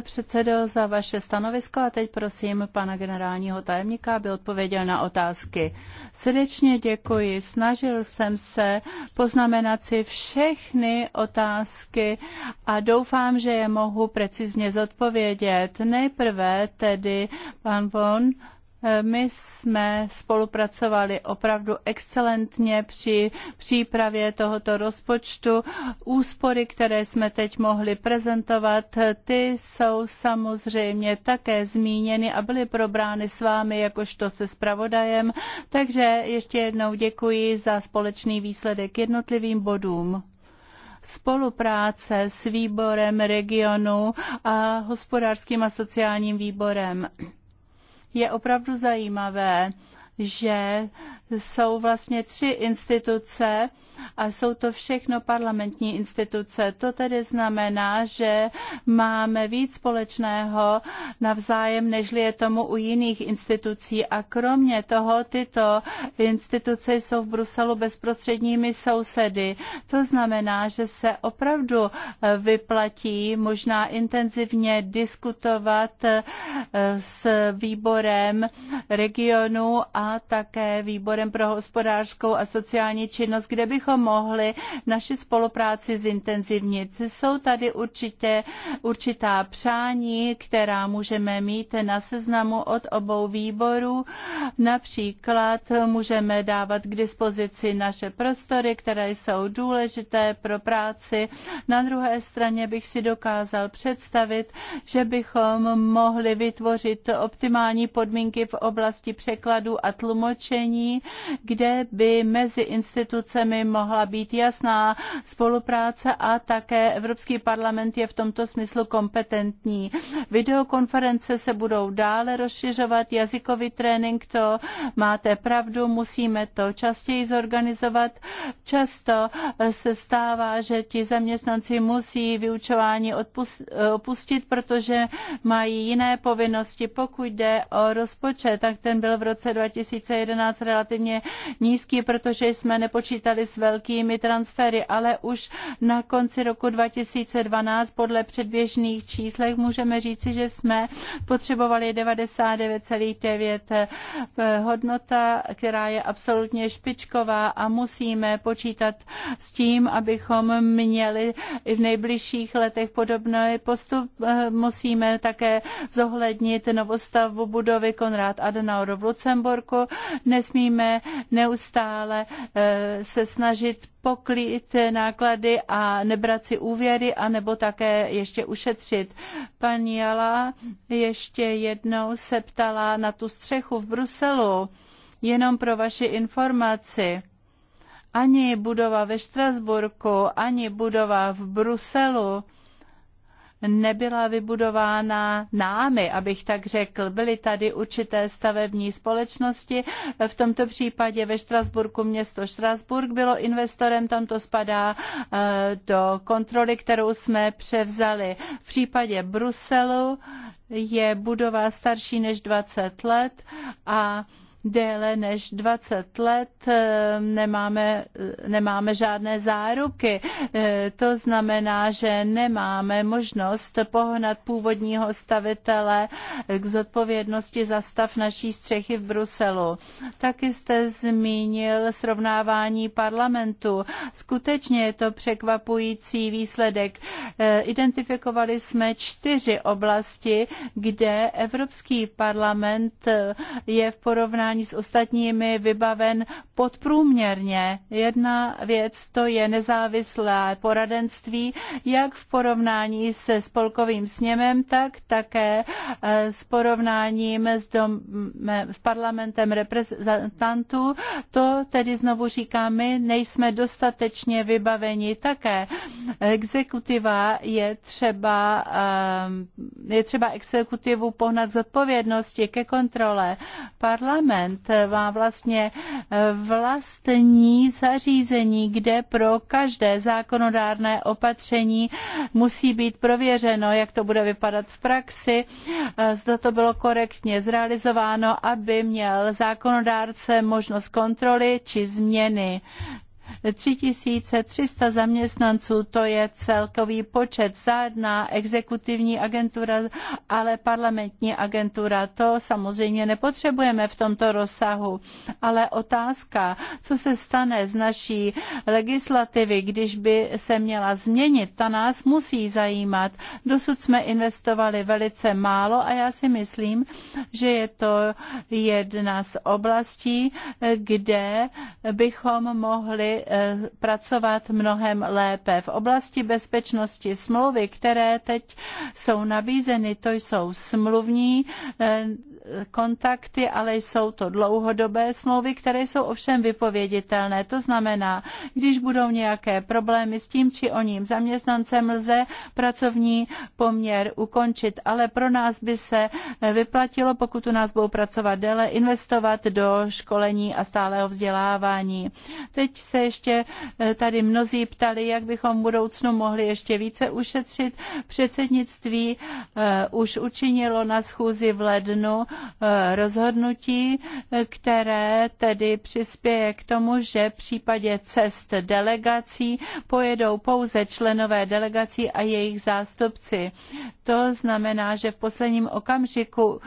předsedo, za vaše stanovisko a teď prosím pana generálního tajemníka, aby odpověděl na otázky. Srdečně děkuji. Snažil jsem se poznamenat si všechny otázky a doufám, že je mohu precizně zodpovědět. Nejprve tedy pan Von my jsme spolupracovali opravdu excelentně při přípravě tohoto rozpočtu. Úspory, které jsme teď mohli prezentovat, ty jsou samozřejmě také zmíněny a byly probrány s vámi jakožto se spravodajem. Takže ještě jednou děkuji za společný výsledek jednotlivým bodům spolupráce s výborem regionu a hospodářským a sociálním výborem je opravdu zajímavé, že jsou vlastně tři instituce a jsou to všechno parlamentní instituce. To tedy znamená, že máme víc společného navzájem, nežli je tomu u jiných institucí. A kromě toho tyto instituce jsou v Bruselu bezprostředními sousedy. To znamená, že se opravdu eh, vyplatí možná intenzivně diskutovat eh, s výborem regionu a také výborem výborem pro hospodářskou a sociální činnost, kde bychom mohli naši spolupráci zintenzivnit. Jsou tady určitě, určitá přání, která můžeme mít na seznamu od obou výborů. Například můžeme dávat k dispozici naše prostory, které jsou důležité pro práci. Na druhé straně bych si dokázal představit, že bychom mohli vytvořit optimální podmínky v oblasti překladu a tlumočení kde by mezi institucemi mohla být jasná spolupráce a také Evropský parlament je v tomto smyslu kompetentní. Videokonference se budou dále rozšiřovat, jazykový trénink to máte pravdu, musíme to častěji zorganizovat. Často se stává, že ti zaměstnanci musí vyučování opustit, protože mají jiné povinnosti. Pokud jde o rozpočet, tak ten byl v roce 2011 relativně relativně nízký, protože jsme nepočítali s velkými transfery, ale už na konci roku 2012 podle předběžných číslech můžeme říci, že jsme potřebovali 99,9 eh, hodnota, která je absolutně špičková a musíme počítat s tím, abychom měli i v nejbližších letech podobný postup. Eh, musíme také zohlednit novostavbu budovy Konrad Adenauer v Lucemburku. Nesmíme musíme neustále eh, se snažit poklít náklady a nebrat si úvěry, anebo také ještě ušetřit. Paní Jala ještě jednou se ptala na tu střechu v Bruselu, jenom pro vaši informaci. Ani budova ve Štrasburku, ani budova v Bruselu nebyla vybudována námi, abych tak řekl. Byly tady určité stavební společnosti. V tomto případě ve Štrasburku město Štrasburg bylo investorem, tam to spadá eh, do kontroly, kterou jsme převzali. V případě Bruselu je budova starší než 20 let a déle než 20 let eh, nemáme, eh, nemáme žádné záruky. Eh, to znamená, že nemáme možnost pohnat původního stavitele k zodpovědnosti za stav naší střechy v Bruselu. Taky jste zmínil srovnávání parlamentu. Skutečně je to překvapující výsledek. Identifikovali jsme čtyři oblasti, kde Evropský parlament je v porovnání porovnání s ostatními vybaven podprůměrně. Jedna věc to je nezávislé poradenství, jak v porovnání se spolkovým sněmem, tak také eh, s porovnáním s, dom, s parlamentem reprezentantů. To tedy znovu říkám, my nejsme dostatečně vybaveni také. Exekutiva je třeba, eh, je třeba exekutivu pohnat z odpovědnosti ke kontrole. Parlament parlament má vlastně eh, vlastní zařízení, kde pro každé zákonodárné opatření musí být prověřeno, jak to bude vypadat v praxi, eh, zda to bylo korektně zrealizováno, aby měl zákonodárce možnost kontroly či změny. 3300 zaměstnanců, to je celkový počet. zádná exekutivní agentura, ale parlamentní agentura, to samozřejmě nepotřebujeme v tomto rozsahu. Ale otázka, co se stane z naší legislativy, když by se měla změnit, ta nás musí zajímat. Dosud jsme investovali velice málo a já si myslím, že je to jedna z oblastí, kde bychom mohli Eh, pracovat mnohem lépe. V oblasti bezpečnosti smlouvy, které teď jsou nabízeny, to jsou smluvní eh, kontakty, ale jsou to dlouhodobé smlouvy, které jsou ovšem vypověditelné. To znamená, když budou nějaké problémy s tím či o ním zaměstnancem, lze pracovní poměr ukončit, ale pro nás by se vyplatilo, pokud u nás budou pracovat déle, investovat do školení a stáleho vzdělávání. Teď se ještě eh, tady mnozí ptali, jak bychom v budoucnu mohli ještě více ušetřit. Předsednictví eh, už učinilo na schůzi v lednu rozhodnutí, které tedy přispěje k tomu, že v případě cest delegací pojedou pouze členové delegací a jejich zástupci. To znamená, že v posledním okamžiku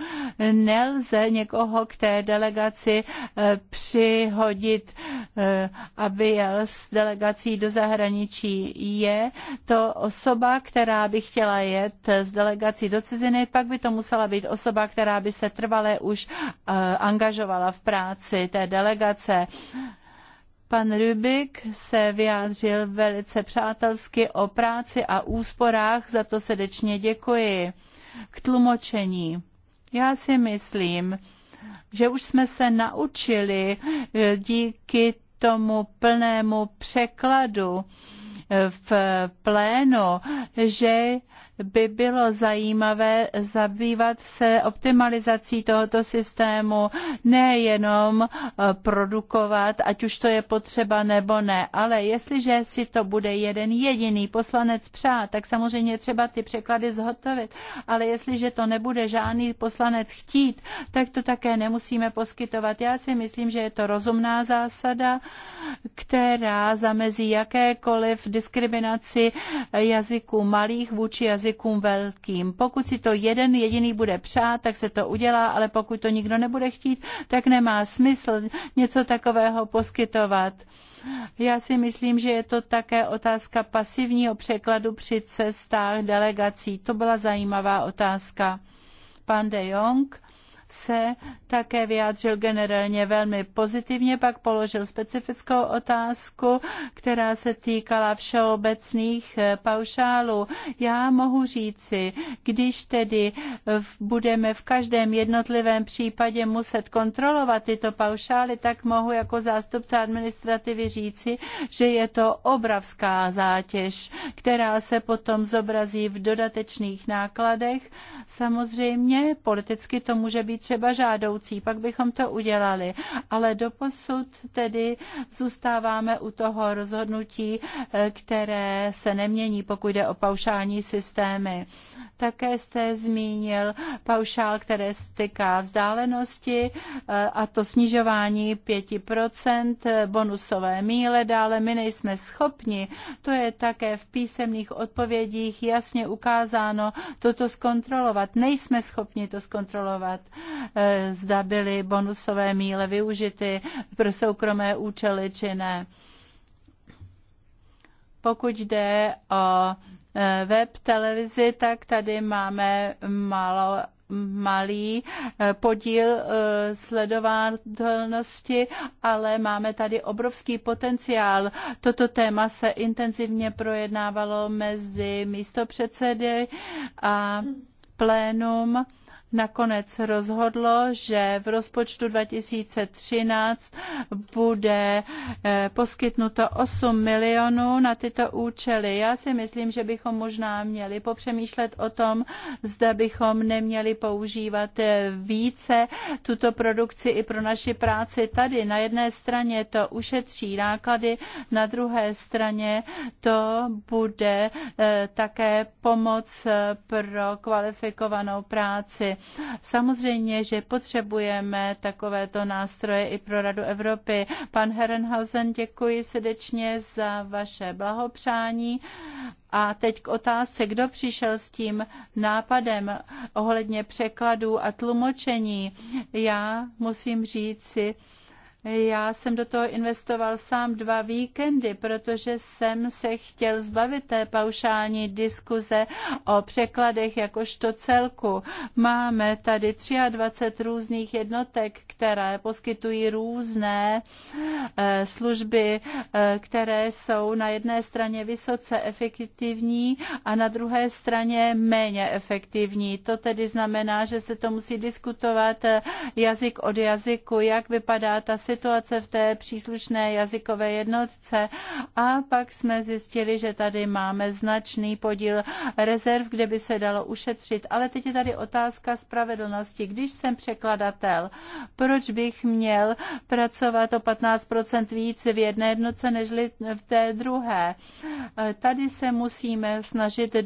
nelze někoho k té delegaci eh, přihodit, eh, aby jel s delegací do zahraničí. Je to osoba, která by chtěla jet s delegací do ciziny, pak by to musela být osoba, která by se trvale už eh, angažovala v práci té delegace. Pan Rubik se vyjádřil velice přátelsky o práci a úsporách, za to srdečně děkuji. K tlumočení. Já si myslím, že už jsme se naučili eh, díky tomu plnému překladu eh, v plénu, že by bylo zajímavé zabývat se optimalizací tohoto systému, nejenom eh, produkovat, ať už to je potřeba nebo ne, ale jestliže si to bude jeden jediný poslanec přát, tak samozřejmě třeba ty překlady zhotovit, ale jestliže to nebude žádný poslanec chtít, tak to také nemusíme poskytovat. Já si myslím, že je to rozumná zásada, která zamezí jakékoliv diskriminaci jazyků malých vůči jazyků jazykům velkým. Pokud si to jeden jediný bude přát, tak se to udělá, ale pokud to nikdo nebude chtít, tak nemá smysl něco takového poskytovat. Já si myslím, že je to také otázka pasivního překladu při cestách delegací. To byla zajímavá otázka. Pan de Jong se také vyjádřil generálně velmi pozitivně, pak položil specifickou otázku, která se týkala všeobecných eh, paušálů. Já mohu říci, když tedy budeme v každém jednotlivém případě muset kontrolovat tyto paušály, tak mohu jako zástupce administrativy říci, že je to obravská zátěž, která se potom zobrazí v dodatečných nákladech. Samozřejmě politicky to může být třeba žádoucí, pak bychom to udělali. Ale doposud tedy zůstáváme u toho rozhodnutí, eh, které se nemění, pokud jde o paušální systémy. Také jste zmínil paušál, které styká vzdálenosti eh, a to snižování 5%, eh, bonusové míle, dále my nejsme schopni. To je také v písemných odpovědích jasně ukázáno toto zkontrolovat. Nejsme schopni to zkontrolovat. Eh, zda byly bonusové míle využity pro soukromé účely či ne. Pokud jde o eh, web televizi, tak tady máme malo malý eh, podíl sledovatelnosti, ale máme tady obrovský potenciál. Toto téma se intenzivně projednávalo mezi místopředsedy a plénum nakonec rozhodlo, že v rozpočtu 2013 bude eh, poskytnuto 8 milionů na tyto účely. Já si myslím, že bychom možná měli popřemýšlet o tom, zda bychom neměli používat eh, více tuto produkci i pro naši práci tady. Na jedné straně to ušetří náklady, na druhé straně to bude eh, také pomoc pro kvalifikovanou práci. Samozřejmě, že potřebujeme takovéto nástroje i pro Radu Evropy. Pan Herrenhausen, děkuji srdečně za vaše blahopřání. A teď k otázce, kdo přišel s tím nápadem ohledně překladů a tlumočení. Já musím říct si, já jsem do toho investoval sám dva víkendy, protože jsem se chtěl zbavit té paušální diskuze o překladech jakožto celku. Máme tady 23 různých jednotek, které poskytují různé eh, služby, eh, které jsou na jedné straně vysoce efektivní a na druhé straně méně efektivní. To tedy znamená, že se to musí diskutovat eh, jazyk od jazyku, jak vypadá ta situace situace v té příslušné jazykové jednotce a pak jsme zjistili, že tady máme značný podíl rezerv, kde by se dalo ušetřit. Ale teď je tady otázka spravedlnosti. Když jsem překladatel, proč bych měl pracovat o 15% víc v jedné jednotce než v té druhé? Tady se musíme snažit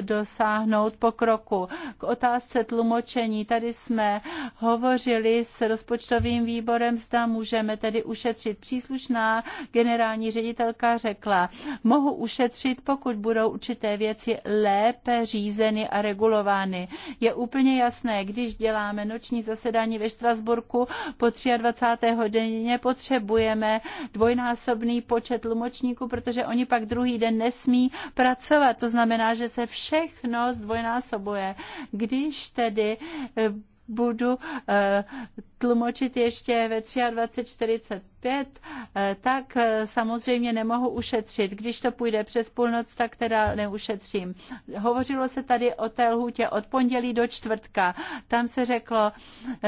dosáhnout pokroku. K otázce tlumočení, tady jsme hovořili s rozpočtovým výborem, zda zda můžeme tedy ušetřit. Příslušná generální ředitelka řekla, mohu ušetřit, pokud budou určité věci lépe řízeny a regulovány. Je úplně jasné, když děláme noční zasedání ve Štrasburku po 23. hodině potřebujeme dvojnásobný počet tlumočníků, protože oni pak druhý den nesmí pracovat. To znamená, že se všechno zdvojnásobuje. Když tedy eh, budu eh, tlumočit ještě ve Pět, eh, tak eh, samozřejmě nemohu ušetřit. Když to půjde přes půlnoc, tak teda neušetřím. Hovořilo se tady o té lhůtě od pondělí do čtvrtka. Tam se řeklo,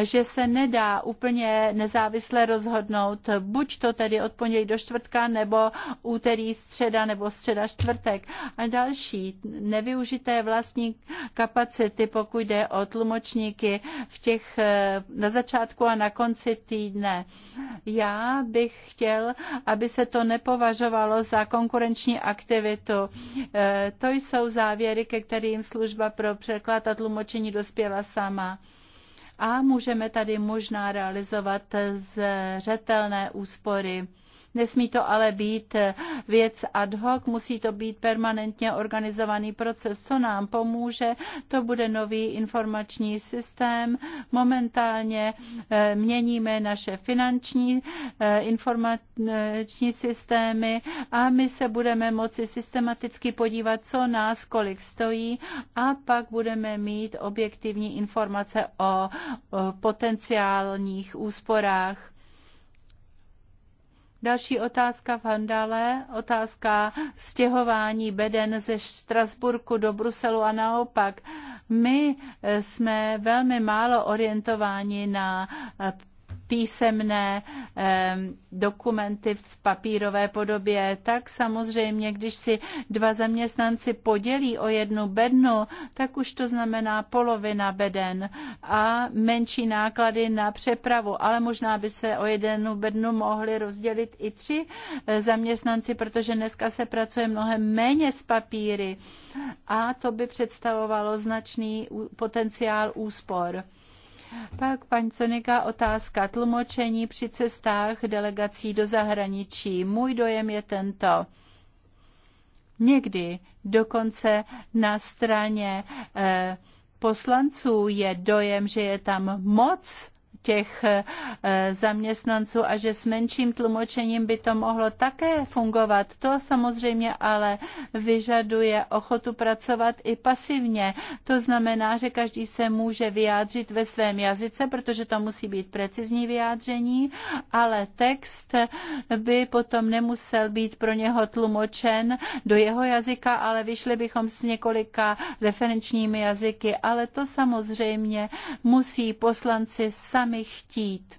že se nedá úplně nezávisle rozhodnout, buď to tedy od pondělí do čtvrtka, nebo úterý, středa, nebo středa, čtvrtek. A další nevyužité vlastní kapacity, pokud jde o tlumočníky v těch eh, na začátku a na konci týdne. Já bych chtěl, aby se to nepovažovalo za konkurenční aktivitu. E, to jsou závěry, ke kterým služba pro překlad a tlumočení dospěla sama a můžeme tady možná realizovat zřetelné úspory. Nesmí to ale být eh, věc ad hoc, musí to být permanentně organizovaný proces. Co nám pomůže, to bude nový informační systém. Momentálně eh, měníme naše finanční eh, informační systémy a my se budeme moci systematicky podívat, co nás kolik stojí a pak budeme mít objektivní informace o potenciálních úsporách Další otázka v Handale, otázka stěhování beden ze Štrasburku do Bruselu a naopak. My eh, jsme velmi málo orientováni na eh, písemné dokumenty v papírové podobě, tak samozřejmě, když si dva zaměstnanci podělí o jednu bednu, tak už to znamená polovina beden a menší náklady na přepravu. Ale možná by se o jednu bednu mohli rozdělit i tři eh, zaměstnanci, protože dneska se pracuje mnohem méně s papíry a to by představovalo značný potenciál úspor. Pak paní Sonika otázka tlumočení při cestách delegací do zahraničí. Můj dojem je tento. Někdy dokonce na straně eh, poslanců je dojem, že je tam moc těch eh, zaměstnanců a že s menším tlumočením by to mohlo také fungovat. To samozřejmě ale vyžaduje ochotu pracovat i pasivně. To znamená, že každý se může vyjádřit ve svém jazyce, protože to musí být precizní vyjádření, ale text by potom nemusel být pro něho tlumočen do jeho jazyka, ale vyšli bychom s několika referenčními jazyky. Ale to samozřejmě musí poslanci sami velmi chtít.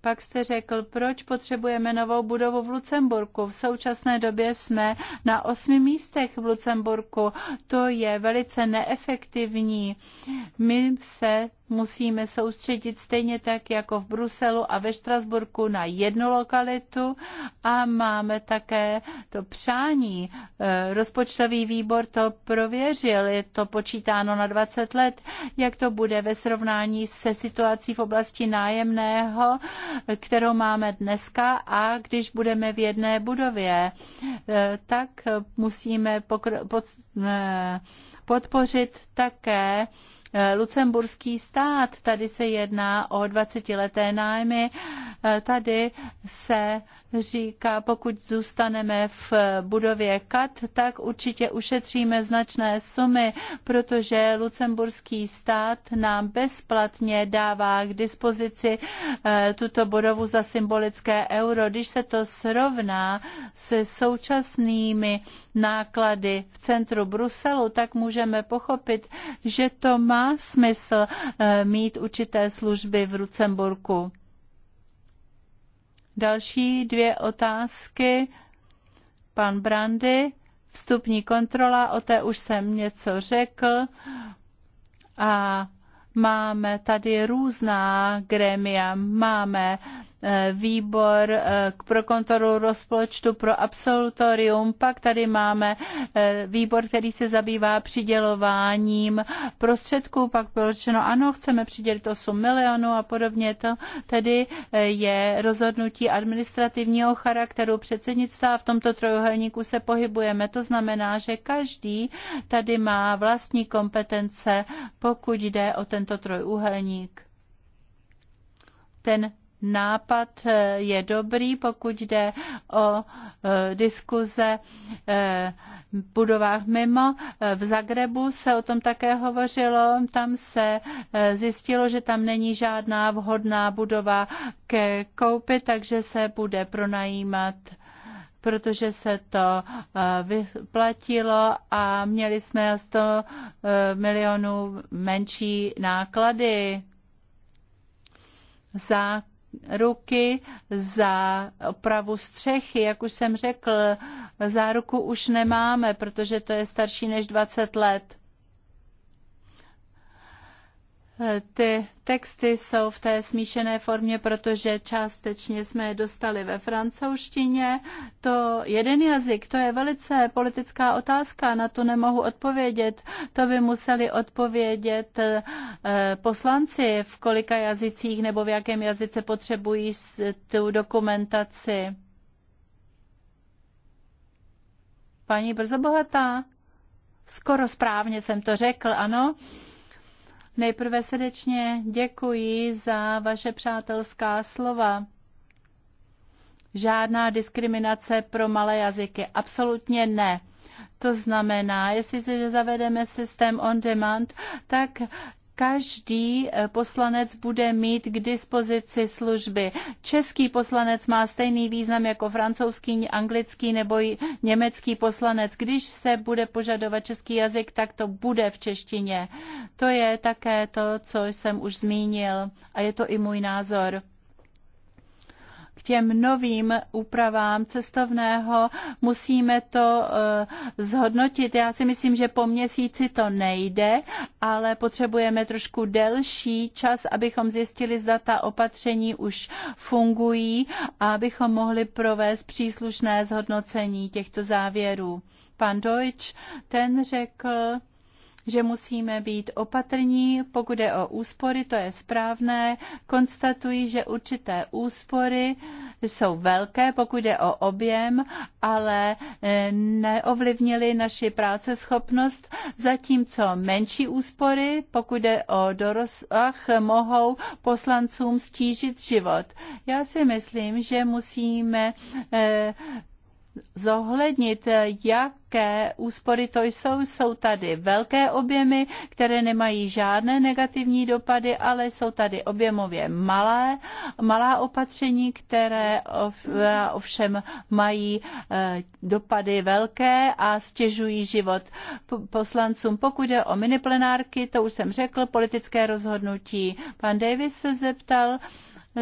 Pak jste řekl, proč potřebujeme novou budovu v Lucemburku. V současné době jsme na osmi místech v Lucemburku. To je velice neefektivní. My se musíme soustředit stejně tak jako v Bruselu a ve Štrasburku na jednu lokalitu a máme také to přání. Eh, rozpočtový výbor to prověřil, je to počítáno na 20 let, jak to bude ve srovnání se situací v oblasti nájemného, kterou máme dneska a když budeme v jedné budově, eh, tak musíme eh, podpořit také Eh, lucemburský stát. Tady se jedná o 20-leté nájmy. Eh, tady se říká, pokud zůstaneme v budově KAT, tak určitě ušetříme značné sumy, protože lucemburský stát nám bezplatně dává k dispozici eh, tuto budovu za symbolické euro. Když se to srovná se současnými náklady v centru Bruselu, tak můžeme pochopit, že to má smysl eh, mít určité služby v Lucemburku. Další dvě otázky. Pan Brandy, vstupní kontrola, o té už jsem něco řekl. A máme tady různá grémia, máme Eh, výbor eh, pro kontrolu rozpočtu pro absolutorium, pak tady máme eh, výbor, který se zabývá přidělováním prostředků, pak bylo řečeno, ano, chceme přidělit 8 milionů a podobně. To tedy je rozhodnutí administrativního charakteru předsednictva a v tomto trojuhelníku se pohybujeme. To znamená, že každý tady má vlastní kompetence, pokud jde o tento trojuhelník. Ten nápad eh, je dobrý, pokud jde o eh, diskuze eh, budovách mimo. V Zagrebu se o tom také hovořilo, tam se zjistilo, že tam není žádná vhodná budova ke koupi, takže se bude pronajímat protože se to vyplatilo a měli jsme 100 milionů menší náklady za ruky za opravu střechy. Jak už jsem řekl, záruku už nemáme, protože to je starší než 20 let. Ty texty jsou v té smíšené formě, protože částečně jsme je dostali ve francouzštině. To jeden jazyk, to je velice politická otázka, na to nemohu odpovědět. To by museli odpovědět eh, poslanci, v kolika jazycích nebo v jakém jazyce potřebují tu dokumentaci. Paní Brzo Bohatá, skoro správně jsem to řekl, ano. Nejprve srdečně děkuji za vaše přátelská slova. Žádná diskriminace pro malé jazyky. Absolutně ne. To znamená, jestliže zavedeme systém on demand, tak každý eh, poslanec bude mít k dispozici služby. Český poslanec má stejný význam jako francouzský, anglický nebo německý poslanec. Když se bude požadovat český jazyk, tak to bude v češtině. To je také to, co jsem už zmínil a je to i můj názor těm novým úpravám cestovného, musíme to eh, zhodnotit. Já si myslím, že po měsíci to nejde, ale potřebujeme trošku delší čas, abychom zjistili, zda ta opatření už fungují a abychom mohli provést příslušné zhodnocení těchto závěrů. Pan Deutsch, ten řekl, že musíme být opatrní, pokud je o úspory, to je správné. Konstatuji, že určité úspory jsou velké, pokud je o objem, ale eh, neovlivnili naši schopnost. zatímco menší úspory, pokud je o dorosách, mohou poslancům stížit život. Já si myslím, že musíme eh, zohlednit, jaké úspory to jsou. Jsou tady velké objemy, které nemají žádné negativní dopady, ale jsou tady objemově malé, malá opatření, které ovšem mají eh, dopady velké a stěžují život poslancům. Pokud jde o miniplenárky, to už jsem řekl, politické rozhodnutí. Pan Davis se zeptal,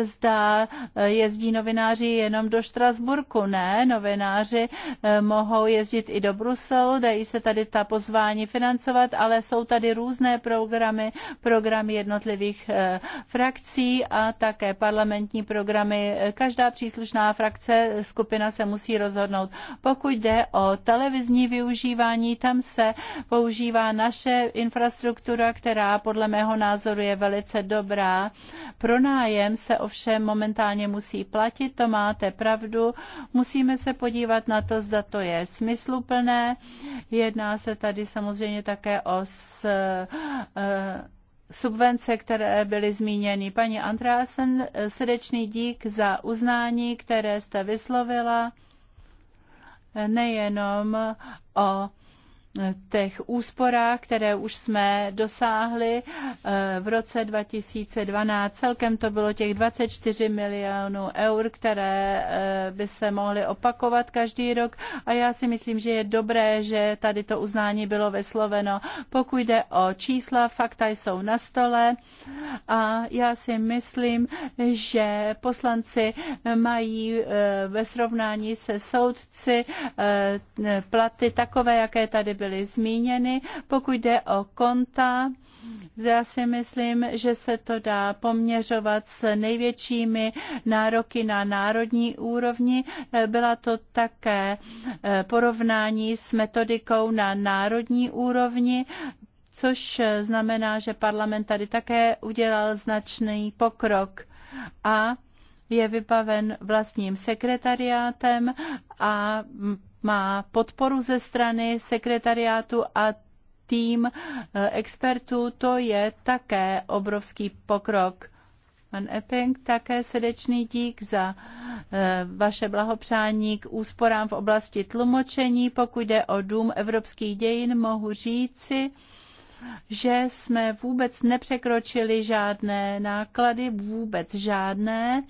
zda eh, jezdí novináři jenom do Štrasburku. Ne, novináři eh, mohou jezdit i do Bruselu, dají se tady ta pozvání financovat, ale jsou tady různé programy, programy jednotlivých eh, frakcí a také parlamentní programy. Každá příslušná frakce, skupina se musí rozhodnout. Pokud jde o televizní využívání, tam se používá naše infrastruktura, která podle mého názoru je velice dobrá. Pronájem se ovšem momentálně musí platit, to máte pravdu. Musíme se podívat na to, zda to je smysluplné. Jedná se tady samozřejmě také o s, eh, subvence, které byly zmíněny. Paní Andrásen, srdečný dík za uznání, které jste vyslovila nejenom o těch úsporách, které už jsme dosáhli eh, v roce 2012. Celkem to bylo těch 24 milionů eur, které eh, by se mohly opakovat každý rok a já si myslím, že je dobré, že tady to uznání bylo vysloveno. Pokud jde o čísla, fakta jsou na stole a já si myslím, že poslanci mají eh, ve srovnání se soudci platy takové, jaké tady byly zmíněny. Pokud jde o konta, já si myslím, že se to dá poměřovat s největšími nároky na národní úrovni. Byla to také eh, porovnání s metodikou na národní úrovni což znamená, že parlament tady také udělal značný pokrok a je vybaven vlastním sekretariátem a má podporu ze strany sekretariátu a tým eh, expertů, to je také obrovský pokrok. Pan Epping, také srdečný dík za eh, vaše blahopřání k úsporám v oblasti tlumočení. Pokud jde o Dům evropských dějin, mohu říci, že jsme vůbec nepřekročili žádné náklady, vůbec žádné.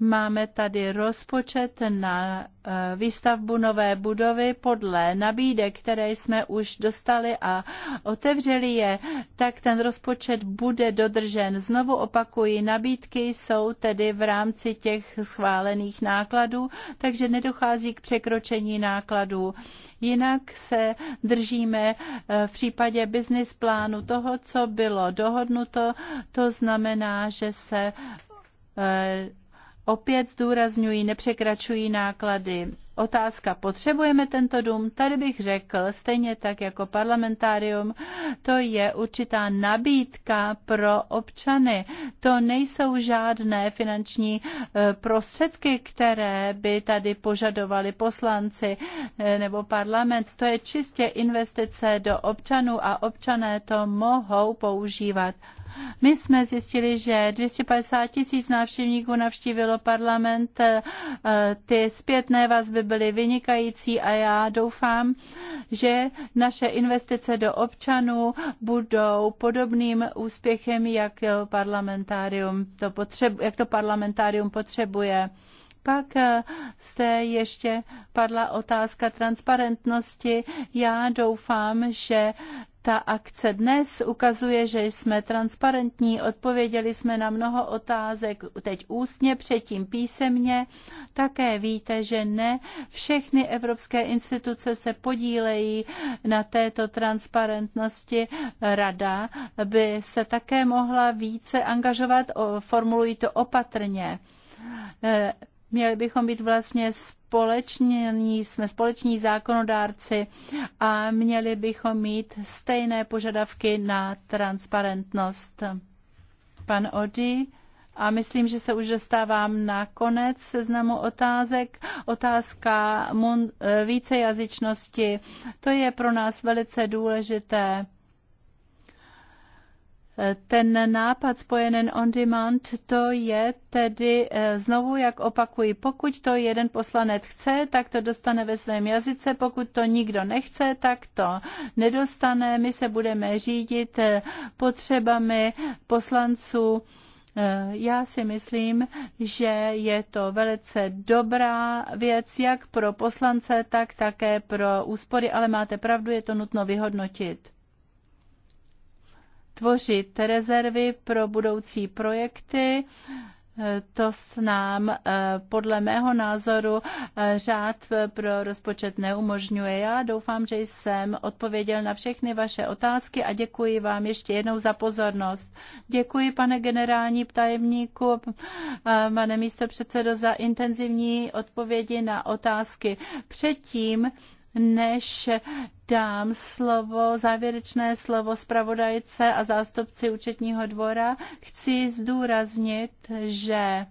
Máme tady rozpočet na eh, výstavbu nové budovy podle nabídek, které jsme už dostali a otevřeli je, tak ten rozpočet bude dodržen. Znovu opakuji, nabídky jsou tedy v rámci těch schválených nákladů, takže nedochází k překročení nákladů. Jinak se držíme eh, v případě business plánu toho, co bylo dohodnuto, to znamená, že se eh, Opět zdůrazňují, nepřekračují náklady. Otázka, potřebujeme tento dům? Tady bych řekl, stejně tak jako parlamentárium, to je určitá nabídka pro občany. To nejsou žádné finanční eh, prostředky, které by tady požadovali poslanci eh, nebo parlament. To je čistě investice do občanů a občané to mohou používat. My jsme zjistili, že 250 tisíc návštěvníků navštívilo parlament, eh, ty zpětné vazby byly vynikající a já doufám, že naše investice do občanů budou podobným úspěchem, jak parlamentárium to, potřebu, jak to parlamentárium potřebuje pak jste eh, ještě padla otázka transparentnosti. Já doufám, že ta akce dnes ukazuje, že jsme transparentní, odpověděli jsme na mnoho otázek, teď ústně, předtím písemně. Také víte, že ne všechny evropské instituce se podílejí na této transparentnosti. Rada by se také mohla více angažovat, formuluji to opatrně Měli bychom být vlastně společní, jsme společní zákonodárci a měli bychom mít stejné požadavky na transparentnost. Pan Odi, a myslím, že se už dostávám na konec seznamu otázek. Otázka vícejazyčnosti, to je pro nás velice důležité ten nápad spojený on demand, to je tedy eh, znovu, jak opakuji, pokud to jeden poslanec chce, tak to dostane ve svém jazyce, pokud to nikdo nechce, tak to nedostane. My se budeme řídit eh, potřebami poslanců. Eh, já si myslím, že je to velice dobrá věc, jak pro poslance, tak také pro úspory, ale máte pravdu, je to nutno vyhodnotit tvořit rezervy pro budoucí projekty. To s nám eh, podle mého názoru eh, řád pro rozpočet neumožňuje. Já doufám, že jsem odpověděl na všechny vaše otázky a děkuji vám ještě jednou za pozornost. Děkuji, pane generální tajemníku, eh, pane místo předsedo, za intenzivní odpovědi na otázky. Předtím, než dám slovo, závěrečné slovo zpravodajce a zástupci účetního dvora, chci zdůraznit, že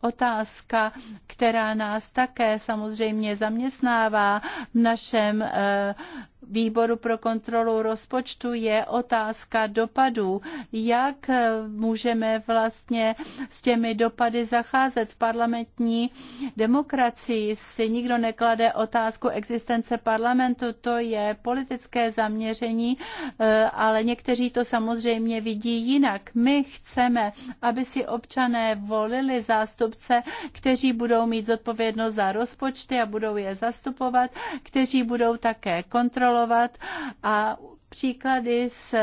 otázka, která nás také samozřejmě zaměstnává v našem eh, výboru pro kontrolu rozpočtu je otázka dopadů. Jak můžeme vlastně s těmi dopady zacházet v parlamentní demokracii? Si nikdo neklade otázku existence parlamentu, to je politické zaměření, eh, ale někteří to samozřejmě vidí jinak. My chceme, aby si občané volili zástupce, kteří budou mít zodpovědnost za rozpočty a budou je zastupovat, kteří budou také kontrolovat kontrolovat a příklady z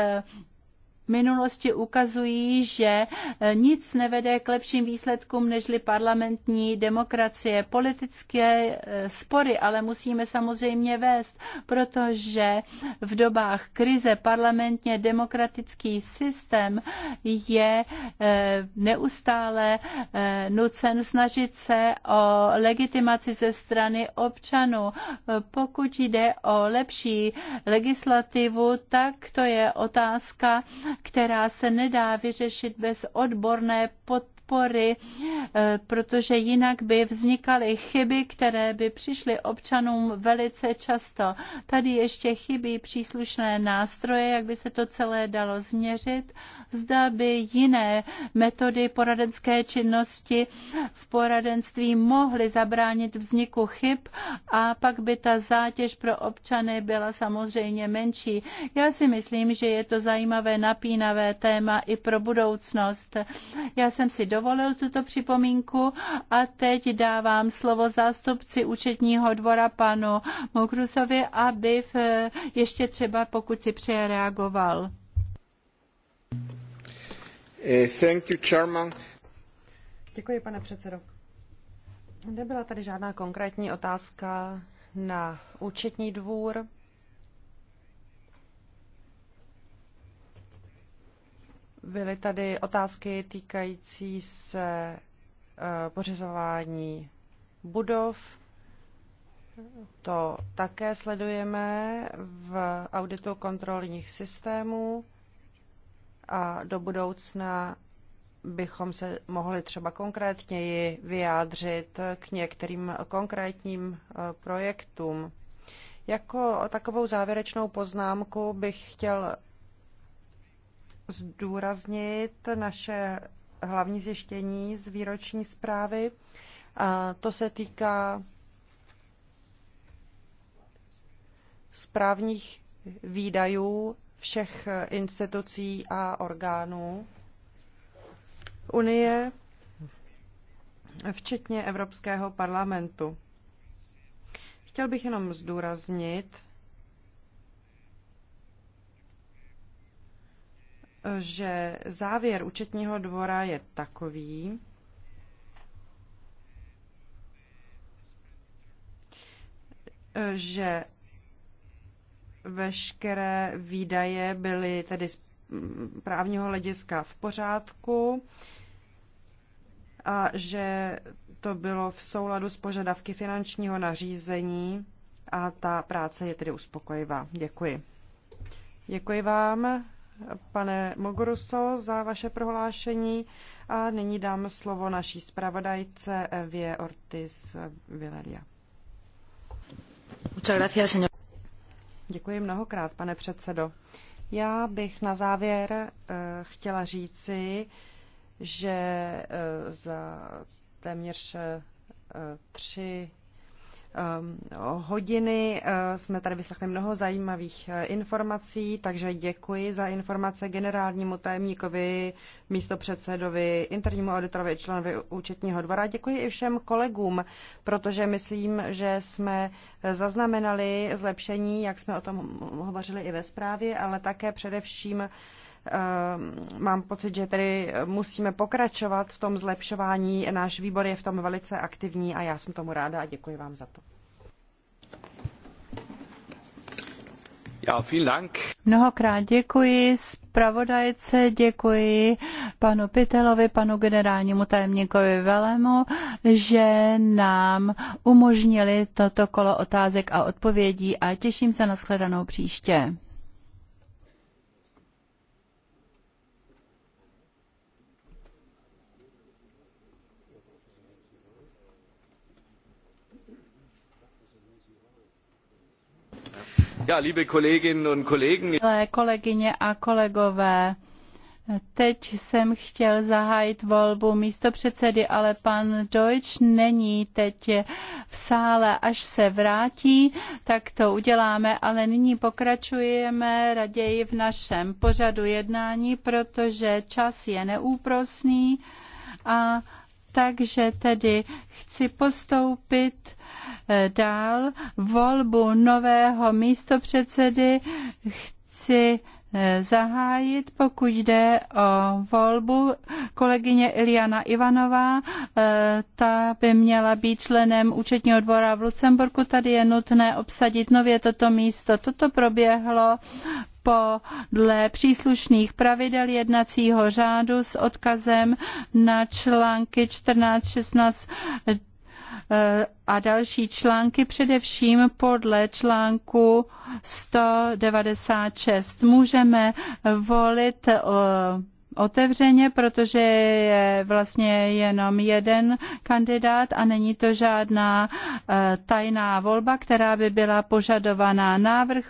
minulosti ukazují, že eh, nic nevede k lepším výsledkům nežli parlamentní demokracie. Politické eh, spory ale musíme samozřejmě vést, protože v dobách krize parlamentně demokratický systém je eh, neustále nucen snažit se o legitimaci ze strany občanů. Pokud jde o lepší legislativu, tak to je otázka, která se nedá vyřešit bez odborné podpory podpory, eh, protože jinak by vznikaly chyby, které by přišly občanům velice často. Tady ještě chybí příslušné nástroje, jak by se to celé dalo změřit. Zda by jiné metody poradenské činnosti v poradenství mohly zabránit vzniku chyb a pak by ta zátěž pro občany byla samozřejmě menší. Já si myslím, že je to zajímavé napínavé téma i pro budoucnost. Já jsem si do dovolil tuto připomínku a teď dávám slovo zástupci účetního dvora panu Mokrusovi, aby v, ještě třeba, pokud si přeje, reagoval. Eh, thank you, chairman. Děkuji, pane předsedo. Nebyla tady žádná konkrétní otázka na účetní dvůr. Byly tady otázky týkající se eh, pořizování budov. To také sledujeme v auditu kontrolních systémů a do budoucna bychom se mohli třeba konkrétněji vyjádřit k některým konkrétním eh, projektům. Jako takovou závěrečnou poznámku bych chtěl zdůraznit naše hlavní zjištění z výroční zprávy. A to se týká správních výdajů všech institucí a orgánů Unie, včetně Evropského parlamentu. Chtěl bych jenom zdůraznit, že závěr účetního dvora je takový, že veškeré výdaje byly tedy z právního hlediska v pořádku a že to bylo v souladu s požadavky finančního nařízení a ta práce je tedy uspokojivá. Děkuji. Děkuji vám pane Mogoruso, za vaše prohlášení a nyní dám slovo naší zpravodajce Evě Ortiz Villaria. Děkuji mnohokrát, pane předsedo. Já bych na závěr eh, chtěla říci, že eh, za téměř eh, tři Ehm, hodiny. Eh, jsme tady vyslechli mnoho zajímavých eh, informací, takže děkuji za informace generálnímu tajemníkovi, místopředsedovi, internímu auditorovi, členovi účetního dvora. Děkuji i všem kolegům, protože myslím, že jsme eh, zaznamenali zlepšení, jak jsme o tom hovořili i ve zprávě, ale také především Ehm, mám pocit, že tedy musíme pokračovat v tom zlepšování. Náš výbor je v tom velice aktivní a já jsem tomu ráda a děkuji vám za to. Ja, vielen Dank. Mnohokrát děkuji zpravodajce, děkuji panu Pitelovi, panu generálnímu tajemníkovi Velemu, že nám umožnili toto kolo otázek a odpovědí a těším se na shledanou příště. Milé kolegyně a kolegové, teď jsem chtěl zahájit volbu místopředsedy, ale pan Deutsch není teď v sále, až se vrátí, tak to uděláme, ale nyní pokračujeme raději v našem pořadu jednání, protože čas je neúprosný a takže tedy chci postoupit Dál volbu nového místopředsedy chci eh, zahájit, pokud jde o volbu. Kolegyně Iliana Ivanová, eh, ta by měla být členem účetního dvora v Lucemburku. Tady je nutné obsadit nově toto místo. Toto proběhlo podle příslušných pravidel jednacího řádu s odkazem na články 14, 16, Eh, a další články, především podle článku 196. Můžeme volit eh, otevřeně, protože je vlastně jenom jeden kandidát a není to žádná eh, tajná volba, která by byla požadovaná. Návrh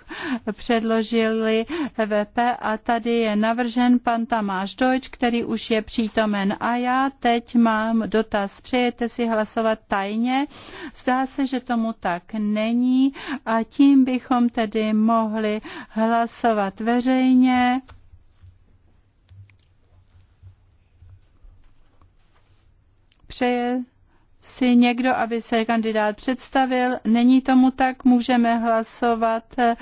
předložili VP a tady je navržen pan Tamáš Dojč, který už je přítomen. A já teď mám dotaz. Přejete si hlasovat tajně? Zdá se, že tomu tak není a tím bychom tedy mohli hlasovat veřejně. Přeje si někdo, aby se kandidát představil? Není tomu tak, můžeme hlasovat eh,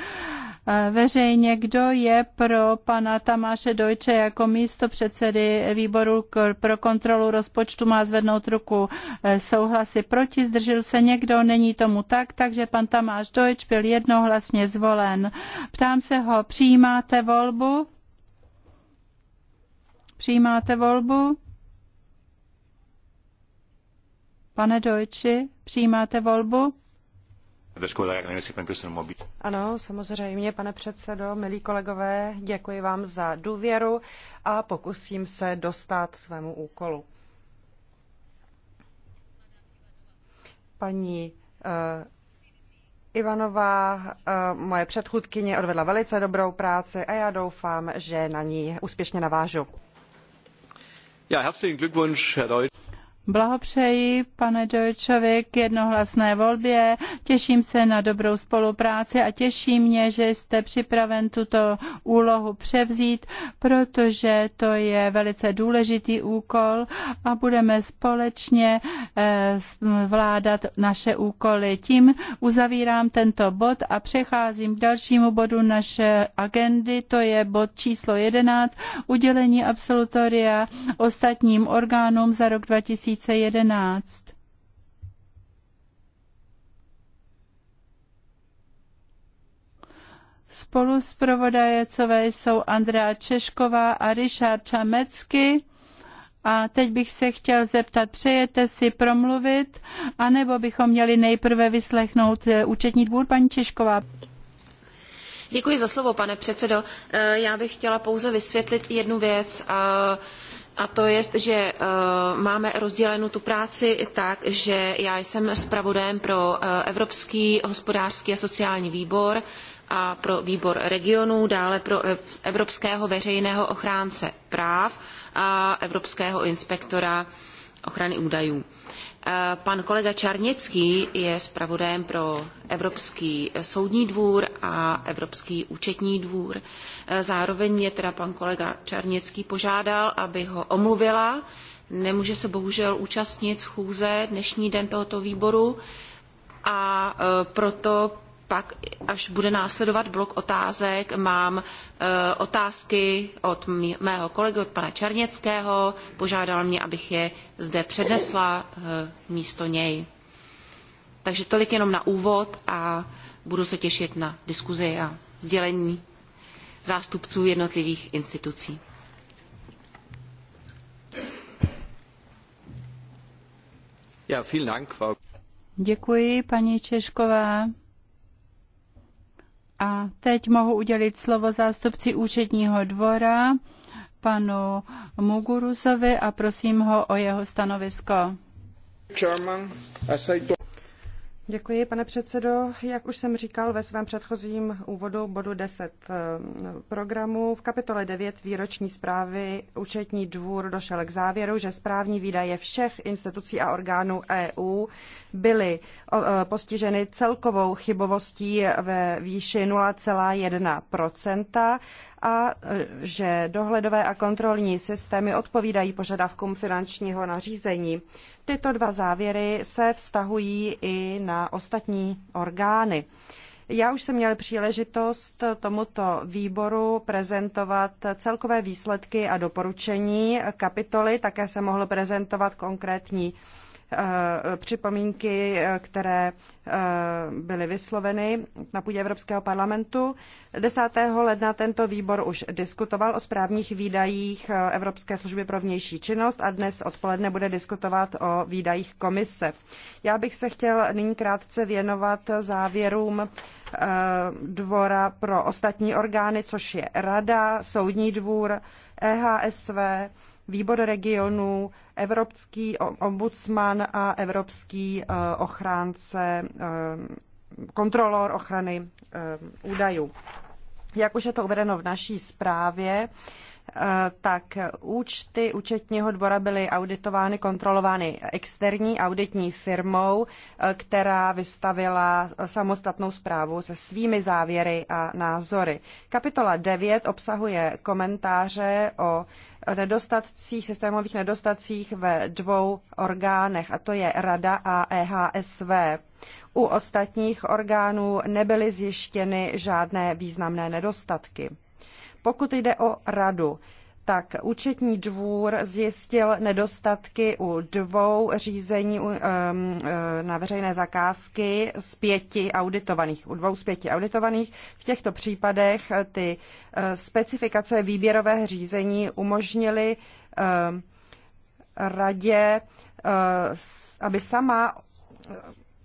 veřejně, kdo je pro pana Tamáše Dojče jako místo předsedy výboru pro kontrolu rozpočtu má zvednout ruku eh, souhlasy proti, zdržel se někdo, není tomu tak, takže pan Tamáš Dojč byl jednohlasně zvolen. Ptám se ho, přijímáte volbu? Přijímáte volbu? Pane Deutsche, přijímáte volbu? Ano, samozřejmě, pane předsedo, milí kolegové, děkuji vám za důvěru a pokusím se dostat svému úkolu. Paní uh, Ivanová, eh, moje předchůdkyně, odvedla velice dobrou práci a já doufám, že na ní úspěšně navážu. Ja, herzlichen Glückwunsch, Herr Deutsch. Blahopřeji, pane Dojčovi, k jednohlasné volbě. Těším se na dobrou spolupráci a těší mě, že jste připraven tuto úlohu převzít, protože to je velice důležitý úkol a budeme společně eh, vládat naše úkoly. Tím uzavírám tento bod a přecházím k dalšímu bodu naše agendy, to je bod číslo 11, udělení absolutoria ostatním orgánům za rok 2000 2011. Spolu s provodajecové jsou Andrea Češková a Richard Čamecky. A teď bych se chtěl zeptat, přejete si promluvit, anebo bychom měli nejprve vyslechnout eh, účetní dvůr, paní Češková? Děkuji za slovo, pane předsedo. Eh, já bych chtěla pouze vysvětlit jednu věc a to je, že eh, máme rozdělenou tu práci tak, že já jsem zpravodajem pro eh, Evropský hospodářský a sociální výbor a pro výbor regionů, dále pro eh, Evropského veřejného ochránce práv a Evropského inspektora ochrany údajů. Eh, pan kolega Čarněcký je zpravodajem pro Evropský eh, soudní dvůr a Evropský účetní dvůr. Eh, zároveň mě teda pan kolega Čarněcký požádal, aby ho omluvila. Nemůže se bohužel účastnit schůze dnešní den tohoto výboru a proto pak, až bude následovat blok otázek, mám e, otázky od mého kolegy, od pana Černěckého. Požádal mě, abych je zde přednesla e, místo něj. Takže tolik jenom na úvod a budu se těšit na diskuzi a sdělení zástupců jednotlivých institucí. Děkuji, paní Češková. A teď mohu udělit slovo zástupci účetního dvora, panu Muguruzovi a prosím ho o jeho stanovisko. Chairman, Děkuji, pane předsedo. Jak už jsem říkal ve svém předchozím úvodu bodu 10 eh, programu, v kapitole 9 výroční zprávy účetní dvůr došel k závěru, že správní výdaje všech institucí a orgánů EU byly eh, postiženy celkovou chybovostí ve výši 0,1 a že dohledové a kontrolní systémy odpovídají požadavkům finančního nařízení. Tyto dva závěry se vztahují i na ostatní orgány. Já už jsem měl příležitost tomuto výboru prezentovat celkové výsledky a doporučení kapitoly, také jsem mohl prezentovat konkrétní Eh, připomínky, eh, které eh, byly vysloveny na půdě Evropského parlamentu. 10. ledna tento výbor už diskutoval o správních výdajích Evropské služby pro vnější činnost a dnes odpoledne bude diskutovat o výdajích komise. Já bych se chtěl nyní krátce věnovat závěrům dvora pro ostatní orgány, což je Rada, Soudní dvůr, EHSV, výbor regionů, Evropský ombudsman a Evropský eh, ochránce, eh, kontrolor ochrany eh, údajů. Jak už je to uvedeno v naší zprávě, tak účty účetního dvora byly auditovány, kontrolovány externí auditní firmou, která vystavila samostatnou zprávu se svými závěry a názory. Kapitola 9 obsahuje komentáře o nedostatcích, systémových nedostatcích ve dvou orgánech, a to je Rada a EHSV. U ostatních orgánů nebyly zjištěny žádné významné nedostatky. Pokud jde o radu, tak účetní dvůr zjistil nedostatky u dvou řízení na veřejné zakázky z pěti auditovaných, u dvou z pěti auditovaných. V těchto případech eh, ty eh, specifikace výběrové řízení umožnily radě, eh, aby sama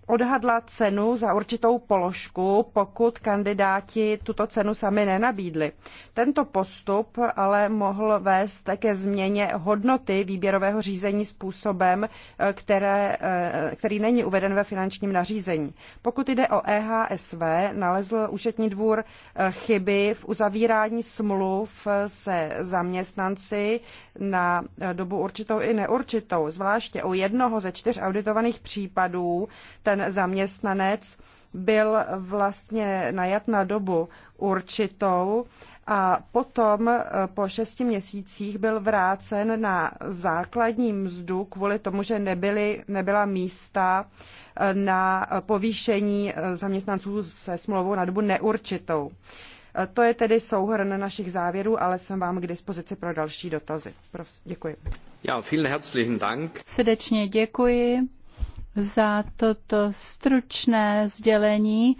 odhadla cenu za určitou položku, pokud kandidáti tuto cenu sami nenabídli. Tento postup ale mohl vést ke změně hodnoty výběrového řízení způsobem, které, eh, který není uveden ve finančním nařízení. Pokud jde o EHSV, nalezl účetní dvůr eh, chyby v uzavírání smluv se zaměstnanci na eh, dobu určitou i neurčitou. Zvláště u jednoho ze čtyř auditovaných případů ten ten zaměstnanec byl vlastně najat na dobu určitou a potom eh, po šesti měsících byl vrácen na základní mzdu kvůli tomu, že nebyly, nebyla místa eh, na povýšení eh, zaměstnanců se smlouvou na dobu neurčitou. To je tedy souhrn našich závěrů, ale jsem vám k dispozici pro další dotazy. Prosím, děkuji. Ja, vielen herzlichen Dank. Srdečně děkuji za toto stručné sdělení.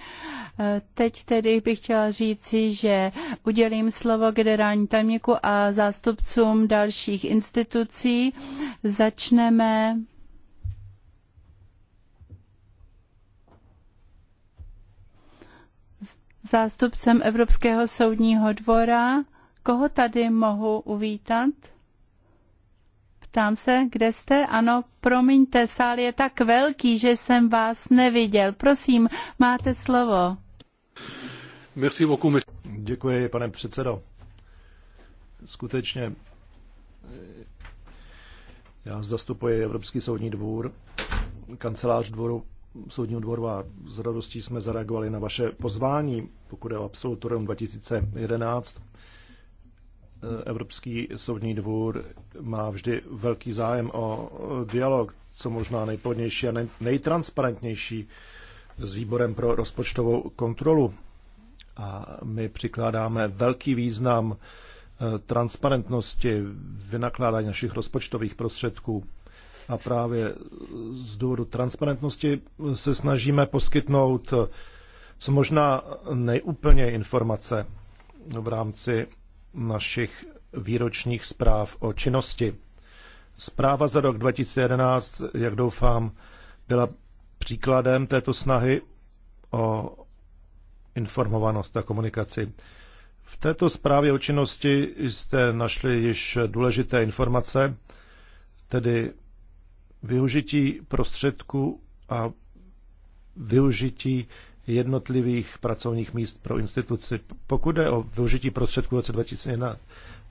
Eh, teď tedy bych chtěla říci, že udělím slovo generální tajemníku a zástupcům dalších institucí. Začneme zástupcem Evropského soudního dvora. Koho tady mohu uvítat? Ptám se, kde jste? Ano, promiňte, sál je tak velký, že jsem vás neviděl. Prosím, máte slovo. Merci beaucoup, Děkuji, pane předsedo. Skutečně, já zastupuji Evropský soudní dvůr, kancelář dvoru, soudního dvoru a s radostí jsme zareagovali na vaše pozvání, pokud je o absolutorium 2011 Evropský soudní dvůr má vždy velký zájem o dialog, co možná nejplodnější a nejtransparentnější s výborem pro rozpočtovou kontrolu. A my přikládáme velký význam eh, transparentnosti vynakládání našich rozpočtových prostředků. A právě z důvodu transparentnosti se snažíme poskytnout eh, co možná nejúplněji informace v rámci našich výročních zpráv o činnosti. Zpráva za rok 2011, jak doufám, byla příkladem této snahy o informovanost a komunikaci. V této zprávě o činnosti jste našli již důležité informace, tedy využití prostředků a využití jednotlivých pracovních míst pro instituci. Pokud je o využití prostředků v roce 2001,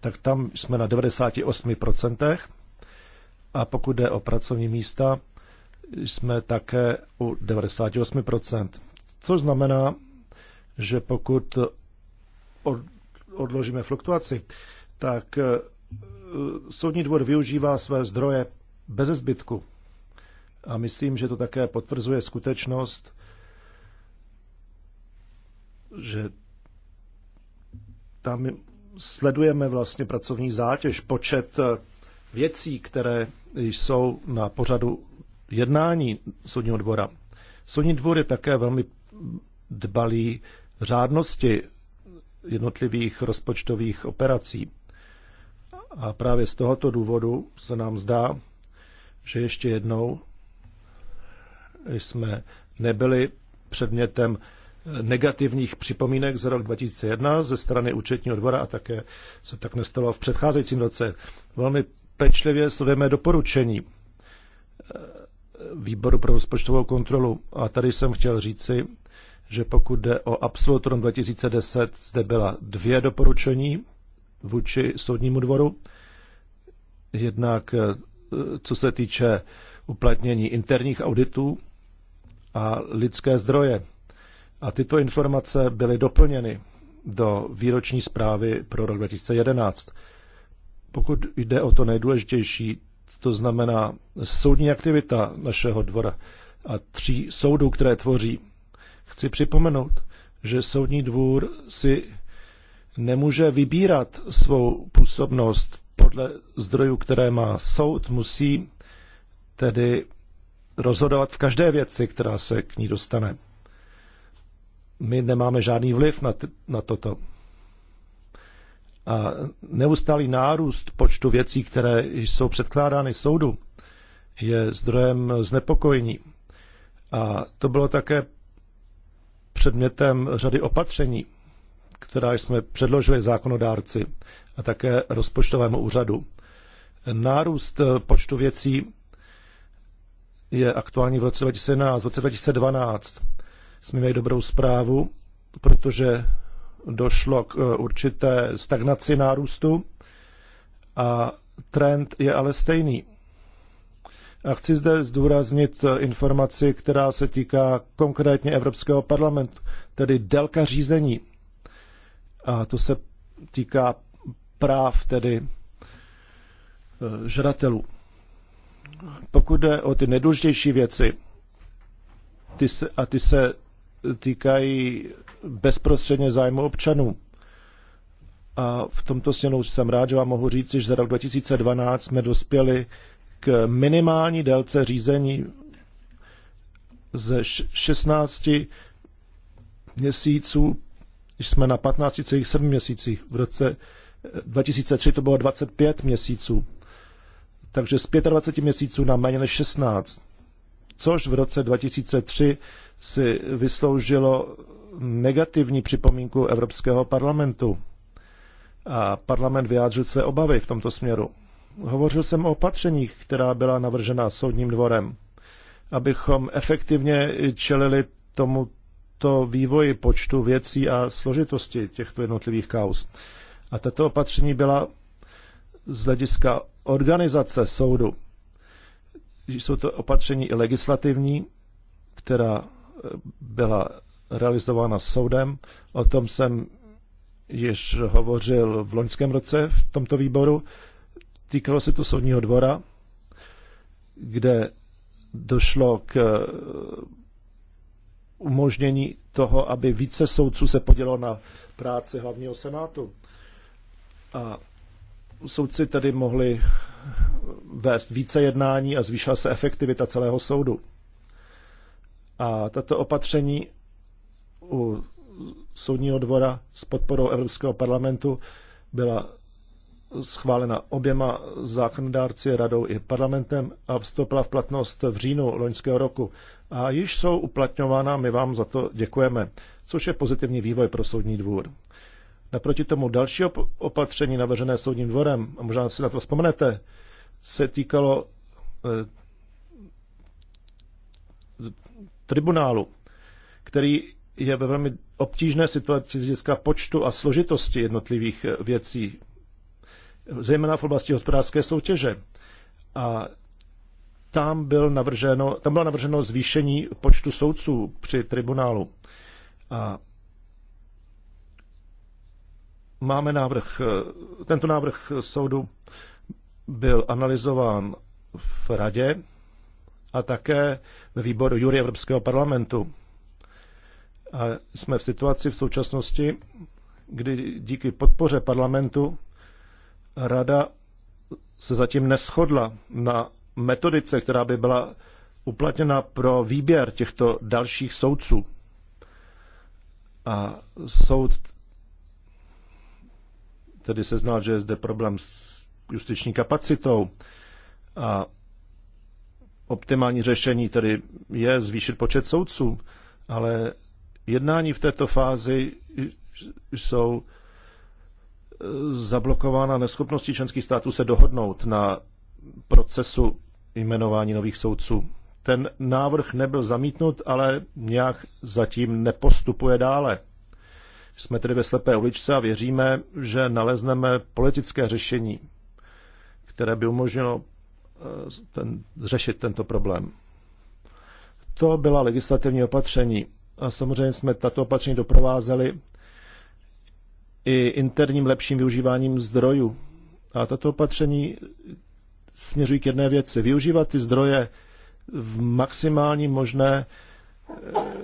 tak tam jsme na 98%. A pokud jde o pracovní místa, jsme také u 98%. Což znamená, že pokud odložíme fluktuaci, tak e, soudní dvor využívá své zdroje bez zbytku. A myslím, že to také potvrzuje skutečnost, že tam sledujeme vlastně pracovní zátěž, počet eh, věcí, které jsou na pořadu jednání soudního dvora. Soudní dvor je také velmi dbalý řádnosti jednotlivých rozpočtových operací. A právě z tohoto důvodu se nám zdá, že ještě jednou jsme nebyli předmětem negativních připomínek za rok 2001 ze strany účetního dvora a také se tak nestalo v předcházejícím roce. Velmi pečlivě sledujeme doporučení eh, výboru pro rozpočtovou kontrolu a tady jsem chtěl říci, že pokud jde o absolutorum 2010, zde byla dvě doporučení vůči soudnímu dvoru. Jednak eh, co se týče uplatnění interních auditů a lidské zdroje. A tyto informace byly doplněny do výroční zprávy pro rok 2011. Pokud jde o to nejdůležitější, to znamená soudní aktivita našeho dvora a tří soudů, které tvoří, chci připomenout, že soudní dvůr si nemůže vybírat svou působnost podle zdrojů, které má soud, musí tedy rozhodovat v každé věci, která se k ní dostane my nemáme žádný vliv na, t- na toto. A neustálý nárůst počtu věcí, které jsou předkládány soudu, je zdrojem znepokojení. A to bylo také předmětem řady opatření, která jsme předložili zákonodárci a také rozpočtovému úřadu. Nárůst počtu věcí je aktuální v roce 2011, v roce 2012 jsme měli dobrou zprávu, protože došlo k eh, určité stagnaci nárůstu a trend je ale stejný. A chci zde zdůraznit eh, informaci, která se týká konkrétně Evropského parlamentu, tedy délka řízení. A to se týká práv, tedy eh, žadatelů. Pokud jde o ty nejdůležitější věci, ty se, a ty se týkají bezprostředně zájmu občanů. A v tomto směru jsem rád, že vám mohu říct, že za rok 2012 jsme dospěli k minimální délce řízení ze 16 měsíců, jsme na 15,7 měsících. V roce 2003 eh, to bylo 25 měsíců. Takže z 25 měsíců na méně než 16 což v roce 2003 si vysloužilo negativní připomínku Evropského parlamentu. A parlament vyjádřil své obavy v tomto směru. Hovořil jsem o opatřeních, která byla navržena soudním dvorem, abychom efektivně čelili tomuto vývoji počtu věcí a složitosti těchto jednotlivých kaus. A tato opatření byla z hlediska organizace soudu jsou to opatření i legislativní, která eh, byla realizována soudem. O tom jsem již hovořil v loňském roce v tomto výboru. Týkalo se to soudního dvora, kde došlo k eh, umožnění toho, aby více soudců se podělo na práci hlavního senátu. A soudci tedy mohli vést více jednání a zvýšila se efektivita celého soudu. A tato opatření u soudního dvora s podporou Evropského parlamentu byla schválena oběma zákonodárci, radou i parlamentem a vstoupila v platnost v říjnu loňského roku. A již jsou uplatňována, my vám za to děkujeme, což je pozitivní vývoj pro soudní dvůr. Naproti tomu další opatření navržené soudním dvorem, a možná si na to vzpomenete, se týkalo eh, tribunálu, který je ve velmi obtížné situaci z hlediska počtu a složitosti jednotlivých eh, věcí, zejména v oblasti hospodářské soutěže. A tam, byl navrženo, tam bylo navrženo zvýšení počtu soudců při tribunálu. A máme návrh, eh, tento návrh soudu byl analyzován v radě a také ve výboru jury Evropského parlamentu. A jsme v situaci v současnosti, kdy díky podpoře parlamentu rada se zatím neschodla na metodice, která by byla uplatněna pro výběr těchto dalších soudců. A soud tedy seznal, že je zde problém s justiční kapacitou a optimální řešení tedy je zvýšit počet soudců, ale jednání v této fázi jsou e, zablokována neschopností členských států se dohodnout na procesu jmenování nových soudců. Ten návrh nebyl zamítnut, ale nějak zatím nepostupuje dále. Jsme tedy ve slepé uličce a věříme, že nalezneme politické řešení, které by umožnilo eh, ten, řešit tento problém. To byla legislativní opatření a samozřejmě jsme tato opatření doprovázeli i interním lepším využíváním zdrojů. A tato opatření směřují k jedné věci. Využívat ty zdroje v maximální možné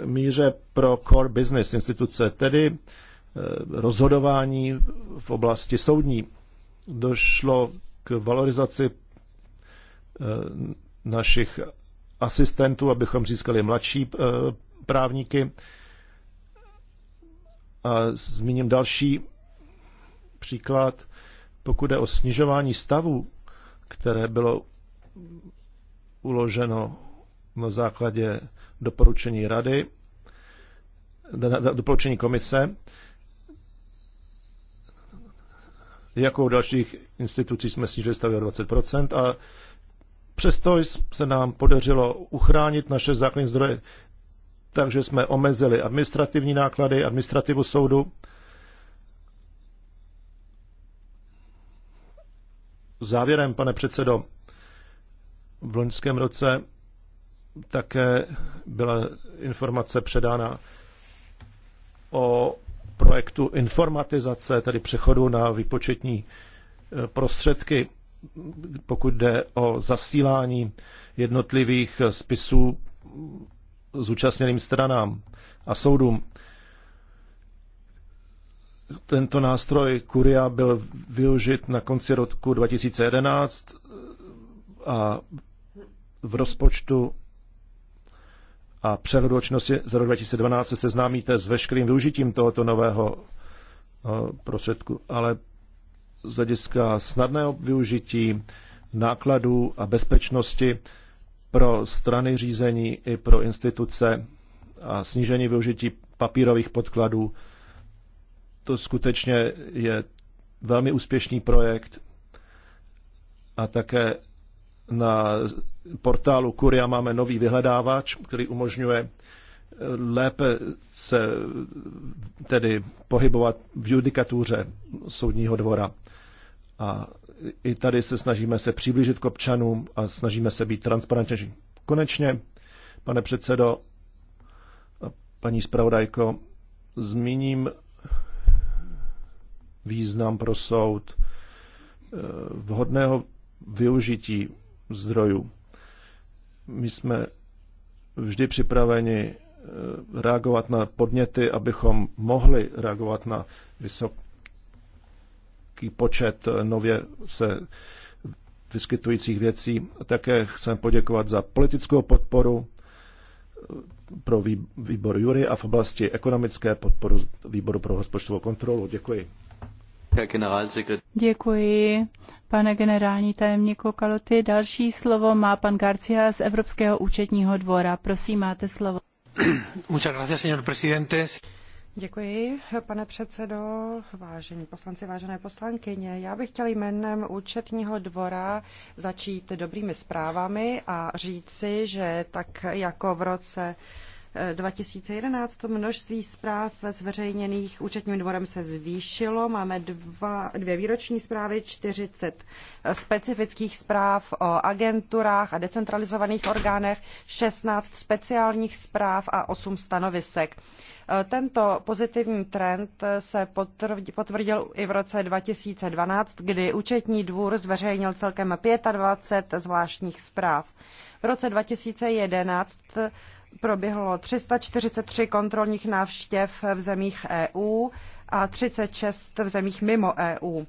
míře pro core business instituce, tedy eh, rozhodování v oblasti soudní. Došlo k valorizaci eh, našich asistentů, abychom získali mladší eh, právníky. A zmíním další příklad, pokud je o snižování stavu, které bylo uloženo na základě doporučení rady, doporučení komise, jako u dalších institucí jsme snížili stavy o 20% a přesto se nám podařilo uchránit naše základní zdroje, takže jsme omezili administrativní náklady, administrativu soudu, Závěrem, pane předsedo, v loňském roce také byla informace předána o projektu informatizace, tedy přechodu na výpočetní e, prostředky, pokud jde o zasílání jednotlivých spisů zúčastněným stranám a soudům. Tento nástroj Kuria byl využit na konci roku 2011 e, a v rozpočtu a přehledu očnosti z za rok 2012 se seznámíte s veškerým využitím tohoto nového eh, prostředku, ale z hlediska snadného využití nákladů a bezpečnosti pro strany řízení i pro instituce a snížení využití papírových podkladů. To skutečně je velmi úspěšný projekt a také na portálu Kuria máme nový vyhledávač, který umožňuje eh, lépe se tedy pohybovat v judikatuře soudního dvora. A i tady se snažíme se přiblížit k občanům a snažíme se být transparentnější. Konečně, pane předsedo, paní zpravodajko, zmíním význam pro soud eh, vhodného využití zdrojů. My jsme vždy připraveni eh, reagovat na podněty, abychom mohli reagovat na vysoký počet eh, nově se vyskytujících věcí. Také chcem poděkovat za politickou podporu eh, pro výbor Jury a v oblasti ekonomické podporu výboru pro rozpočtovou kontrolu. Děkuji. Děkuji. Pane generální tajemníku Kaloty, další slovo má pan Garcia z Evropského účetního dvora. Prosím, máte slovo. (clears throat) Muchas gracias, señor presidente. Děkuji, pane předsedo, vážení poslanci, vážené poslankyně. Já bych chtěl jménem účetního dvora začít dobrými zprávami a říci, že tak jako v roce 2011 to množství zpráv zveřejněných účetním dvorem se zvýšilo. Máme dva, dvě výroční zprávy, 40 specifických zpráv o agenturách a decentralizovaných orgánech, 16 speciálních zpráv a 8 stanovisek. Tento pozitivní trend se potvrdil i v roce 2012, kdy účetní dvůr zveřejnil celkem 25 zvláštních zpráv. V roce 2011 proběhlo 343 kontrolních návštěv v zemích EU a 36 v zemích mimo EU.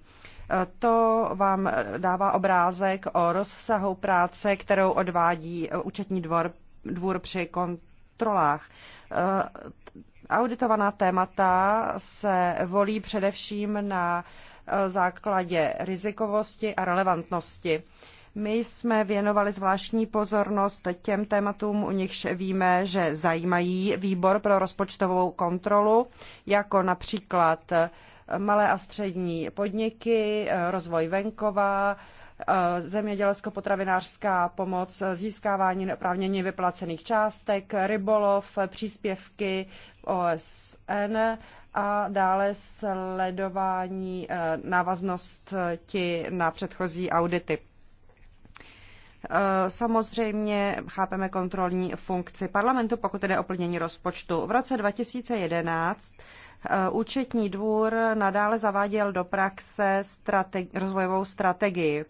To vám dává obrázek o rozsahu práce, kterou odvádí účetní dvor, dvůr při kontrolách. Eh, auditovaná témata se volí především na eh, základě rizikovosti a relevantnosti. My jsme věnovali zvláštní pozornost těm tématům, u nichž víme, že zajímají výbor pro rozpočtovou kontrolu, jako například eh, malé a střední podniky, eh, rozvoj venkova, eh, zemědělsko-potravinářská pomoc, získávání neoprávněně vyplacených částek, rybolov, příspěvky OSN a dále sledování návaznosti na předchozí audity. Eh, samozřejmě chápeme kontrolní funkci parlamentu, pokud jde o plnění rozpočtu. V roce 2011 eh, účetní dvůr nadále zaváděl do praxe strategi- rozvojovou strategii.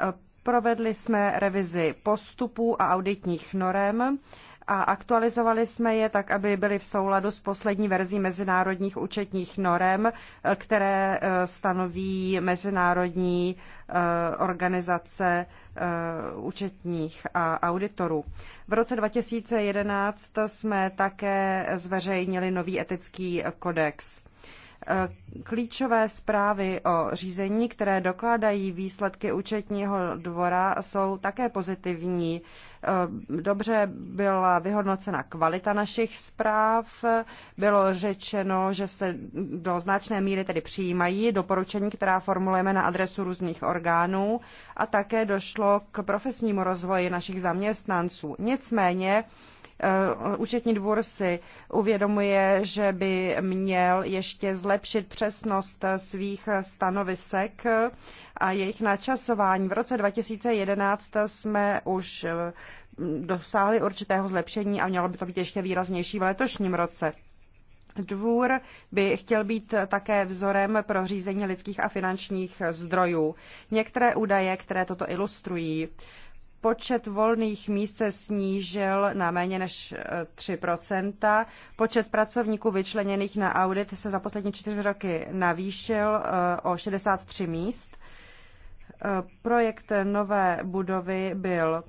Eh, provedli jsme revizi postupů a auditních norem a aktualizovali jsme je tak, aby byly v souladu s poslední verzí mezinárodních účetních norem, eh, které eh, stanoví mezinárodní eh, organizace účetních a auditorů. V roce 2011 jsme také zveřejnili nový etický kodex. Eh, klíčové zprávy o řízení, které dokládají výsledky účetního dvora, jsou také pozitivní. Eh, dobře byla vyhodnocena kvalita našich zpráv, bylo řečeno, že se do značné míry tedy přijímají doporučení, která formulujeme na adresu různých orgánů a také došlo k profesnímu rozvoji našich zaměstnanců. Nicméně, Eh, účetní dvůr si uvědomuje, že by měl ještě zlepšit přesnost svých stanovisek a jejich načasování. V roce 2011 jsme už eh, dosáhli určitého zlepšení a mělo by to být ještě výraznější v letošním roce. Dvůr by chtěl být také vzorem pro řízení lidských a finančních zdrojů. Některé údaje, které toto ilustrují. Počet volných míst se snížil na méně než 3 eh, Počet pracovníků vyčleněných na audit se za poslední čtyři roky navýšil eh, o 63 míst. Eh, projekt nové budovy byl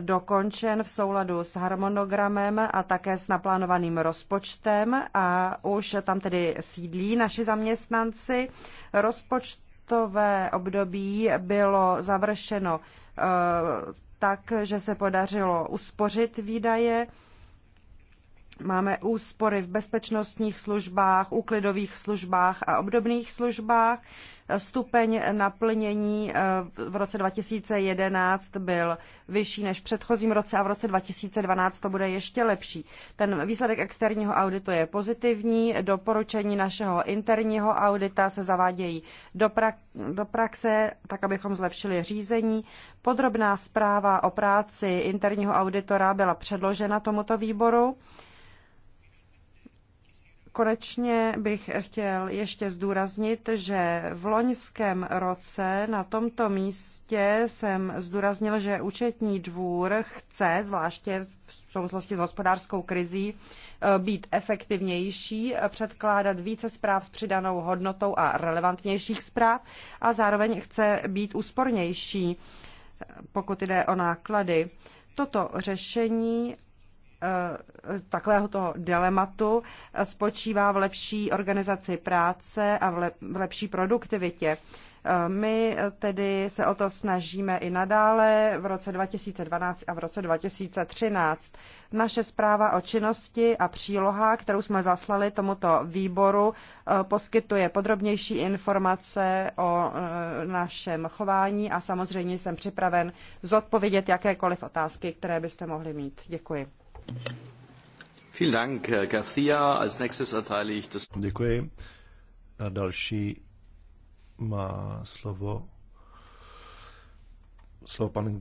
dokončen v souladu s harmonogramem a také s naplánovaným rozpočtem a už tam tedy sídlí naši zaměstnanci. Rozpočtové období bylo završeno tak, že se podařilo uspořit výdaje Máme úspory v bezpečnostních službách, úklidových službách a obdobných službách. Stupeň naplnění eh, v roce 2011 byl vyšší než v předchozím roce a v roce 2012 to bude ještě lepší. Ten výsledek externího auditu je pozitivní, doporučení našeho interního audita se zavádějí do, pra- do praxe, tak abychom zlepšili řízení. Podrobná zpráva o práci interního auditora byla předložena tomuto výboru. Konečně bych chtěl ještě zdůraznit, že v loňském roce na tomto místě jsem zdůraznil, že účetní dvůr chce, zvláště v souvislosti s hospodářskou krizí, eh, být efektivnější, eh, předkládat více zpráv s přidanou hodnotou a relevantnějších zpráv a zároveň chce být úspornější, eh, pokud jde o náklady. Toto řešení takového toho dilematu spočívá v lepší organizaci práce a v lepší produktivitě. My tedy se o to snažíme i nadále v roce 2012 a v roce 2013. Naše zpráva o činnosti a příloha, kterou jsme zaslali tomuto výboru, poskytuje podrobnější informace o e, našem chování a samozřejmě jsem připraven zodpovědět jakékoliv otázky, které byste mohli mít. Děkuji. Děkuji. A další má slovo slovo pan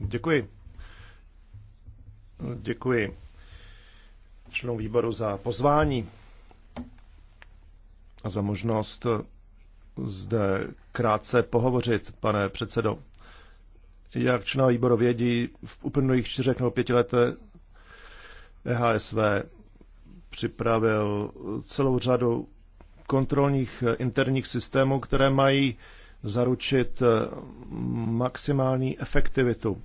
Děkuji. Děkuji členům výboru za pozvání a za možnost zde krátce pohovořit, pane předsedo. Jak členové výboru vědí, v uplynulých čtyřech nebo pěti letech EHSV připravil celou řadu kontrolních eh, interních systémů, které mají zaručit eh, maximální efektivitu.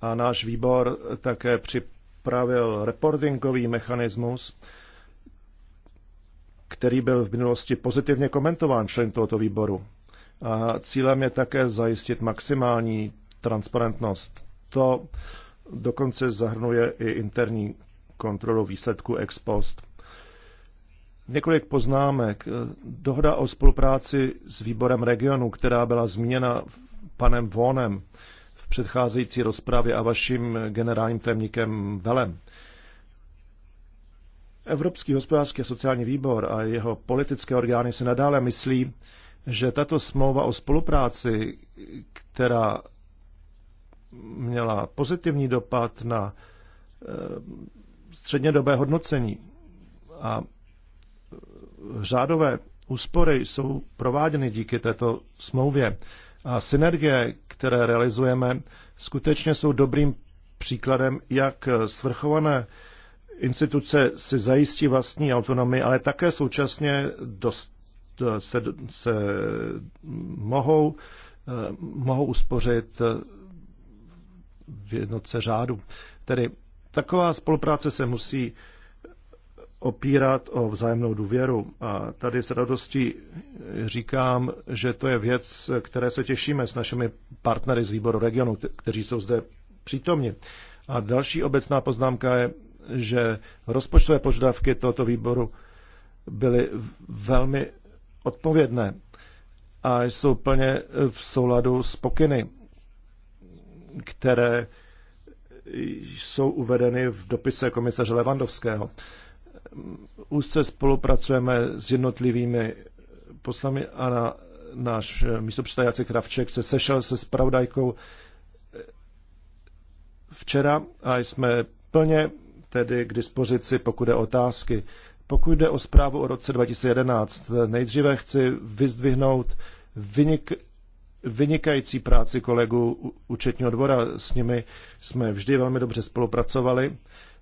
A náš výbor také připravil reportingový mechanismus, který byl v minulosti pozitivně komentován člen tohoto výboru. A cílem je také zajistit maximální transparentnost. To dokonce zahrnuje i interní kontrolu výsledku ex post. Několik poznámek. Dohoda o spolupráci s výborem regionu, která byla zmíněna panem Vonem v předcházející rozpravě a vaším generálním témníkem Velem. Evropský hospodářský a sociální výbor a jeho politické orgány se nadále myslí, že tato smlouva o spolupráci, která měla pozitivní dopad na eh, střednědobé hodnocení a eh, řádové úspory jsou prováděny díky této smlouvě. A synergie, které realizujeme, skutečně jsou dobrým příkladem, jak svrchované instituce si zajistí vlastní autonomii, ale také současně dost, se, se mohou, eh, mohou uspořit v jednotce řádu. Tedy taková spolupráce se musí opírat o vzájemnou důvěru. A tady s radostí říkám, že to je věc, které se těšíme s našimi partnery z výboru regionu, kteří jsou zde přítomni. A další obecná poznámka je, že rozpočtové požadavky tohoto výboru byly velmi odpovědné a jsou plně v souladu s pokyny které jsou uvedeny v dopise komisaře Levandovského. Úzce spolupracujeme s jednotlivými poslami a na, náš místopředseda Jacek Kravček se sešel se spravodajkou včera a jsme plně tedy k dispozici, pokud je otázky. Pokud jde o zprávu o roce 2011, nejdříve chci vyzdvihnout vynik, vynikající práci kolegů účetního dvora. S nimi jsme vždy velmi dobře spolupracovali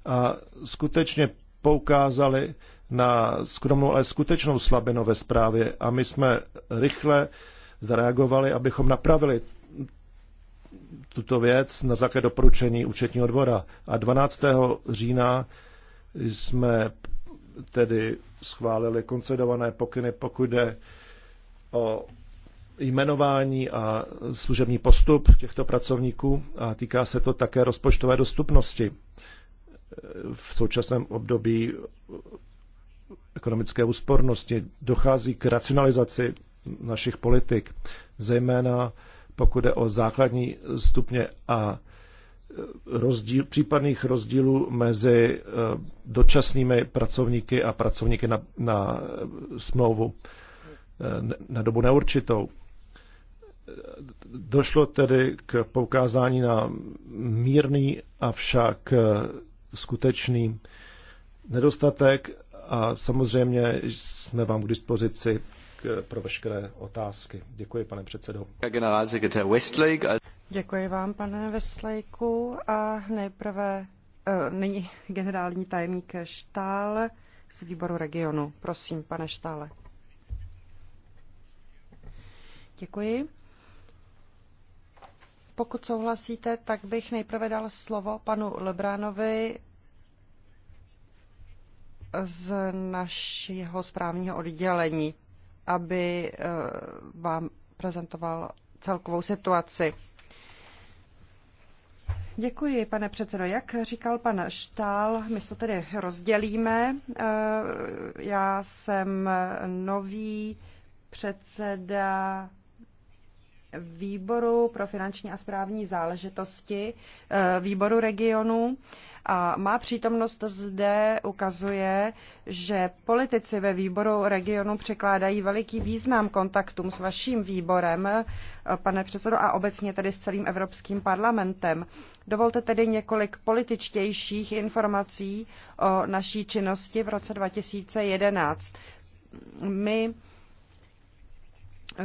a skutečně poukázali na skromnou, ale skutečnou slabinu ve zprávě a my jsme rychle zareagovali, abychom napravili tuto věc na základě doporučení účetního dvora. A 12. října jsme tedy schválili koncedované pokyny, pokud jde o jmenování a služební postup těchto pracovníků a týká se to také rozpočtové dostupnosti. Eh, v současném období ekonomické úspornosti dochází k racionalizaci našich politik, zejména pokud jde o základní stupně a eh, rozdíl, případných rozdílů mezi eh, dočasnými pracovníky a pracovníky na, na smlouvu na dobu neurčitou. Došlo tedy k poukázání na mírný, avšak eh, skutečný nedostatek a samozřejmě jsme vám k dispozici k, pro veškeré otázky. Děkuji, pane předsedo. Děkuji vám, pane Westlakeu. A nejprve uh, nyní generální tajemník Štál z výboru regionu. Prosím, pane Štále. Děkuji. Pokud souhlasíte, tak bych nejprve dal slovo panu Lebránovi z našeho správního oddělení, aby eh, vám prezentoval celkovou situaci. Děkuji, pane předsedo. Jak říkal pan Štál, my se tedy rozdělíme. Eh, já jsem nový předseda výboru pro finanční a správní záležitosti eh, výboru regionu a má přítomnost zde ukazuje, že politici ve výboru regionu překládají veliký význam kontaktům s vaším výborem, eh, pane předsedo, a obecně tedy s celým Evropským parlamentem. Dovolte tedy několik političtějších informací o naší činnosti v roce 2011. My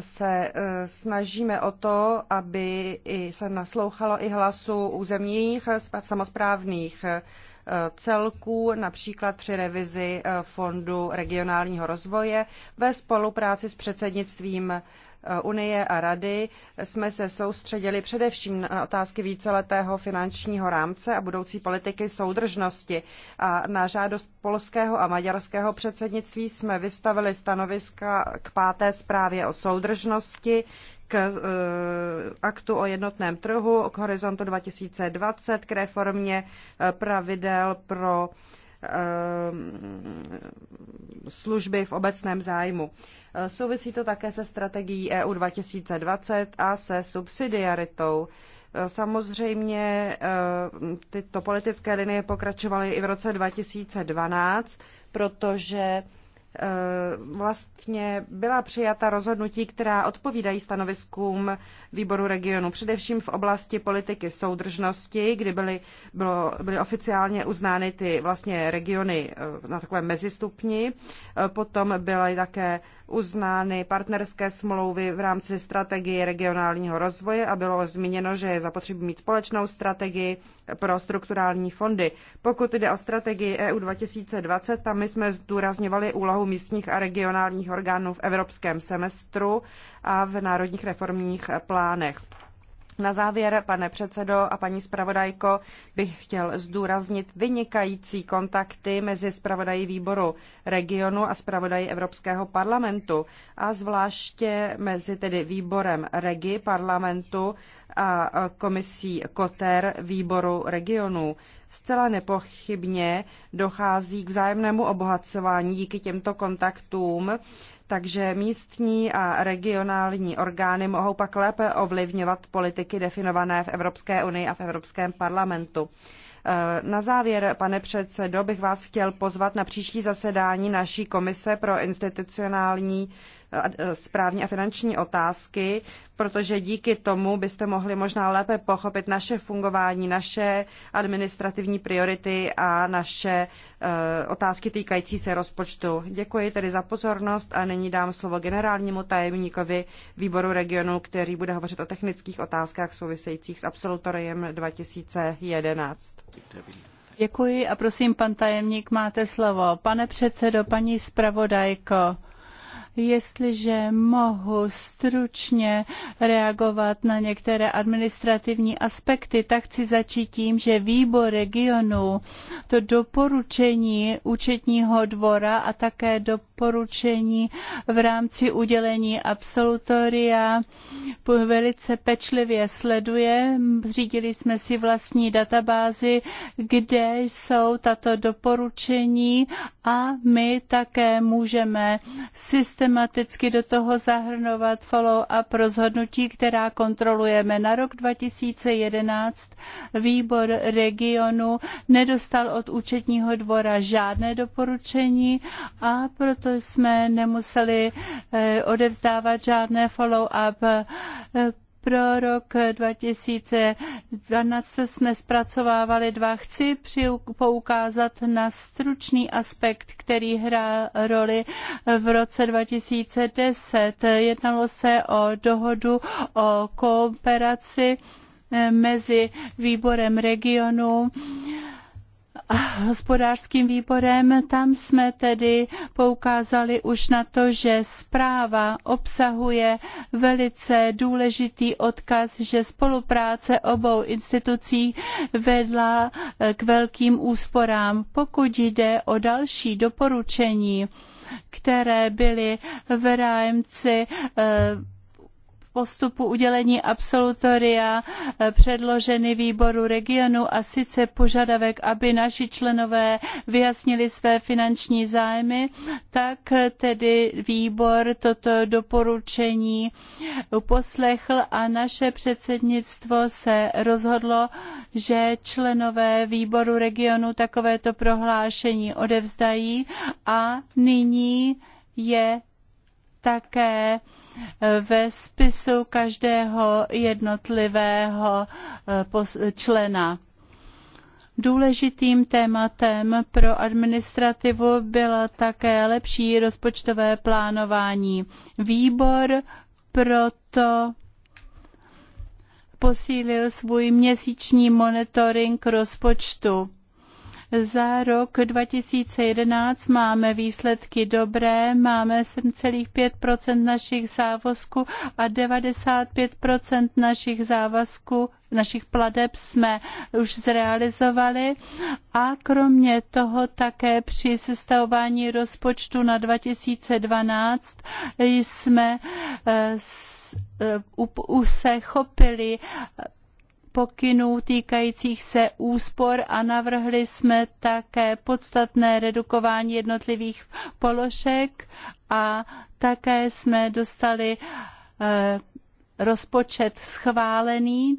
se eh, snažíme o to, aby se naslouchalo i hlasu územních eh, samozprávných eh, celků, například při revizi Fondu regionálního rozvoje ve spolupráci s předsednictvím Eh, Unie a Rady jsme se soustředili především na otázky víceletého finančního rámce a budoucí politiky soudržnosti. A na žádost polského a maďarského předsednictví jsme vystavili stanoviska k páté zprávě o soudržnosti, k eh, aktu o jednotném trhu, k horizontu 2020, k reformě eh, pravidel pro Eh, služby v obecném zájmu. Eh, souvisí to také se strategií EU 2020 a se subsidiaritou. Eh, samozřejmě tyto politické linie pokračovaly i v roce 2012, protože Eh, vlastně byla přijata rozhodnutí, která odpovídají stanoviskům výboru regionu, především v oblasti politiky soudržnosti, kdy byly, bylo, byly oficiálně uznány ty vlastně regiony eh, na takovém mezistupni. Eh, potom byly také uznány partnerské smlouvy v rámci strategie regionálního rozvoje a bylo zmíněno, že je zapotřebí mít společnou strategii pro strukturální fondy. Pokud jde o strategii EU 2020, tam my jsme zdůrazňovali úlohu místních a regionálních orgánů v evropském semestru a v národních reformních plánech. Na závěr, pane předsedo a paní zpravodajko, bych chtěl zdůraznit vynikající kontakty mezi zpravodají výboru regionu a zpravodají Evropského parlamentu a zvláště mezi tedy výborem regi parlamentu a komisí Koter výboru regionu. Zcela nepochybně dochází k vzájemnému obohacování díky těmto kontaktům takže místní a regionální orgány mohou pak lépe ovlivňovat politiky definované v Evropské unii a v Evropském parlamentu. Eh, na závěr, pane předsedo, bych vás chtěl pozvat na příští zasedání naší komise pro institucionální správní a finanční otázky, protože díky tomu byste mohli možná lépe pochopit naše fungování, naše administrativní priority a naše e, otázky týkající se rozpočtu. Děkuji tedy za pozornost a nyní dám slovo generálnímu tajemníkovi výboru regionu, který bude hovořit o technických otázkách souvisejících s absolutoriem 2011. Děkuji a prosím, pan tajemník, máte slovo. Pane předsedo, paní zpravodajko, jestliže mohu stručně reagovat na některé administrativní aspekty, tak chci začít tím, že výbor regionu to doporučení účetního dvora a také doporučení v rámci udělení absolutoria velice pečlivě sleduje. Řídili jsme si vlastní databázi, kde jsou tato doporučení a my také můžeme systematicky systematicky do toho zahrnovat follow-up rozhodnutí, která kontrolujeme. Na rok 2011 výbor regionu nedostal od účetního dvora žádné doporučení a proto jsme nemuseli eh, odevzdávat žádné follow-up eh, pro rok 2012 jsme zpracovávali dva. Chci poukázat na stručný aspekt, který hrál roli v roce 2010. Jednalo se o dohodu o kooperaci mezi výborem regionu hospodářským výborem, tam jsme tedy poukázali už na to, že zpráva obsahuje velice důležitý odkaz, že spolupráce obou institucí vedla eh, k velkým úsporám. Pokud jde o další doporučení, které byly v rámci eh, postupu udělení absolutoria eh, předloženy výboru regionu a sice požadavek, aby naši členové vyjasnili své finanční zájmy, tak tedy výbor toto doporučení poslechl a naše předsednictvo se rozhodlo, že členové výboru regionu takovéto prohlášení odevzdají a nyní je také ve spisu každého jednotlivého eh, člena. Důležitým tématem pro administrativu bylo také lepší rozpočtové plánování. Výbor proto posílil svůj měsíční monitoring rozpočtu. Za rok 2011 máme výsledky dobré, máme 7,5 našich závazků a 95 našich závazků našich pladeb jsme už zrealizovali a kromě toho také při sestavování rozpočtu na 2012 jsme eh, eh, se chopili pokynů týkajících se úspor a navrhli jsme také podstatné redukování jednotlivých položek a také jsme dostali eh, rozpočet schválený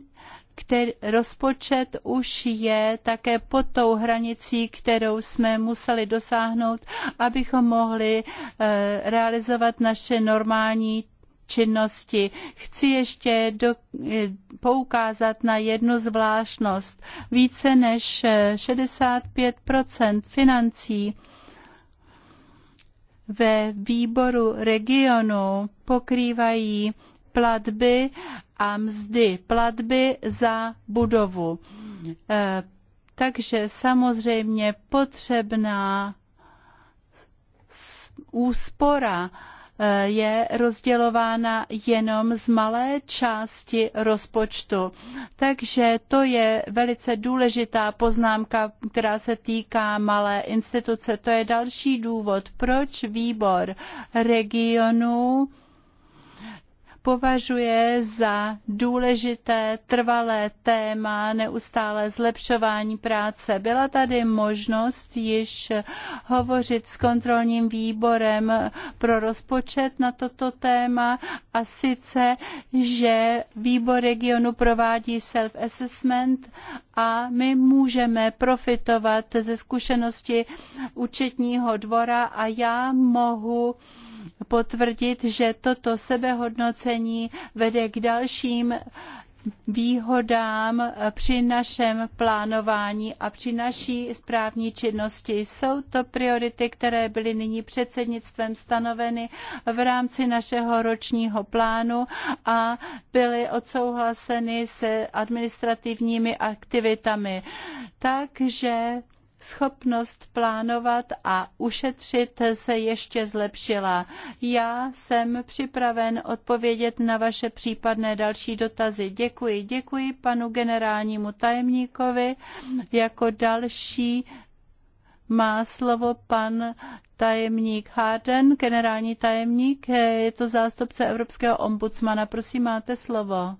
který rozpočet už je také pod tou hranicí, kterou jsme museli dosáhnout, abychom mohli eh, realizovat naše normální činnosti. Chci ještě do, eh, poukázat na jednu zvláštnost. Více než 65 eh, financí ve výboru regionu pokrývají platby a mzdy, platby za budovu. Eh, takže samozřejmě potřebná úspora Eh, je rozdělována jenom z malé části rozpočtu. Takže to je velice důležitá poznámka, která se týká malé instituce. To je další důvod, proč výbor regionu považuje za důležité trvalé téma neustále zlepšování práce. Byla tady možnost již hovořit s kontrolním výborem pro rozpočet na toto téma a sice, že výbor regionu provádí self-assessment a my můžeme profitovat ze zkušenosti účetního dvora a já mohu potvrdit, že toto sebehodnocení vede k dalším výhodám při našem plánování a při naší správní činnosti. Jsou to priority, které byly nyní předsednictvem stanoveny v rámci našeho ročního plánu a byly odsouhlaseny se administrativními aktivitami. Takže schopnost plánovat a ušetřit se ještě zlepšila. Já jsem připraven odpovědět na vaše případné další dotazy. Děkuji, děkuji panu generálnímu tajemníkovi. Jako další má slovo pan tajemník Harden, generální tajemník, je to zástupce Evropského ombudsmana. Prosím, máte slovo.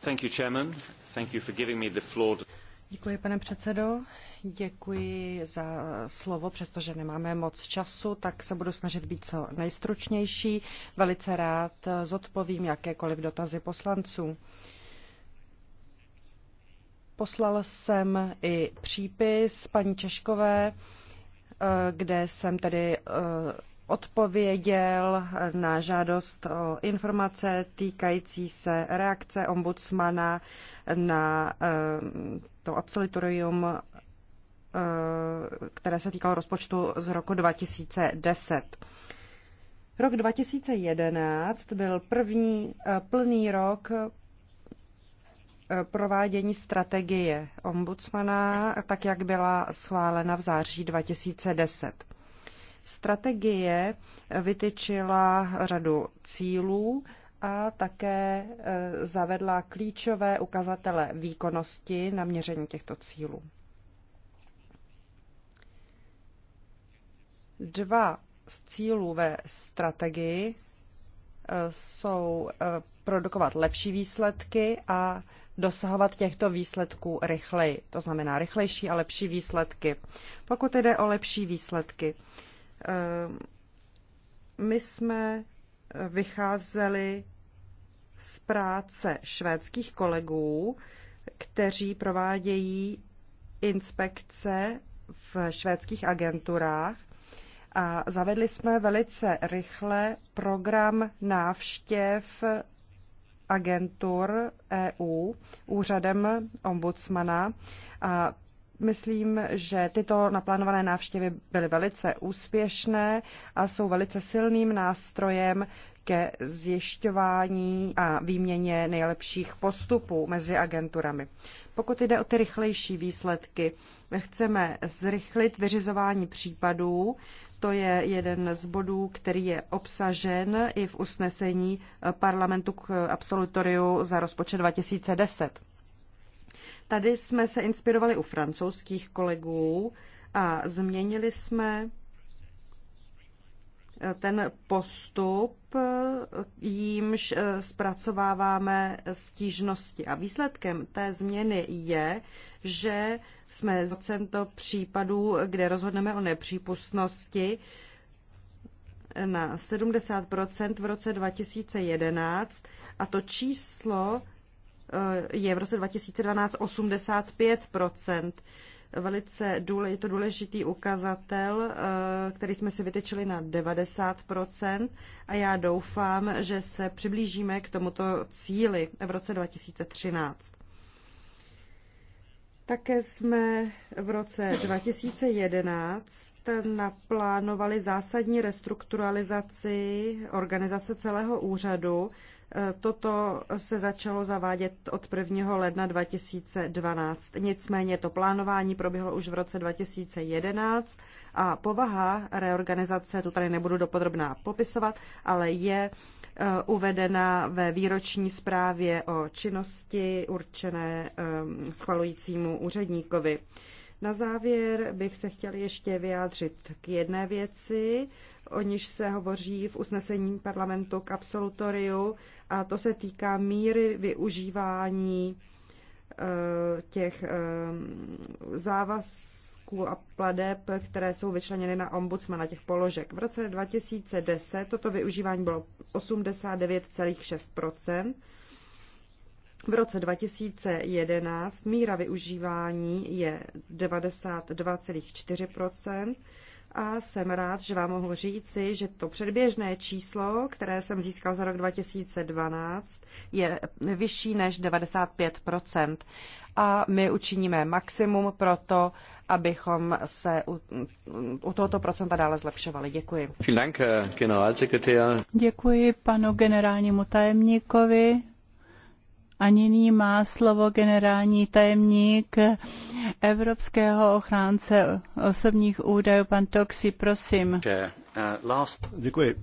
Thank you, Chairman. Thank you for giving me the floor. Děkuji, pane předsedo. Děkuji za slovo, přestože nemáme moc času, tak se budu snažit být co nejstručnější. Velice rád zodpovím jakékoliv dotazy poslanců. Poslal jsem i přípis paní Češkové, kde jsem tedy eh, odpověděl na žádost o informace týkající se reakce ombudsmana na eh, to absolutorium, eh, které se týkalo rozpočtu z roku 2010. Rok 2011 byl první eh, plný rok eh, provádění strategie ombudsmana, tak jak byla schválena v září 2010. Strategie vytyčila řadu cílů, a také eh, zavedla klíčové ukazatele výkonnosti na měření těchto cílů. Dva z cílů ve strategii eh, jsou eh, produkovat lepší výsledky a dosahovat těchto výsledků rychleji. To znamená rychlejší a lepší výsledky. Pokud jde o lepší výsledky, my jsme vycházeli z práce švédských kolegů, kteří provádějí inspekce v švédských agenturách a zavedli jsme velice rychle program návštěv agentur EU úřadem ombudsmana a Myslím, že tyto naplánované návštěvy byly velice úspěšné a jsou velice silným nástrojem ke zjišťování a výměně nejlepších postupů mezi agenturami. Pokud jde o ty rychlejší výsledky, chceme zrychlit vyřizování případů. To je jeden z bodů, který je obsažen i v usnesení parlamentu k absolutoriu za rozpočet 2010. Tady jsme se inspirovali u francouzských kolegů a změnili jsme eh, ten postup, eh, jímž eh, zpracováváme stížnosti. A výsledkem té změny je, že jsme z to případů, kde rozhodneme o nepřípustnosti, na 70 v roce 2011 a to číslo Eh, je v roce 2012 85 Velice důle, je to důležitý ukazatel, eh, který jsme si vytečili na 90 a já doufám, že se přiblížíme k tomuto cíli v roce 2013. Také jsme v roce 2011 naplánovali zásadní restrukturalizaci organizace celého úřadu Toto se začalo zavádět od 1. ledna 2012. Nicméně to plánování proběhlo už v roce 2011 a povaha reorganizace, tu tady nebudu dopodrobná popisovat, ale je e, uvedena ve výroční zprávě o činnosti určené e, schvalujícímu úředníkovi. Na závěr bych se chtěl ještě vyjádřit k jedné věci o níž se hovoří v usnesení parlamentu k absolutoriu a to se týká míry využívání e, těch e, závazků a pladeb, které jsou vyčleněny na ombudsmana těch položek. V roce 2010 toto využívání bylo 89,6 v roce 2011 míra využívání je 92,4 a jsem rád, že vám mohu říci, že to předběžné číslo, které jsem získal za rok 2012, je vyšší než 95 a my učiníme maximum pro to, abychom se u, u tohoto procenta dále zlepšovali. Děkuji. Děkuji panu generálnímu tajemníkovi a nyní má slovo generální tajemník Evropského ochránce osobních údajů, pan Toxi, prosím. Eh, Děkuji.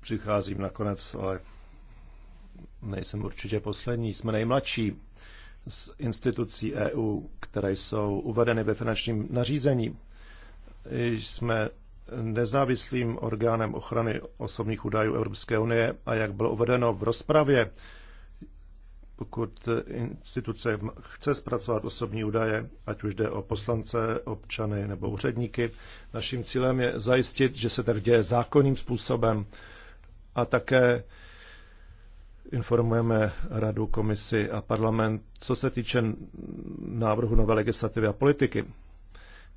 Přicházím nakonec, ale nejsem určitě poslední. Jsme nejmladší z institucí EU, které jsou uvedeny ve finančním nařízení. Jsme nezávislým orgánem ochrany osobních údajů Evropské unie a jak bylo uvedeno v rozpravě, pokud instituce chce zpracovat osobní údaje, ať už jde o poslance, občany nebo úředníky, naším cílem je zajistit, že se tak děje zákonným způsobem a také informujeme radu, komisi a parlament, co se týče návrhu nové legislativy a politiky.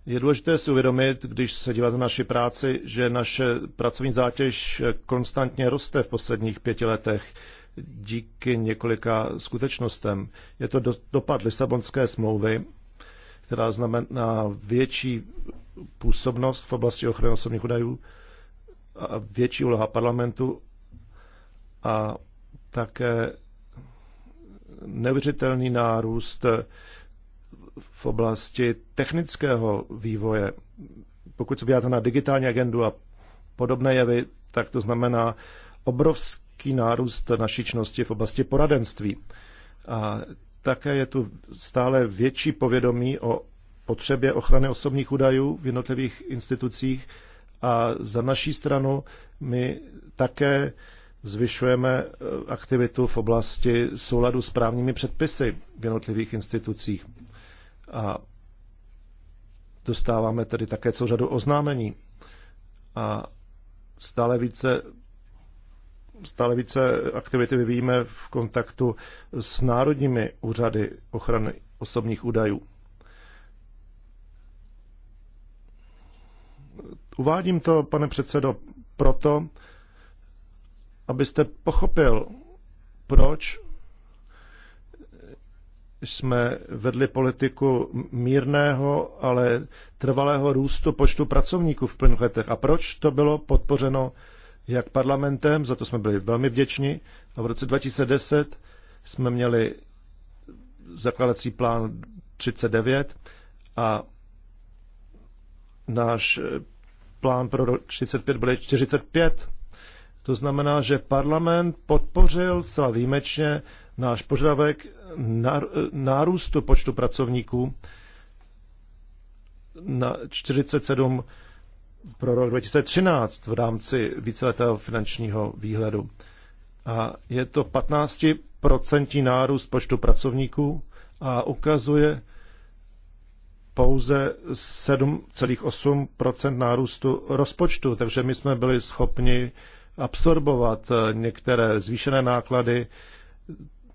Je důležité si uvědomit, když se díváte na naši práci, že naše pracovní zátěž konstantně roste v posledních pěti letech díky několika skutečnostem. Je to dopad Lisabonské smlouvy, která znamená větší působnost v oblasti ochrany osobních údajů a větší úloha parlamentu a také neuvěřitelný nárůst v oblasti technického vývoje. Pokud se podíváte na digitální agendu a podobné jevy, tak to znamená obrovský nárůst naší činnosti v oblasti poradenství. A také je tu stále větší povědomí o potřebě ochrany osobních údajů v jednotlivých institucích a za naší stranu my také zvyšujeme eh, aktivitu v oblasti souladu s právními předpisy v jednotlivých institucích. A dostáváme tedy také celou řadu oznámení. A stále více stále více aktivity vyvíjíme v kontaktu s národními úřady ochrany osobních údajů. Uvádím to, pane předsedo, proto, abyste pochopil, proč jsme vedli politiku mírného, ale trvalého růstu počtu pracovníků v plných letech. A proč to bylo podpořeno jak parlamentem, za to jsme byli velmi vděční, a v roce 2010 jsme měli zakladací plán 39 a náš eh, plán pro rok 35 byl 45. To znamená, že parlament podpořil celá výjimečně náš požadavek nárůstu počtu pracovníků na 47 pro rok 2013 v rámci víceletého finančního výhledu. A je to 15% nárůst počtu pracovníků a ukazuje pouze 7,8% nárůstu rozpočtu, takže my jsme byli schopni absorbovat některé zvýšené náklady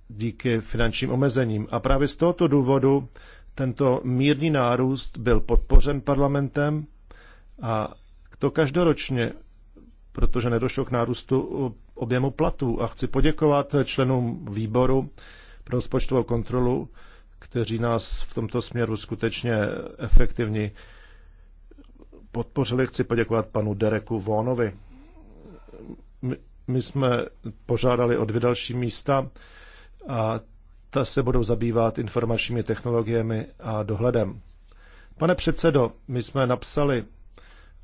díky finančním omezením. A právě z tohoto důvodu tento mírný nárůst byl podpořen parlamentem a to každoročně, protože nedošlo k nárůstu objemu platů. A chci poděkovat členům výboru pro rozpočtovou kontrolu, kteří nás v tomto směru skutečně efektivně podpořili. Chci poděkovat panu Dereku Vónovi. My, my jsme požádali o dvě další místa a ta se budou zabývat informačními technologiemi a dohledem. Pane předsedo, my jsme napsali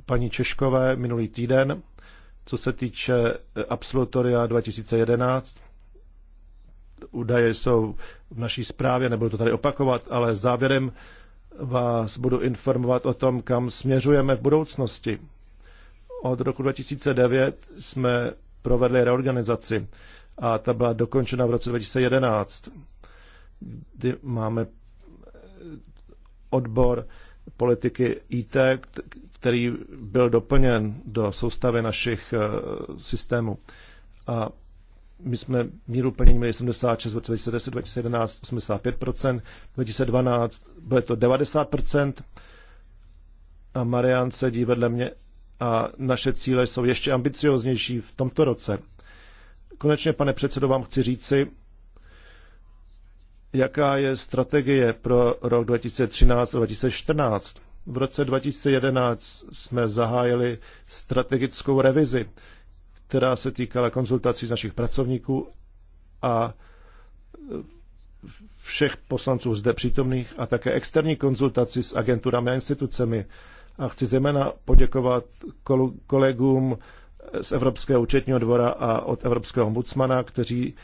paní Češkové minulý týden, co se týče eh, absolutoria 2011. Údaje jsou v naší zprávě, nebudu to tady opakovat, ale závěrem vás budu informovat o tom, kam směřujeme v budoucnosti. Od roku 2009 jsme provedli reorganizaci a ta byla dokončena v roce 2011, kdy máme eh, odbor politiky IT, který byl doplněn do soustavy našich eh, systémů. A my jsme míru plnění měli 76, 2010, 2011 85%, 2012 bylo to 90% a Marian sedí vedle mě a naše cíle jsou ještě ambicioznější v tomto roce. Konečně, pane předsedo, vám chci říci, jaká je strategie pro rok 2013 a 2014. V roce 2011 jsme zahájili strategickou revizi, která se týkala konzultací z našich pracovníků a všech poslanců zde přítomných a také externí konzultaci s agenturami a institucemi. A chci zejména poděkovat kolegům z Evropského účetního dvora a od Evropského ombudsmana, kteří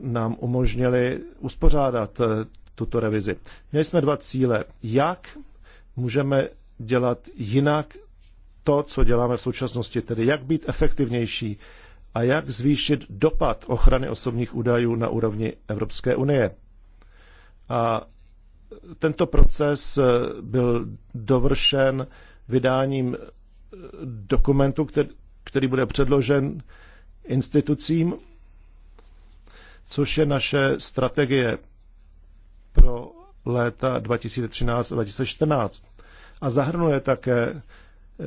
nám umožnili uspořádat eh, tuto revizi. Měli jsme dva cíle. Jak můžeme dělat jinak to, co děláme v současnosti, tedy jak být efektivnější a jak zvýšit dopad ochrany osobních údajů na úrovni Evropské unie. A tento proces eh, byl dovršen vydáním eh, dokumentu, který který bude předložen institucím, což je naše strategie pro léta 2013-2014 a zahrnuje také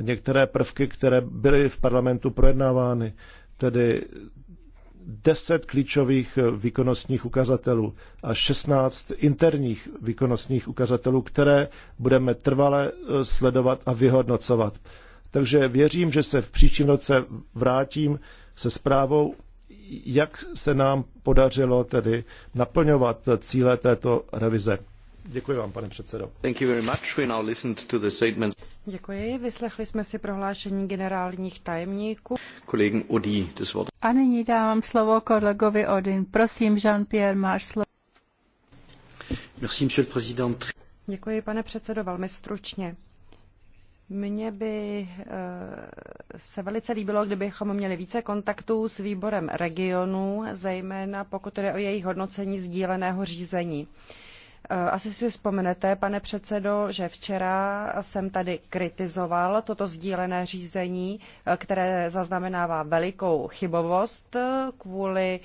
některé prvky, které byly v parlamentu projednávány, tedy 10 klíčových výkonnostních ukazatelů a 16 interních výkonnostních ukazatelů, které budeme trvale sledovat a vyhodnocovat. Takže věřím, že se v příštím roce vrátím se zprávou, jak se nám podařilo tedy naplňovat cíle této revize. Děkuji vám, pane předsedo. Thank you very much. We now listened to the statements. Děkuji. Vyslechli jsme si prohlášení generálních tajemníků. Kolegen Odí, A nyní dávám slovo kolegovi Odin. Prosím, Jean-Pierre, máš slovo. Merci, monsieur le président. Děkuji, pane předsedo, velmi stručně. Mně by eh, se velice líbilo, kdybychom měli více kontaktů s výborem regionů, zejména pokud jde o jejich hodnocení sdíleného řízení. Eh, asi si vzpomenete, pane předsedo, že včera jsem tady kritizoval toto sdílené řízení, eh, které zaznamenává velikou chybovost eh, kvůli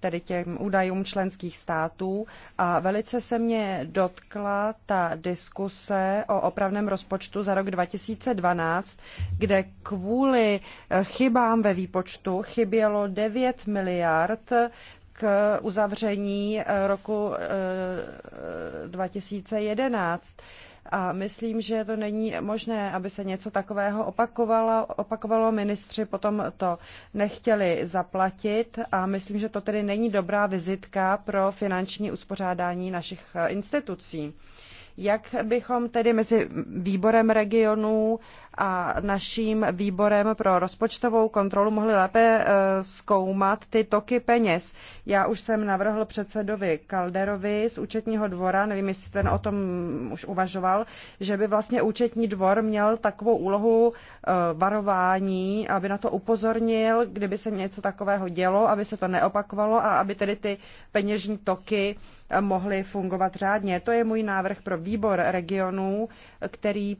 tedy těm údajům členských států a velice se mě dotkla ta diskuse o opravném rozpočtu za rok 2012, kde kvůli chybám ve výpočtu chybělo 9 miliard k uzavření eh, roku 2011. Eh, a myslím, že to není možné, aby se něco takového opakovalo. Opakovalo ministři potom to nechtěli zaplatit a myslím, že to tedy není dobrá vizitka pro finanční uspořádání našich eh, institucí. Jak bychom tedy mezi výborem regionů a naším výborem pro rozpočtovou kontrolu mohli lépe eh, zkoumat ty toky peněz. Já už jsem navrhl předsedovi Kalderovi z účetního dvora, nevím, jestli ten o tom už uvažoval, že by vlastně účetní dvor měl takovou úlohu eh, varování, aby na to upozornil, kdyby se něco takového dělo, aby se to neopakovalo a aby tedy ty peněžní toky eh, mohly fungovat řádně. To je můj návrh pro výbor regionů, který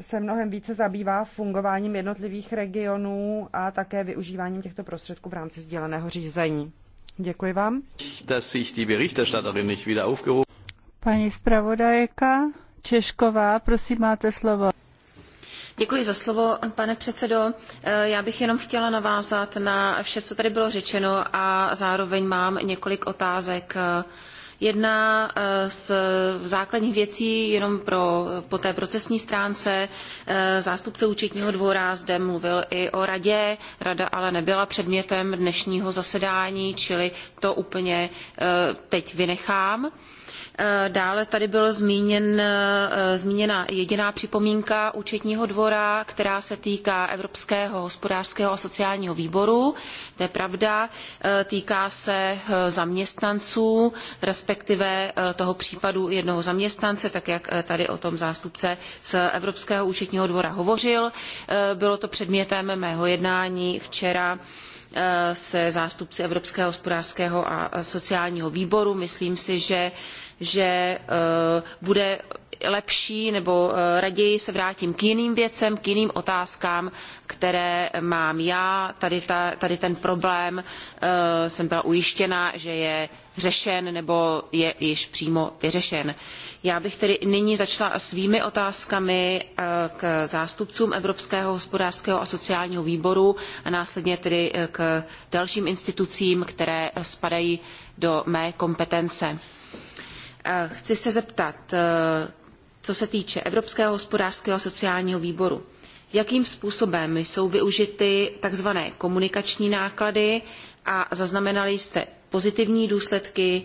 se mnohem více zabývá fungováním jednotlivých regionů a také využíváním těchto prostředků v rámci sdíleného řízení. Děkuji vám. Paní zpravodajka Češková, prosím, máte slovo. Děkuji za slovo, pane předsedo. Eh, já bych jenom chtěla navázat na vše, co tady bylo řečeno a zároveň mám několik otázek eh, Jedna z eh, základních věcí jenom pro, po té procesní stránce eh, zástupce účetního dvora zde mluvil i o radě. Rada ale nebyla předmětem dnešního zasedání, čili to úplně eh, teď vynechám. Eh, dále tady byla zmíněn, eh, zmíněna jediná připomínka účetního dvora, která se týká Evropského hospodářského a sociálního výboru. To je pravda. Eh, týká se zaměstnanců, respektive toho případu jednoho zaměstnance, tak jak tady o tom zástupce z Evropského účetního dvora hovořil. Bylo to předmětem mého jednání včera Eh, se zástupci Evropského hospodářského a sociálního výboru. Myslím si, že, že eh, bude lepší nebo eh, raději se vrátím k jiným věcem, k jiným otázkám, které mám já. Tady, ta, tady ten problém eh, jsem byla ujištěna, že je řešen nebo je již přímo vyřešen. Já bych tedy nyní začala svými otázkami eh, k zástupcům Evropského hospodářského a sociálního výboru a následně tedy k dalším institucím, které spadají do mé kompetence. Chci se zeptat, co se týče Evropského hospodářského a sociálního výboru. Jakým způsobem jsou využity tzv. komunikační náklady a zaznamenali jste pozitivní důsledky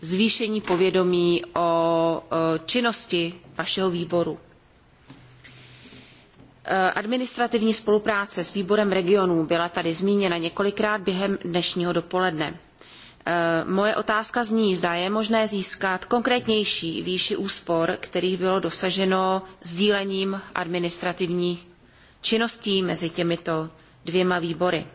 zvýšení povědomí o činnosti vašeho výboru? E, administrativní spolupráce s výborem regionů byla tady zmíněna několikrát během dnešního dopoledne. Eh, moje otázka zní, zda je možné získat konkrétnější výši úspor, kterých bylo dosaženo sdílením administrativní činností mezi těmito dvěma výbory.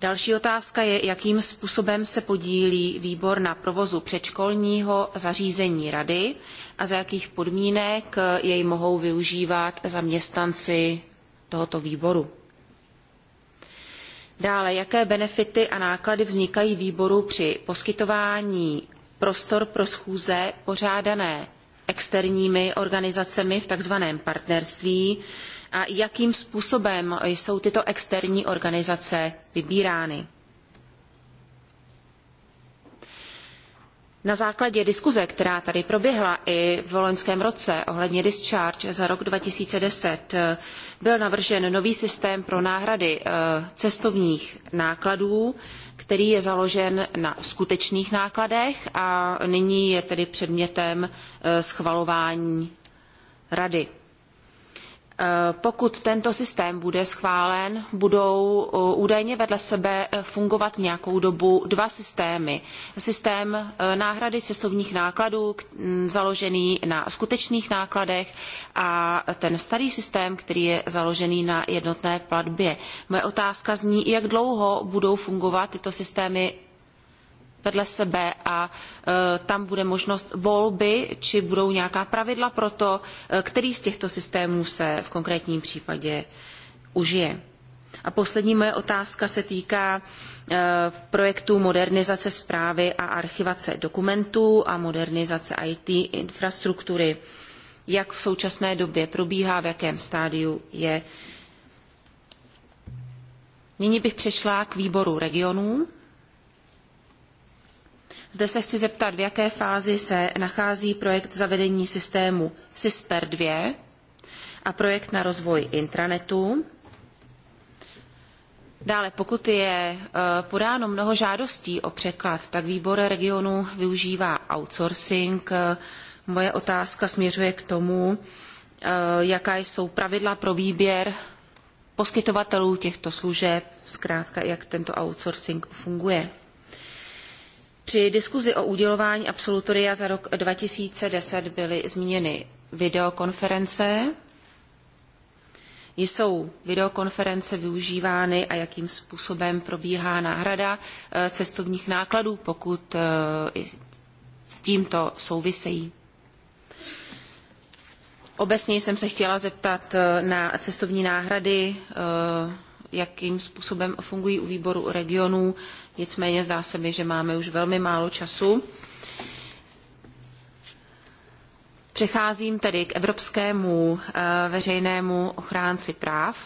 Další otázka je, jakým způsobem se podílí výbor na provozu předškolního zařízení rady a za jakých podmínek jej mohou využívat zaměstnanci tohoto výboru. Dále, jaké benefity a náklady vznikají výboru při poskytování prostor pro schůze pořádané externími organizacemi v tzv. partnerství a jakým způsobem jsou tyto externí organizace vybírány. Na základě diskuze, která tady proběhla i v loňském roce ohledně discharge za rok 2010, byl navržen nový systém pro náhrady eh, cestovních nákladů, který je založen na skutečných nákladech a nyní je tedy předmětem eh, schvalování rady. Eh, pokud tento systém bude schválen, budou eh, údajně vedle sebe eh, fungovat nějakou dobu dva systémy. Systém náhrady cestovních nákladů mm, založený na skutečných nákladech a ten starý systém, který je založený na jednotné platbě. Moje otázka zní, jak dlouho budou fungovat tyto systémy vedle sebe a e, tam bude možnost volby, či budou nějaká pravidla pro to, e, který z těchto systémů se v konkrétním případě užije. A poslední moje otázka se týká e, projektu modernizace správy a archivace dokumentů a modernizace IT infrastruktury. Jak v současné době probíhá, v jakém stádiu je. Nyní bych přešla k výboru regionů zde se chci zeptat, v jaké fázi se nachází projekt zavedení systému SISPER 2 a projekt na rozvoj intranetu. Dále, pokud je e, podáno mnoho žádostí o překlad, tak výbor regionu využívá outsourcing. E, moje otázka směřuje k tomu, e, jaká jsou pravidla pro výběr poskytovatelů těchto služeb, zkrátka jak tento outsourcing funguje. Při diskuzi o udělování absolutoria za rok 2010 byly zmíněny videokonference. Jsou videokonference využívány a jakým způsobem probíhá náhrada eh, cestovních nákladů, pokud eh, s tímto souvisejí. Obecně jsem se chtěla zeptat eh, na cestovní náhrady, jakým způsobem fungují u výboru regionů, Nicméně zdá se mi, že máme už velmi málo času. Přecházím tedy k evropskému eh, veřejnému ochránci práv.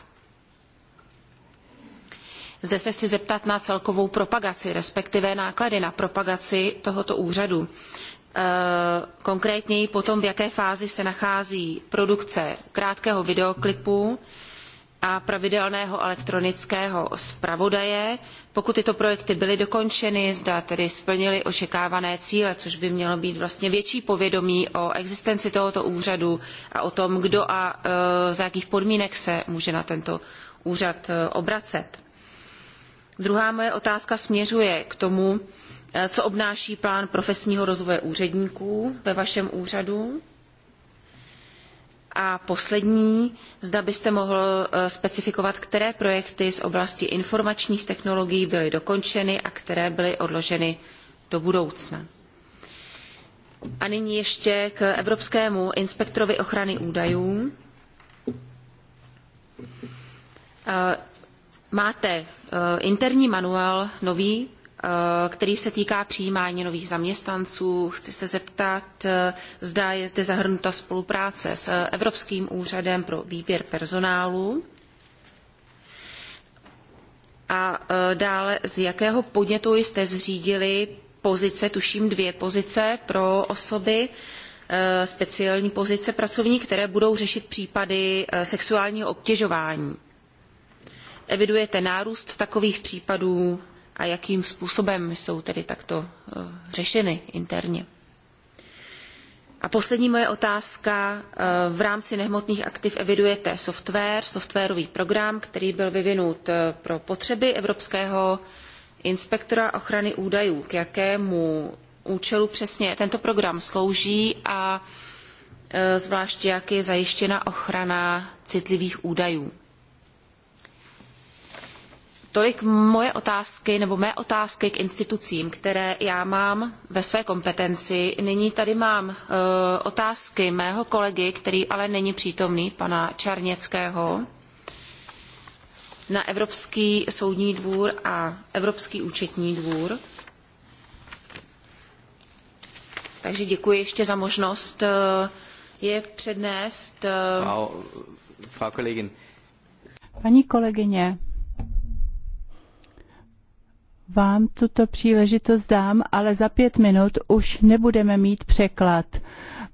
Zde se chci zeptat na celkovou propagaci, respektive náklady na propagaci tohoto úřadu. Eh, konkrétněji potom, v jaké fázi se nachází produkce krátkého videoklipu, a pravidelného elektronického zpravodaje, pokud tyto projekty byly dokončeny, zda tedy splnily očekávané cíle, což by mělo být vlastně větší povědomí o existenci tohoto úřadu a o tom, kdo a e, za jakých podmínek se může na tento úřad e, obracet. Druhá moje otázka směřuje k tomu, e, co obnáší plán profesního rozvoje úředníků ve vašem úřadu a poslední, zda byste mohl eh, specifikovat, které projekty z oblasti informačních technologií byly dokončeny a které byly odloženy do budoucna. A nyní ještě k Evropskému inspektorovi ochrany údajů. Eh, máte eh, interní manuál nový Eh, který se týká přijímání nových zaměstnanců. Chci se zeptat, eh, zda je zde zahrnuta spolupráce s eh, Evropským úřadem pro výběr personálu. A dále, z jakého podnětu jste zřídili pozice, tuším dvě pozice pro osoby, speciální pozice pracovní, které budou řešit případy sexuálního obtěžování. Evidujete nárůst takových případů a jakým způsobem jsou tedy takto eh, řešeny interně. A poslední moje otázka. Eh, v rámci nehmotných aktiv evidujete software, softwarový program, který byl vyvinut eh, pro potřeby Evropského inspektora ochrany údajů. K jakému účelu přesně tento program slouží a zvláště jak je zajištěna ochrana citlivých údajů. Tolik moje otázky nebo mé otázky k institucím, které já mám ve své kompetenci. Nyní tady mám uh, otázky mého kolegy, který ale není přítomný, pana Čarněckého, na Evropský soudní dvůr a Evropský účetní dvůr. Takže děkuji ještě za možnost uh, je přednést. Uh... Frau, Frau Paní kolegyně, vám tuto příležitost dám, ale za pět minut už nebudeme mít překlad.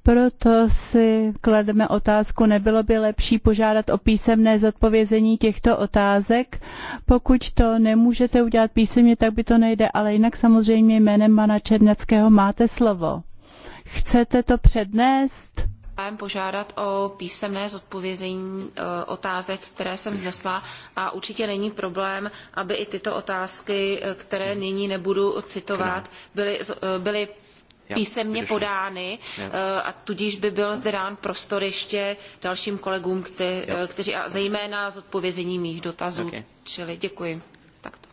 Proto si klademe otázku, nebylo by lepší požádat o písemné zodpovězení těchto otázek. Pokud to nemůžete udělat písemně, tak by to nejde, ale jinak samozřejmě jménem pana Černeckého máte slovo. Chcete to přednést? požádat o písemné zodpovězení e, otázek, které jsem vznesla a určitě není problém, aby i tyto otázky, e, které hmm. nyní nebudu citovat, byly, e, byly písemně podány a tudíž by byl zde dán prostor ještě dalším kolegům, kteří a zejména zodpovězení mých dotazů. Okay. Čili děkuji. Takto.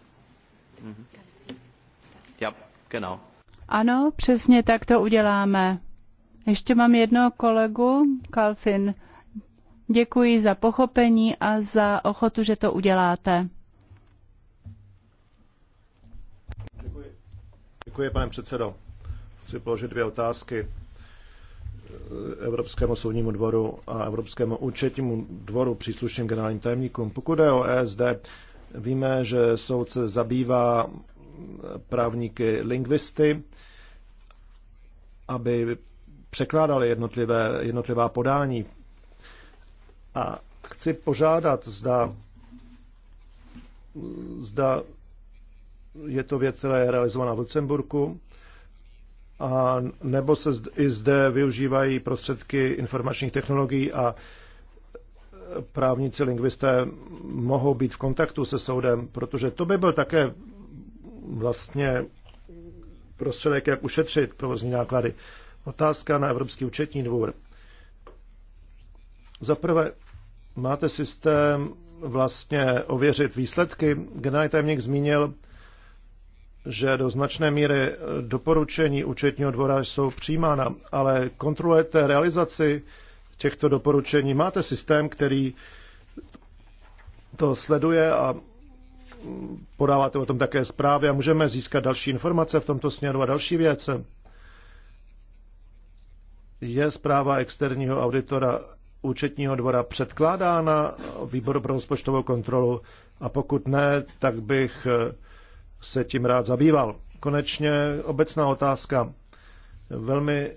Mm -hmm. Ano, přesně tak to uděláme. Ještě mám jednoho kolegu, Kalfin. Děkuji za pochopení a za ochotu, že to uděláte. Děkuji, Děkuji pane předsedo. Chci položit dvě otázky. Evropskému soudnímu dvoru a Evropskému účetnímu dvoru příslušným generálním tajemníkům. Pokud je o ESD, víme, že soud se zabývá právníky lingvisty, aby překládali jednotlivé, jednotlivá podání. A chci požádat, zda, zda je to věc, která je realizovaná v Lucemburku, a nebo se i zde využívají prostředky informačních technologií a právníci, lingvisté mohou být v kontaktu se soudem, protože to by byl také vlastně prostředek, jak ušetřit provozní náklady. Otázka na Evropský účetní dvůr. Za prvé, máte systém vlastně ověřit výsledky. Generální tajemník zmínil, že do značné míry doporučení účetního dvora jsou přijímána, ale kontrolujete realizaci těchto doporučení. Máte systém, který to sleduje a podáváte o tom také zprávy a můžeme získat další informace v tomto směru. A další věce. Je zpráva externího auditora účetního dvora předkládána výboru pro rozpočtovou kontrolu a pokud ne, tak bych eh, se tím rád zabýval. Konečně obecná otázka. Velmi eh,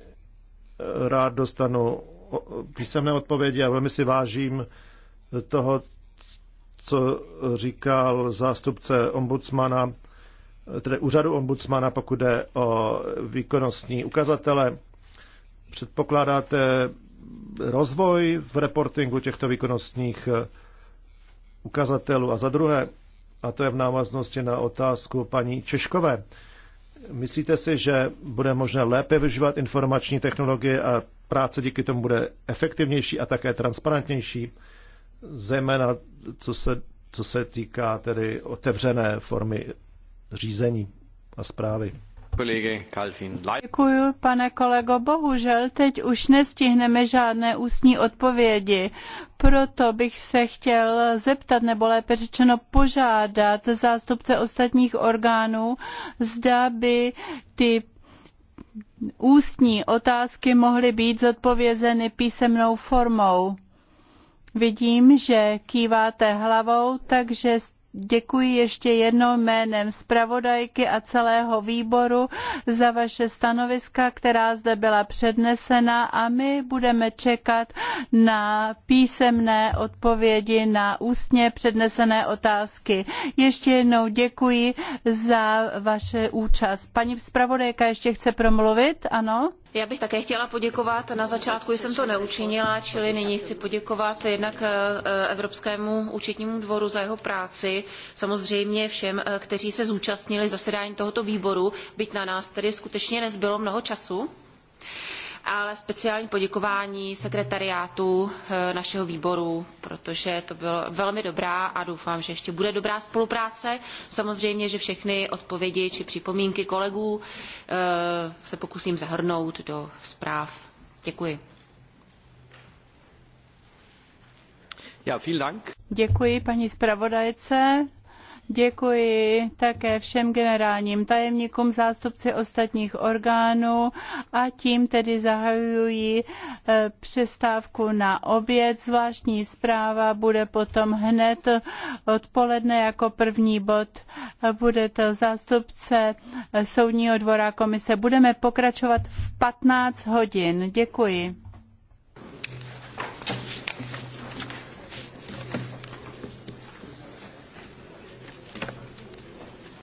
rád dostanu písemné odpovědi a velmi si vážím toho, co říkal zástupce ombudsmana, eh, tedy úřadu ombudsmana, pokud jde o výkonnostní ukazatele. Předpokládáte rozvoj v reportingu těchto výkonnostních eh, ukazatelů? A za druhé, a to je v návaznosti na otázku paní Češkové, myslíte si, že bude možné lépe využívat informační technologie a práce díky tomu bude efektivnější a také transparentnější, zejména co se, co se týká tedy otevřené formy řízení a zprávy? Děkuji, pane kolego. Bohužel teď už nestihneme žádné ústní odpovědi. Proto bych se chtěl zeptat, nebo lépe řečeno požádat zástupce ostatních orgánů, zda by ty ústní otázky mohly být zodpovězeny písemnou formou. Vidím, že kýváte hlavou, takže Děkuji ještě jednou jménem zpravodajky a celého výboru za vaše stanoviska, která zde byla přednesena a my budeme čekat na písemné odpovědi na ústně přednesené otázky. Ještě jednou děkuji za vaše účast. Paní zpravodajka ještě chce promluvit, ano? Já bych také chtěla poděkovat. Na začátku jsem to neučinila, čili nyní chci poděkovat jednak eh, eh, Evropskému účetnímu dvoru za jeho práci, samozřejmě všem, eh, kteří se zúčastnili zasedání tohoto výboru, byť na nás tedy skutečně nezbylo mnoho času ale speciální poděkování sekretariátu eh, našeho výboru, protože to bylo velmi dobrá a doufám, že ještě bude dobrá spolupráce. Samozřejmě, že všechny odpovědi či připomínky kolegů eh, se pokusím zahrnout do zpráv. Děkuji. Děkuji paní zpravodajce. Děkuji také všem generálním tajemníkům, zástupci ostatních orgánů a tím tedy zahajuji eh, přestávku na oběd. Zvláštní zpráva bude potom hned odpoledne jako první bod. Bude to zástupce eh, Soudního dvora komise. Budeme pokračovat v 15 hodin. Děkuji.